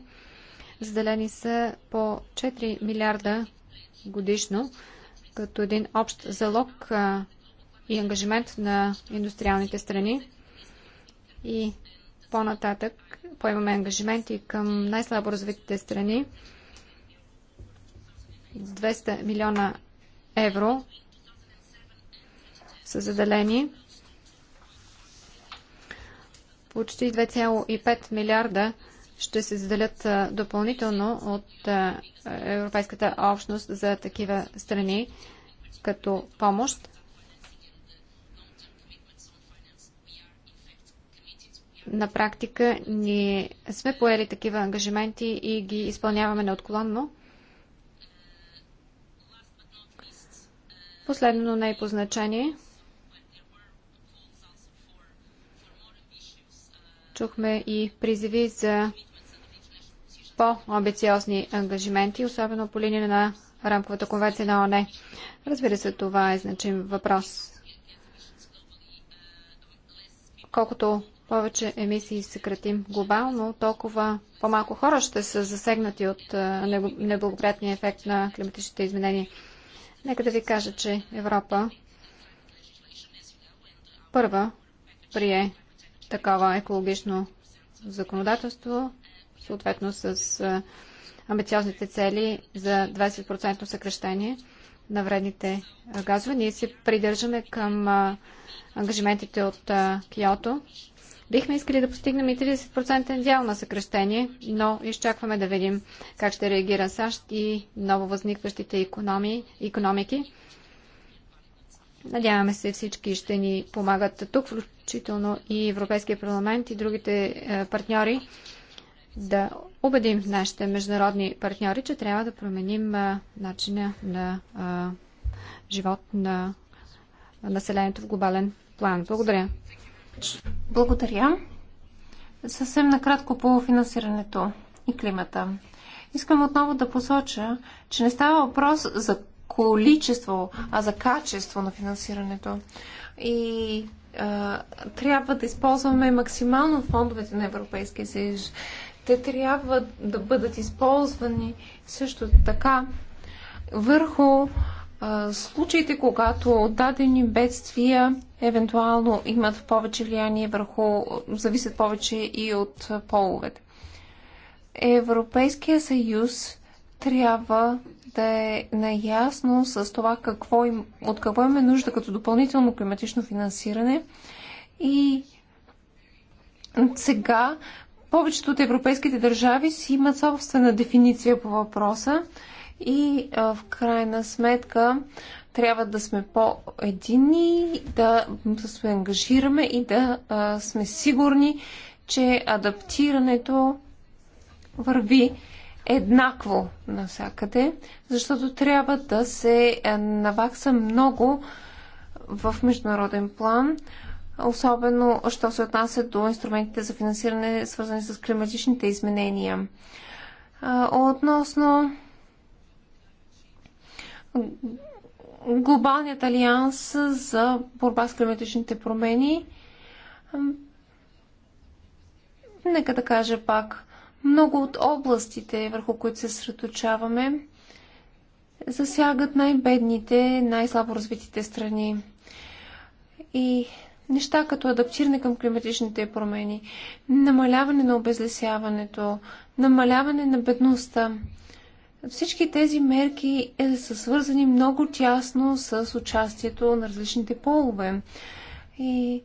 Заделени са по 4 милиарда годишно, като един общ залог и ангажимент на индустриалните страни. И по-нататък поемаме ангажименти към най-слабо развитите страни. 200 милиона евро са заделени почти 2,5 милиарда ще се заделят допълнително от Европейската общност за такива страни като помощ. На практика ние сме поели такива ангажименти и ги изпълняваме неотклонно. Последно, но не е по значение. Чухме и призиви за по-амбициозни ангажименти, особено по линия на Рамковата конвенция на ОНЕ. Разбира се, това е значим въпрос. Колкото повече емисии съкратим глобално, толкова по-малко хора ще са засегнати от неблагоприятния ефект на климатичните изменения. Нека да ви кажа, че Европа първа прие такова екологично законодателство, съответно с амбициозните цели за 20% съкрещение на вредните газове. Ние се придържаме към ангажиментите от Киото. Бихме искали да постигнем и 30% дял на съкрещение, но изчакваме да видим как ще реагира САЩ и нововъзникващите економии, економики. Надяваме се всички ще ни помагат тук, включително и Европейския парламент и другите е, партньори, да убедим нашите международни партньори, че трябва да променим е, начина на е, живот на населението в глобален план. Благодаря. Благодаря. Съвсем накратко по финансирането и климата. Искам отново да посоча, че не става въпрос за количество, а за качество на финансирането. И а, трябва да използваме максимално фондовете на Европейския съюз. Те трябва да бъдат използвани също така върху а, случаите, когато дадени бедствия евентуално имат повече влияние върху, зависят повече и от половете. Европейския съюз трябва да е наясно с това какво им, от какво им е нужда като допълнително климатично финансиране. И сега повечето от европейските държави си имат собствена дефиниция по въпроса и в крайна сметка трябва да сме по-едини, да, да се ангажираме и да а, сме сигурни, че адаптирането върви еднакво навсякъде, защото трябва да се е, навакса много в международен план, особено що се отнася до инструментите за финансиране, свързани с климатичните изменения. Относно глобалният алианс за борба с климатичните промени, нека да кажа пак, много от областите, върху които се средочаваме, засягат най-бедните, най-слабо развитите страни. И неща като адаптиране към климатичните промени, намаляване на обезлесяването, намаляване на бедността. Всички тези мерки е, са свързани много тясно с участието на различните полове. И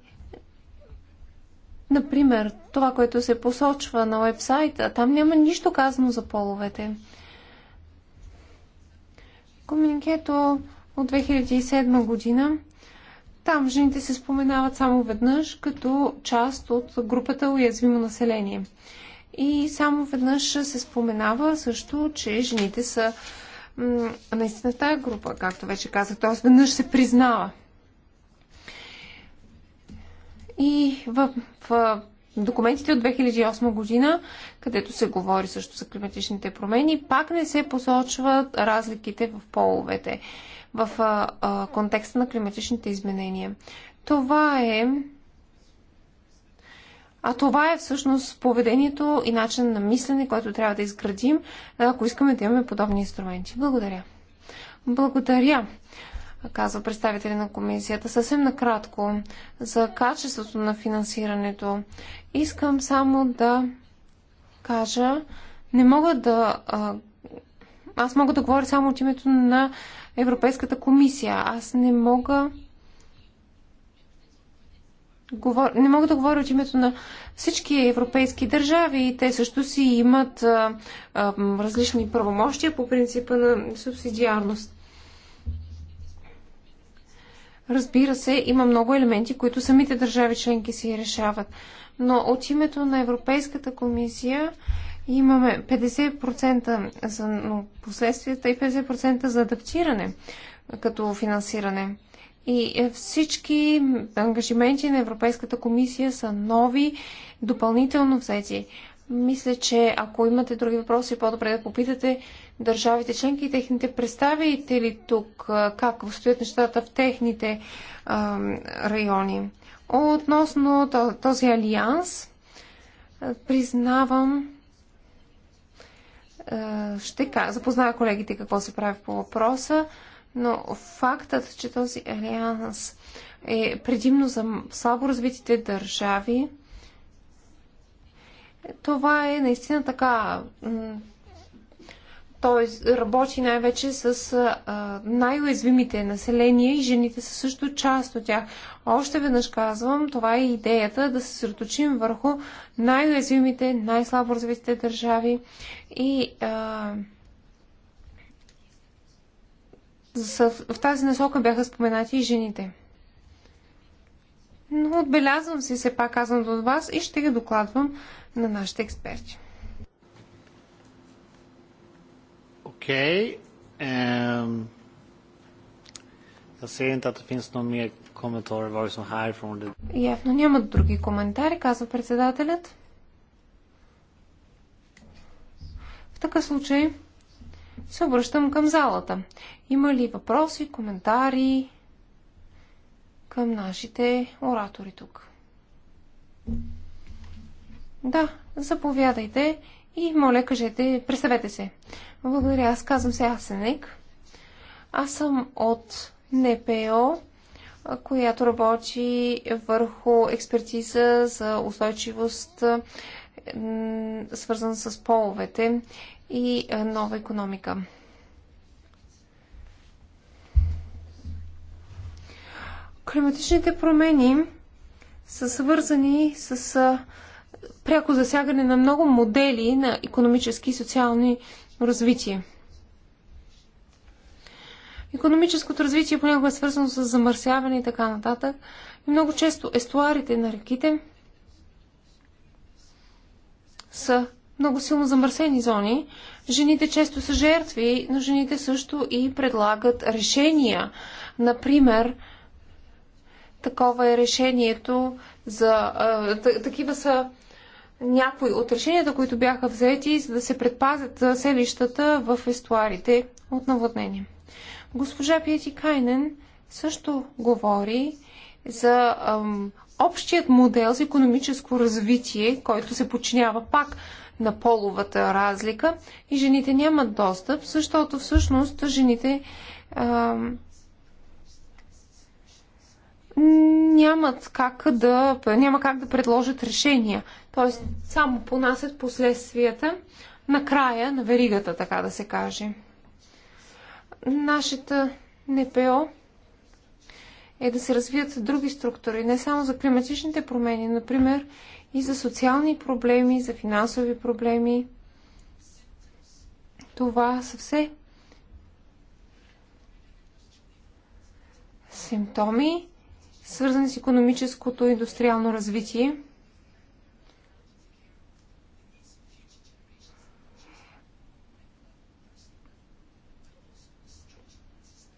Например, това, което се посочва на вебсайта, там няма нищо казано за половете. Комуникето от 2007 година, там жените се споменават само веднъж като част от групата уязвимо население. И само веднъж се споменава също, че жените са наистина в тая група, както вече казах. Т.е. веднъж се признава и в, в документите от 2008 година, където се говори също за климатичните промени, пак не се посочват разликите в половете в а, а, контекста на климатичните изменения. Това е. А това е всъщност поведението и начин на мислене, който трябва да изградим, ако искаме да имаме подобни инструменти. Благодаря. Благодаря казва представители на комисията. Съвсем накратко за качеството на финансирането. Искам само да кажа, не мога да. Аз мога да говоря само от името на Европейската комисия. Аз не мога. Говор... Не мога да говоря от името на всички европейски държави. Те също си имат а, а, различни правомощия по принципа на субсидиарност. Разбира се, има много елементи, които самите държави членки си решават. Но от името на Европейската комисия имаме 50% за последствията и 50% за адаптиране като финансиране. И е, всички ангажименти на Европейската комисия са нови, допълнително взети. Мисля, че ако имате други въпроси, по-добре да попитате държавите членки и техните представители тук, как стоят нещата в техните а, райони. Относно този алианс, признавам, ще запозная колегите какво се прави по въпроса, но фактът, че този алианс е предимно за слабо развитите държави, това е наистина така той работи най-вече с най-уязвимите населения и жените са също част от тях. Още веднъж казвам, това е идеята да се съсредоточим върху най-уязвимите, най-слабо развитите държави и а, в тази насока бяха споменати и жените. Но отбелязвам си все пак казвам от вас и ще ги докладвам на нашите експерти. Okej. Ehm, jag ser inte att det finns någon mer kommentarer vare sig från det. Явно няма други коментари, казва председателят. В такъв случай се обръщам към залата. Има ли въпроси, коментари към нашите оратори тук? Да, заповядайте и моля, кажете, представете се. Благодаря, аз казвам се Асенек. Аз съм от НПО, която работи върху експертиза за устойчивост, свързана с половете и нова економика. Климатичните промени са свързани с пряко засягане на много модели на економически и социални развитие. Економическото развитие понякога е свързано с замърсяване и така нататък. И много често естуарите на реките са много силно замърсени зони. Жените често са жертви, но жените също и предлагат решения. Например, такова е решението за. такива са някои от решенията, които бяха взети, за да се предпазят селищата в естуарите от наводнение. Госпожа Пети Кайнен също говори за ам, общият модел за економическо развитие, който се подчинява пак на половата разлика и жените нямат достъп, защото всъщност жените ам, нямат как да, няма как да предложат решения. Тоест, само понасят последствията на края на веригата, така да се каже. Нашата НПО е да се развият други структури, не само за климатичните промени, например и за социални проблеми, за финансови проблеми. Това са все симптоми свързани с економическото и индустриално развитие.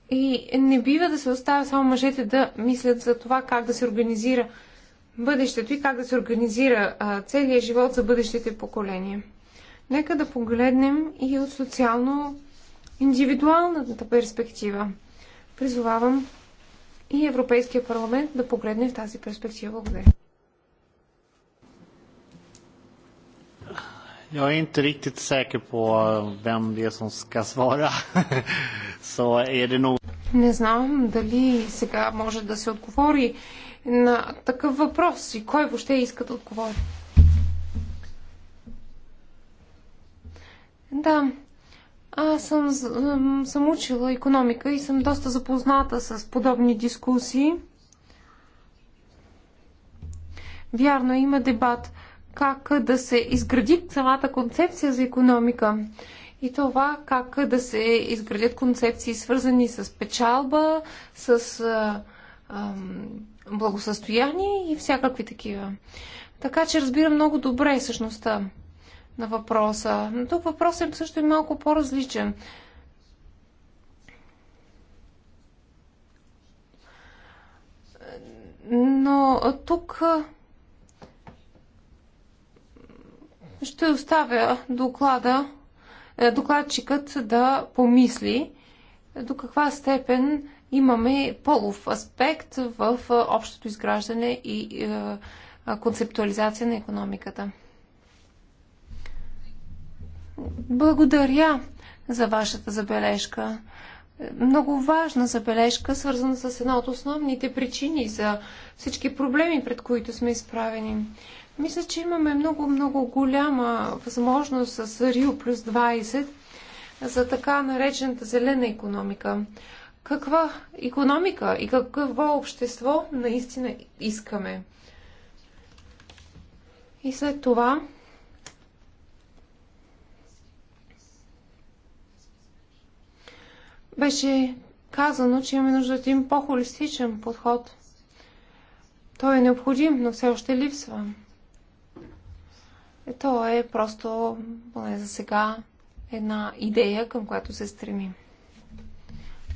И не бива да се оставя само мъжете да мислят за това как да се организира бъдещето и как да се организира целият живот за бъдещите поколения. Нека да погледнем и от социално-индивидуалната перспектива. Призовавам и Европейския парламент да погледне в тази перспектива. Благодаря. Jag är inte riktigt säker på eh, vem det är som ska svara. Så är det nog... Не знам дали сега може да се отговори на такъв въпрос и кой въобще иска да отговори. Да, аз съм, съм учила економика и съм доста запозната с подобни дискусии. Вярно, има дебат как да се изгради самата концепция за економика и това как да се изградят концепции, свързани с печалба, с а, а, благосъстояние и всякакви такива. Така че разбира много добре същността на въпроса. Но тук въпросът е също е малко по-различен. Но тук ще оставя доклада, е, докладчикът да помисли до каква степен имаме полов аспект в общото изграждане и е, концептуализация на економиката. Благодаря за вашата забележка. Много важна забележка, свързана с една от основните причини за всички проблеми, пред които сме изправени. Мисля, че имаме много-много голяма възможност с Рио плюс 20 за така наречената зелена економика. Каква економика и какво общество наистина искаме? И след това беше казано, че имаме нужда от един по-холистичен подход. Той е необходим, но все още липсва. И е, то е просто, поне за сега, една идея, към която се стремим.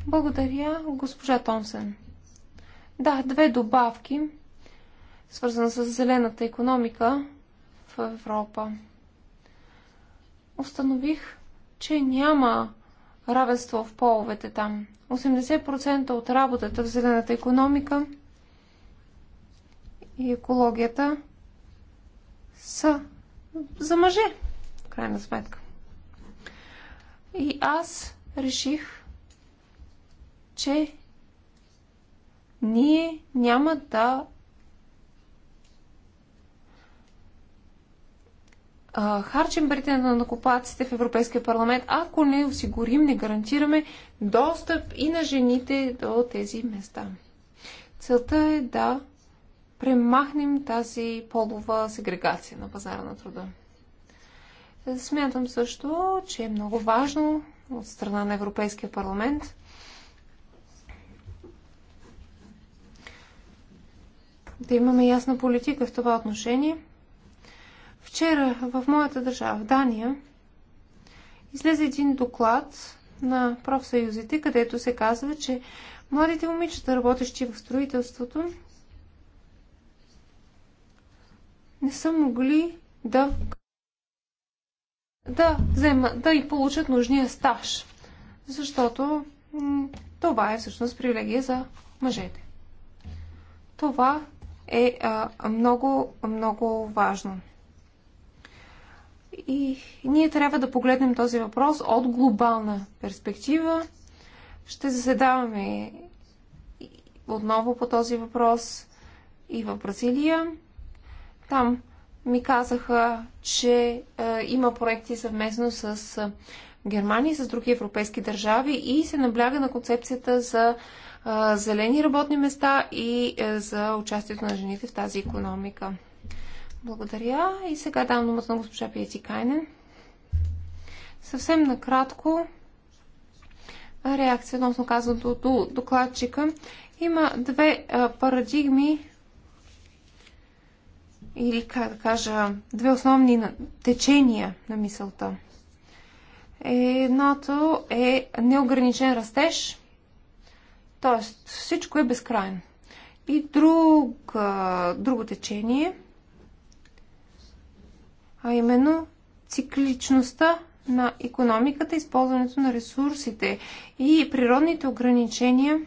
Благодаря, госпожа Томсен. Да, две добавки, свързани с зелената економика в Европа. Установих, че няма равенство в половете там. 80% от работата в зелената економика и екологията са за мъже, в крайна сметка. И аз реших, че ние няма да харчим парите на накопаците в Европейския парламент, ако не осигурим, не гарантираме достъп и на жените до тези места. Целта е да премахнем тази полова сегрегация на пазара на труда. Смятам също, че е много важно от страна на Европейския парламент да имаме ясна политика в това отношение – Вчера в моята държава, в Дания, излезе един доклад на профсъюзите, където се казва, че младите момичета, работещи в строителството, не са могли да да, взема, да и получат нужния стаж, защото това е всъщност привилегия за мъжете. Това е а, много, много важно. И ние трябва да погледнем този въпрос от глобална перспектива. Ще заседаваме отново по този въпрос и в Бразилия. Там ми казаха, че е, има проекти съвместно с е, Германия и с други европейски държави и се набляга на концепцията за е, зелени работни места и е, за участието на жените в тази економика. Благодаря. И сега давам думата на госпожа Пиети Кайнен. Съвсем накратко, реакция относно казаното до докладчика. Има две а, парадигми, или как да кажа, две основни течения на мисълта. Едното е неограничен растеж, т.е. всичко е безкрайно. И друг, а, друго течение – а именно цикличността на економиката, използването на ресурсите и природните ограничения,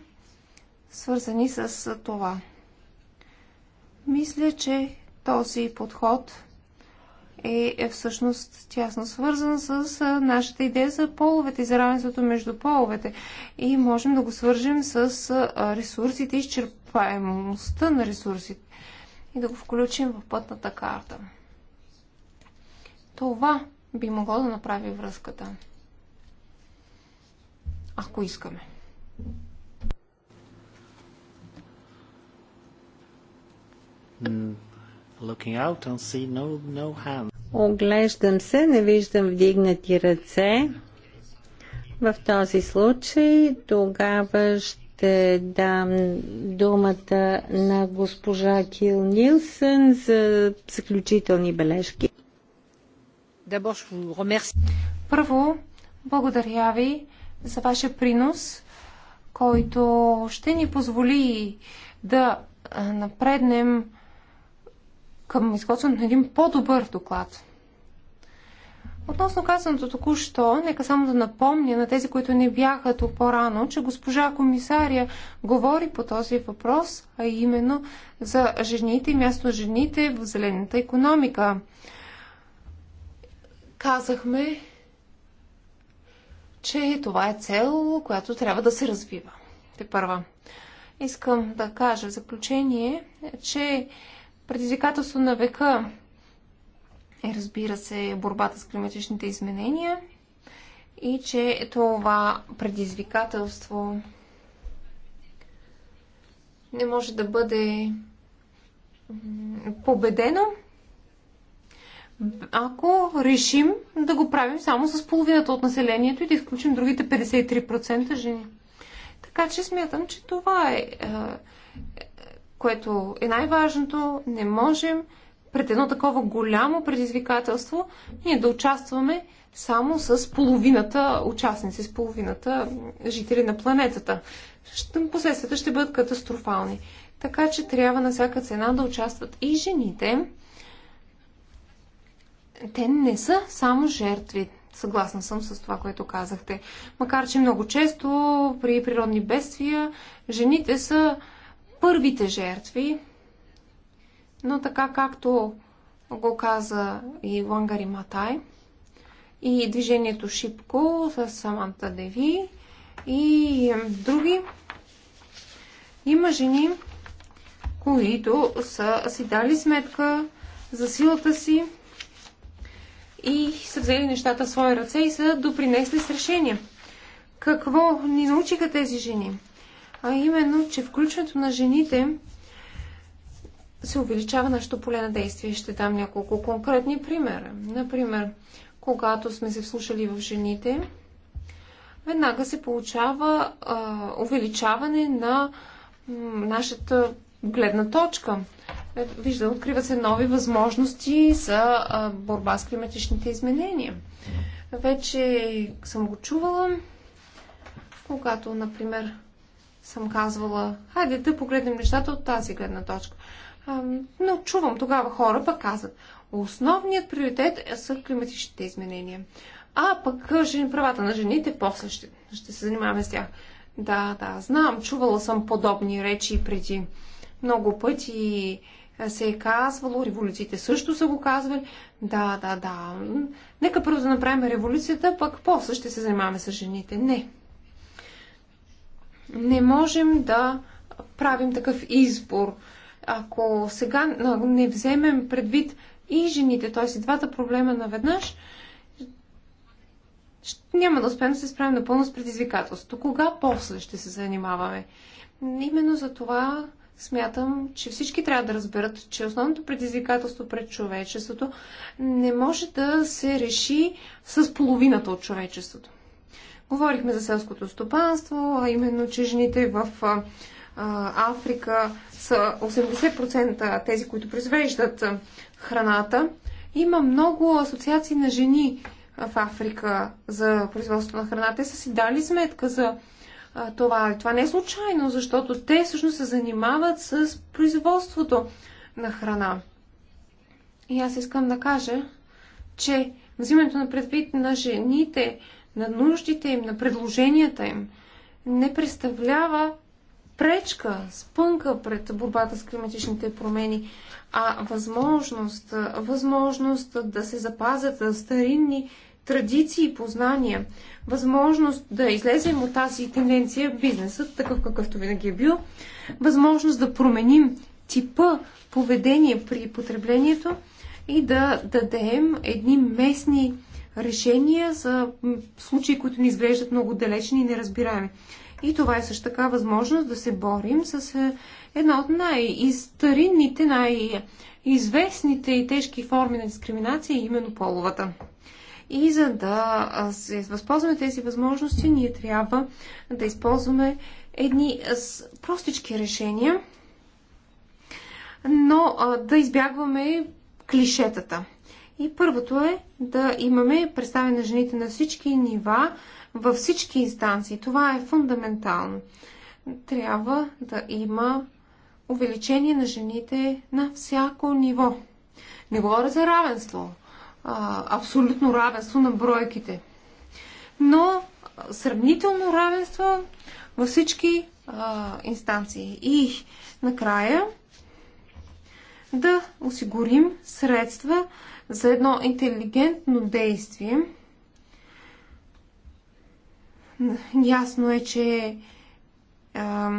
свързани с това. Мисля, че този подход е, е всъщност тясно свързан с нашата идея за половете и за равенството между половете. И можем да го свържем с ресурсите, изчерпаемостта на ресурсите и да го включим в пътната карта. Това би могло да направи връзката. Ако искаме. No, no Оглеждам се, не виждам вдигнати ръце. В този случай тогава ще дам думата на госпожа Кил Нилсън за заключителни бележки. Първо, благодаря ви за вашия принос, който ще ни позволи да напреднем към изготвянето на един по-добър доклад. Относно казаното току-що, нека само да напомня на тези, които не бяха тук по-рано, че госпожа комисаря говори по този въпрос, а именно за жените и място жените в зелената економика казахме, че това е цел, която трябва да се развива. Те първа. Искам да кажа в заключение, че предизвикателство на века е, разбира се, борбата с климатичните изменения и че това предизвикателство не може да бъде победено ако решим да го правим само с половината от населението и да изключим другите 53% жени. Така че смятам, че това е, е, което е най-важното. Не можем пред едно такова голямо предизвикателство ние да участваме само с половината участници, с половината жители на планетата. Последствията ще бъдат катастрофални. Така че трябва на всяка цена да участват и жените, те не са само жертви. Съгласна съм с това, което казахте. Макар, че много често при природни бедствия жените са първите жертви, но така както го каза и Вангари Матай, и движението Шипко с Саманта Деви и други, има жени, които са си дали сметка за силата си, и са взели нещата в свои ръце и са допринесли с решение. Какво ни научиха тези жени? А именно, че включването на жените се увеличава нашето поле на действие. Ще дам няколко конкретни примера. Например, когато сме се вслушали в жените, веднага се получава а, увеличаване на нашата гледна точка вижда, откриват се нови възможности за борба с климатичните изменения. Вече съм го чувала, когато, например, съм казвала, хайде да погледнем нещата от тази гледна точка. Но чувам тогава хора пък казват, основният приоритет е са климатичните изменения. А пък правата на жените после ще, ще се занимаваме с тях. Да, да, знам, чувала съм подобни речи преди много пъти се е казвало, революциите също са го казвали. Да, да, да. Нека първо да направим революцията, пък после ще се занимаваме с жените. Не. Не можем да правим такъв избор. Ако сега не вземем предвид и жените, т.е. и двата проблема наведнъж, няма да успеем да се справим напълно с предизвикателството. Кога после ще се занимаваме? Именно за това смятам, че всички трябва да разберат, че основното предизвикателство пред човечеството не може да се реши с половината от човечеството. Говорихме за селското стопанство, а именно, че жените в Африка са 80% тези, които произвеждат храната. Има много асоциации на жени в Африка за производство на храна. Те са си дали сметка за това. Това не е случайно, защото те всъщност се занимават с производството на храна. И аз искам да кажа, че взимането на предвид на жените, на нуждите им, на предложенията им, не представлява пречка, спънка пред борбата с климатичните промени, а възможност, възможност да се запазят старинни традиции и познания, възможност да излезем от тази тенденция бизнесът, такъв какъвто винаги е бил, възможност да променим типа поведение при потреблението и да дадем едни местни решения за случаи, които ни изглеждат много далечни и неразбираеми. И това е също така възможност да се борим с е, една от най-старинните, най-известните и тежки форми на дискриминация, именно половата. И за да се възползваме тези възможности, ние трябва да използваме едни простички решения, но да избягваме клишетата. И първото е да имаме представяне на жените на всички нива, във всички инстанции. Това е фундаментално. Трябва да има увеличение на жените на всяко ниво. Не говоря за равенство а, абсолютно равенство на бройките. Но сравнително равенство във всички а, инстанции. И накрая да осигурим средства за едно интелигентно действие. Ясно е, че а,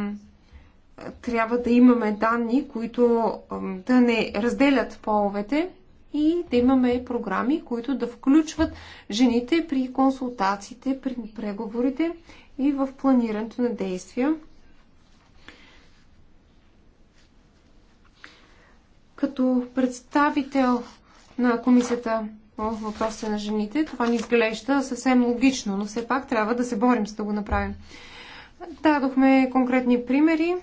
трябва да имаме данни, които а, да не разделят половете, и да имаме програми, които да включват жените при консултациите, при преговорите и в планирането на действия. Като представител на комисията по въпросите на жените, това ни изглежда съвсем логично, но все пак трябва да се борим с да го направим. Дадохме конкретни примери.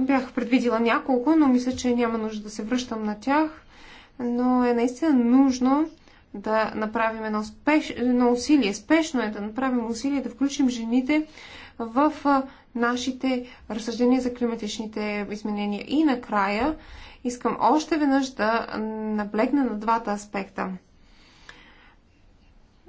Бях предвидила няколко, но мисля, че няма нужда да се връщам на тях но е наистина нужно да направим едно, спеш, едно усилие. Спешно е да направим усилие да включим жените в нашите разсъждения за климатичните изменения. И накрая искам още веднъж да наблегна на двата аспекта.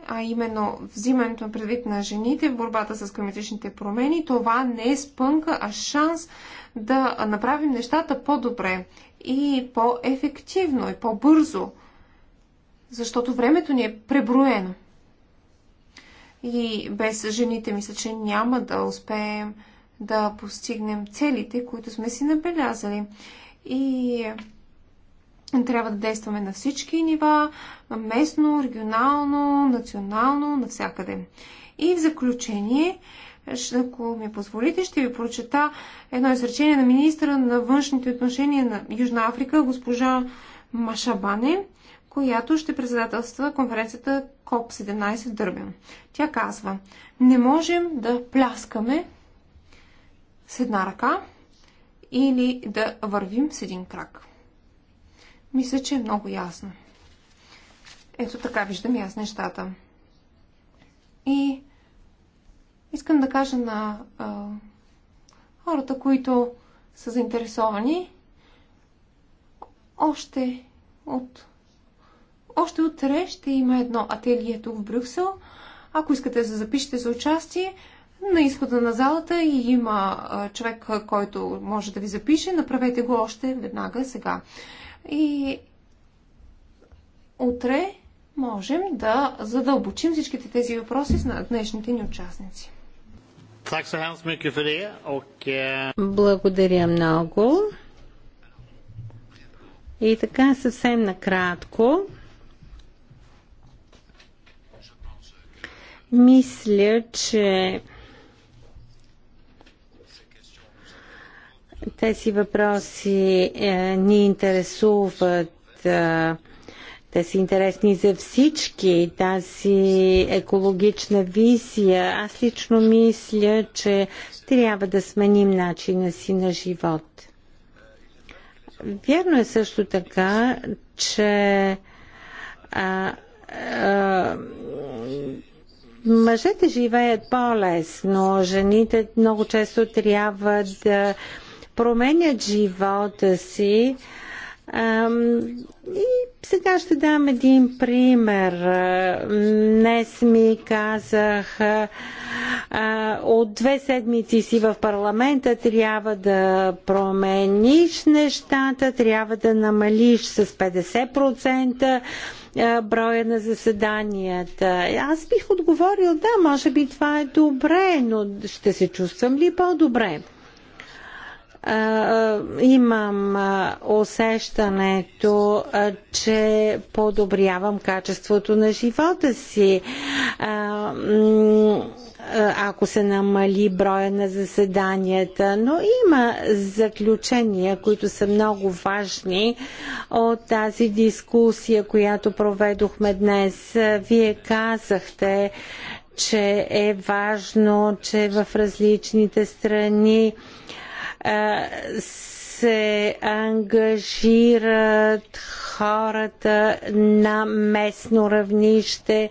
А именно взимането на предвид на жените в борбата с климатичните промени, това не е спънка, а шанс да направим нещата по-добре и по-ефективно и по-бързо, защото времето ни е преброено. И без жените мисля, че няма да успеем да постигнем целите, които сме си набелязали. И трябва да действаме на всички нива, местно, регионално, национално, навсякъде. И в заключение, ако ми позволите, ще ви прочета едно изречение на министра на външните отношения на Южна Африка, госпожа Машабане, която ще председателства конференцията КОП-17 в Дърбен. Тя казва, не можем да пляскаме с една ръка или да вървим с един крак. Мисля, че е много ясно. Ето така виждам и аз нещата. И Искам да кажа на а, хората, които са заинтересовани, още от още утре ще има едно ателие тук в Брюксел. Ако искате да се запишете за участие, на изхода на залата и има а, човек, който може да ви запише, направете го още веднага сега. И утре можем да задълбочим всичките тези въпроси на днешните ни участници. Eh, Благодаря много. И така съвсем накратко. Мисля, че тези въпроси е, ни интересуват е, те са интересни за всички, тази екологична визия. Аз лично мисля, че трябва да сменим начина си на живот. Вярно е също така, че а, а, мъжете живеят по-лесно, жените много често трябва да променят живота си. А, и сега ще дам един пример. Днес ми казах, от две седмици си в парламента трябва да промениш нещата, трябва да намалиш с 50% броя на заседанията. Аз бих отговорил, да, може би това е добре, но ще се чувствам ли по-добре? имам усещането, че подобрявам качеството на живота си. Ако се намали броя на заседанията, но има заключения, които са много важни от тази дискусия, която проведохме днес. Вие казахте, че е важно, че в различните страни се ангажират хората на местно равнище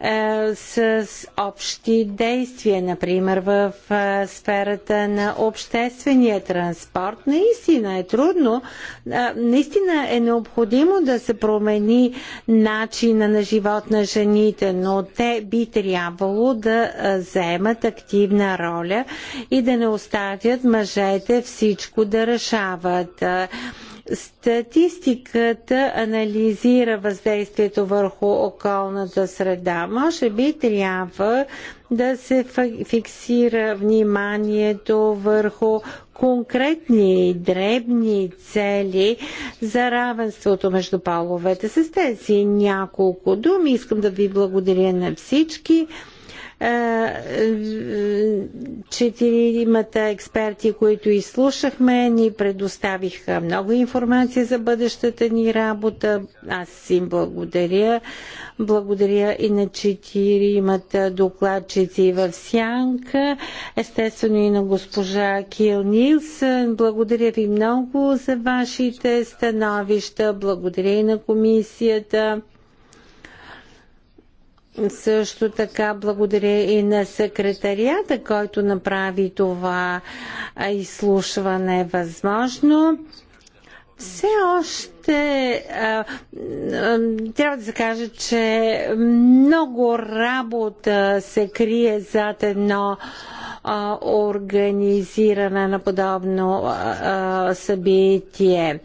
е, с общи действия, например в е, сферата на обществения транспорт. Наистина е трудно, е, наистина е необходимо да се промени начина на живот на жените, но те би трябвало да заемат активна роля и да не оставят мъжете всичко да решават. Статистиката анализира въздействието върху околната среда. Може би трябва да се фиксира вниманието върху конкретни дребни цели за равенството между половете. С тези няколко думи искам да ви благодаря на всички. Е, е, четиримата експерти, които изслушахме, ни предоставиха много информация за бъдещата ни работа. Аз им благодаря. Благодаря и на четиримата докладчици в Сянка, естествено и на госпожа Кил Нилсън. Благодаря ви много за вашите становища. Благодаря и на комисията. Също така благодаря и на секретарията, който направи това изслушване възможно. Все още а, а, трябва да се каже, че много работа се крие зад едно а, организиране на подобно събитие.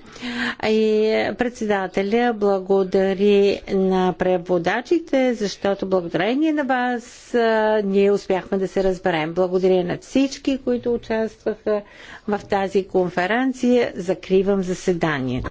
И председателя благодари на преводачите, защото благодарение на вас ние успяхме да се разберем. Благодаря на всички, които участваха в тази конференция. Закривам заседанието.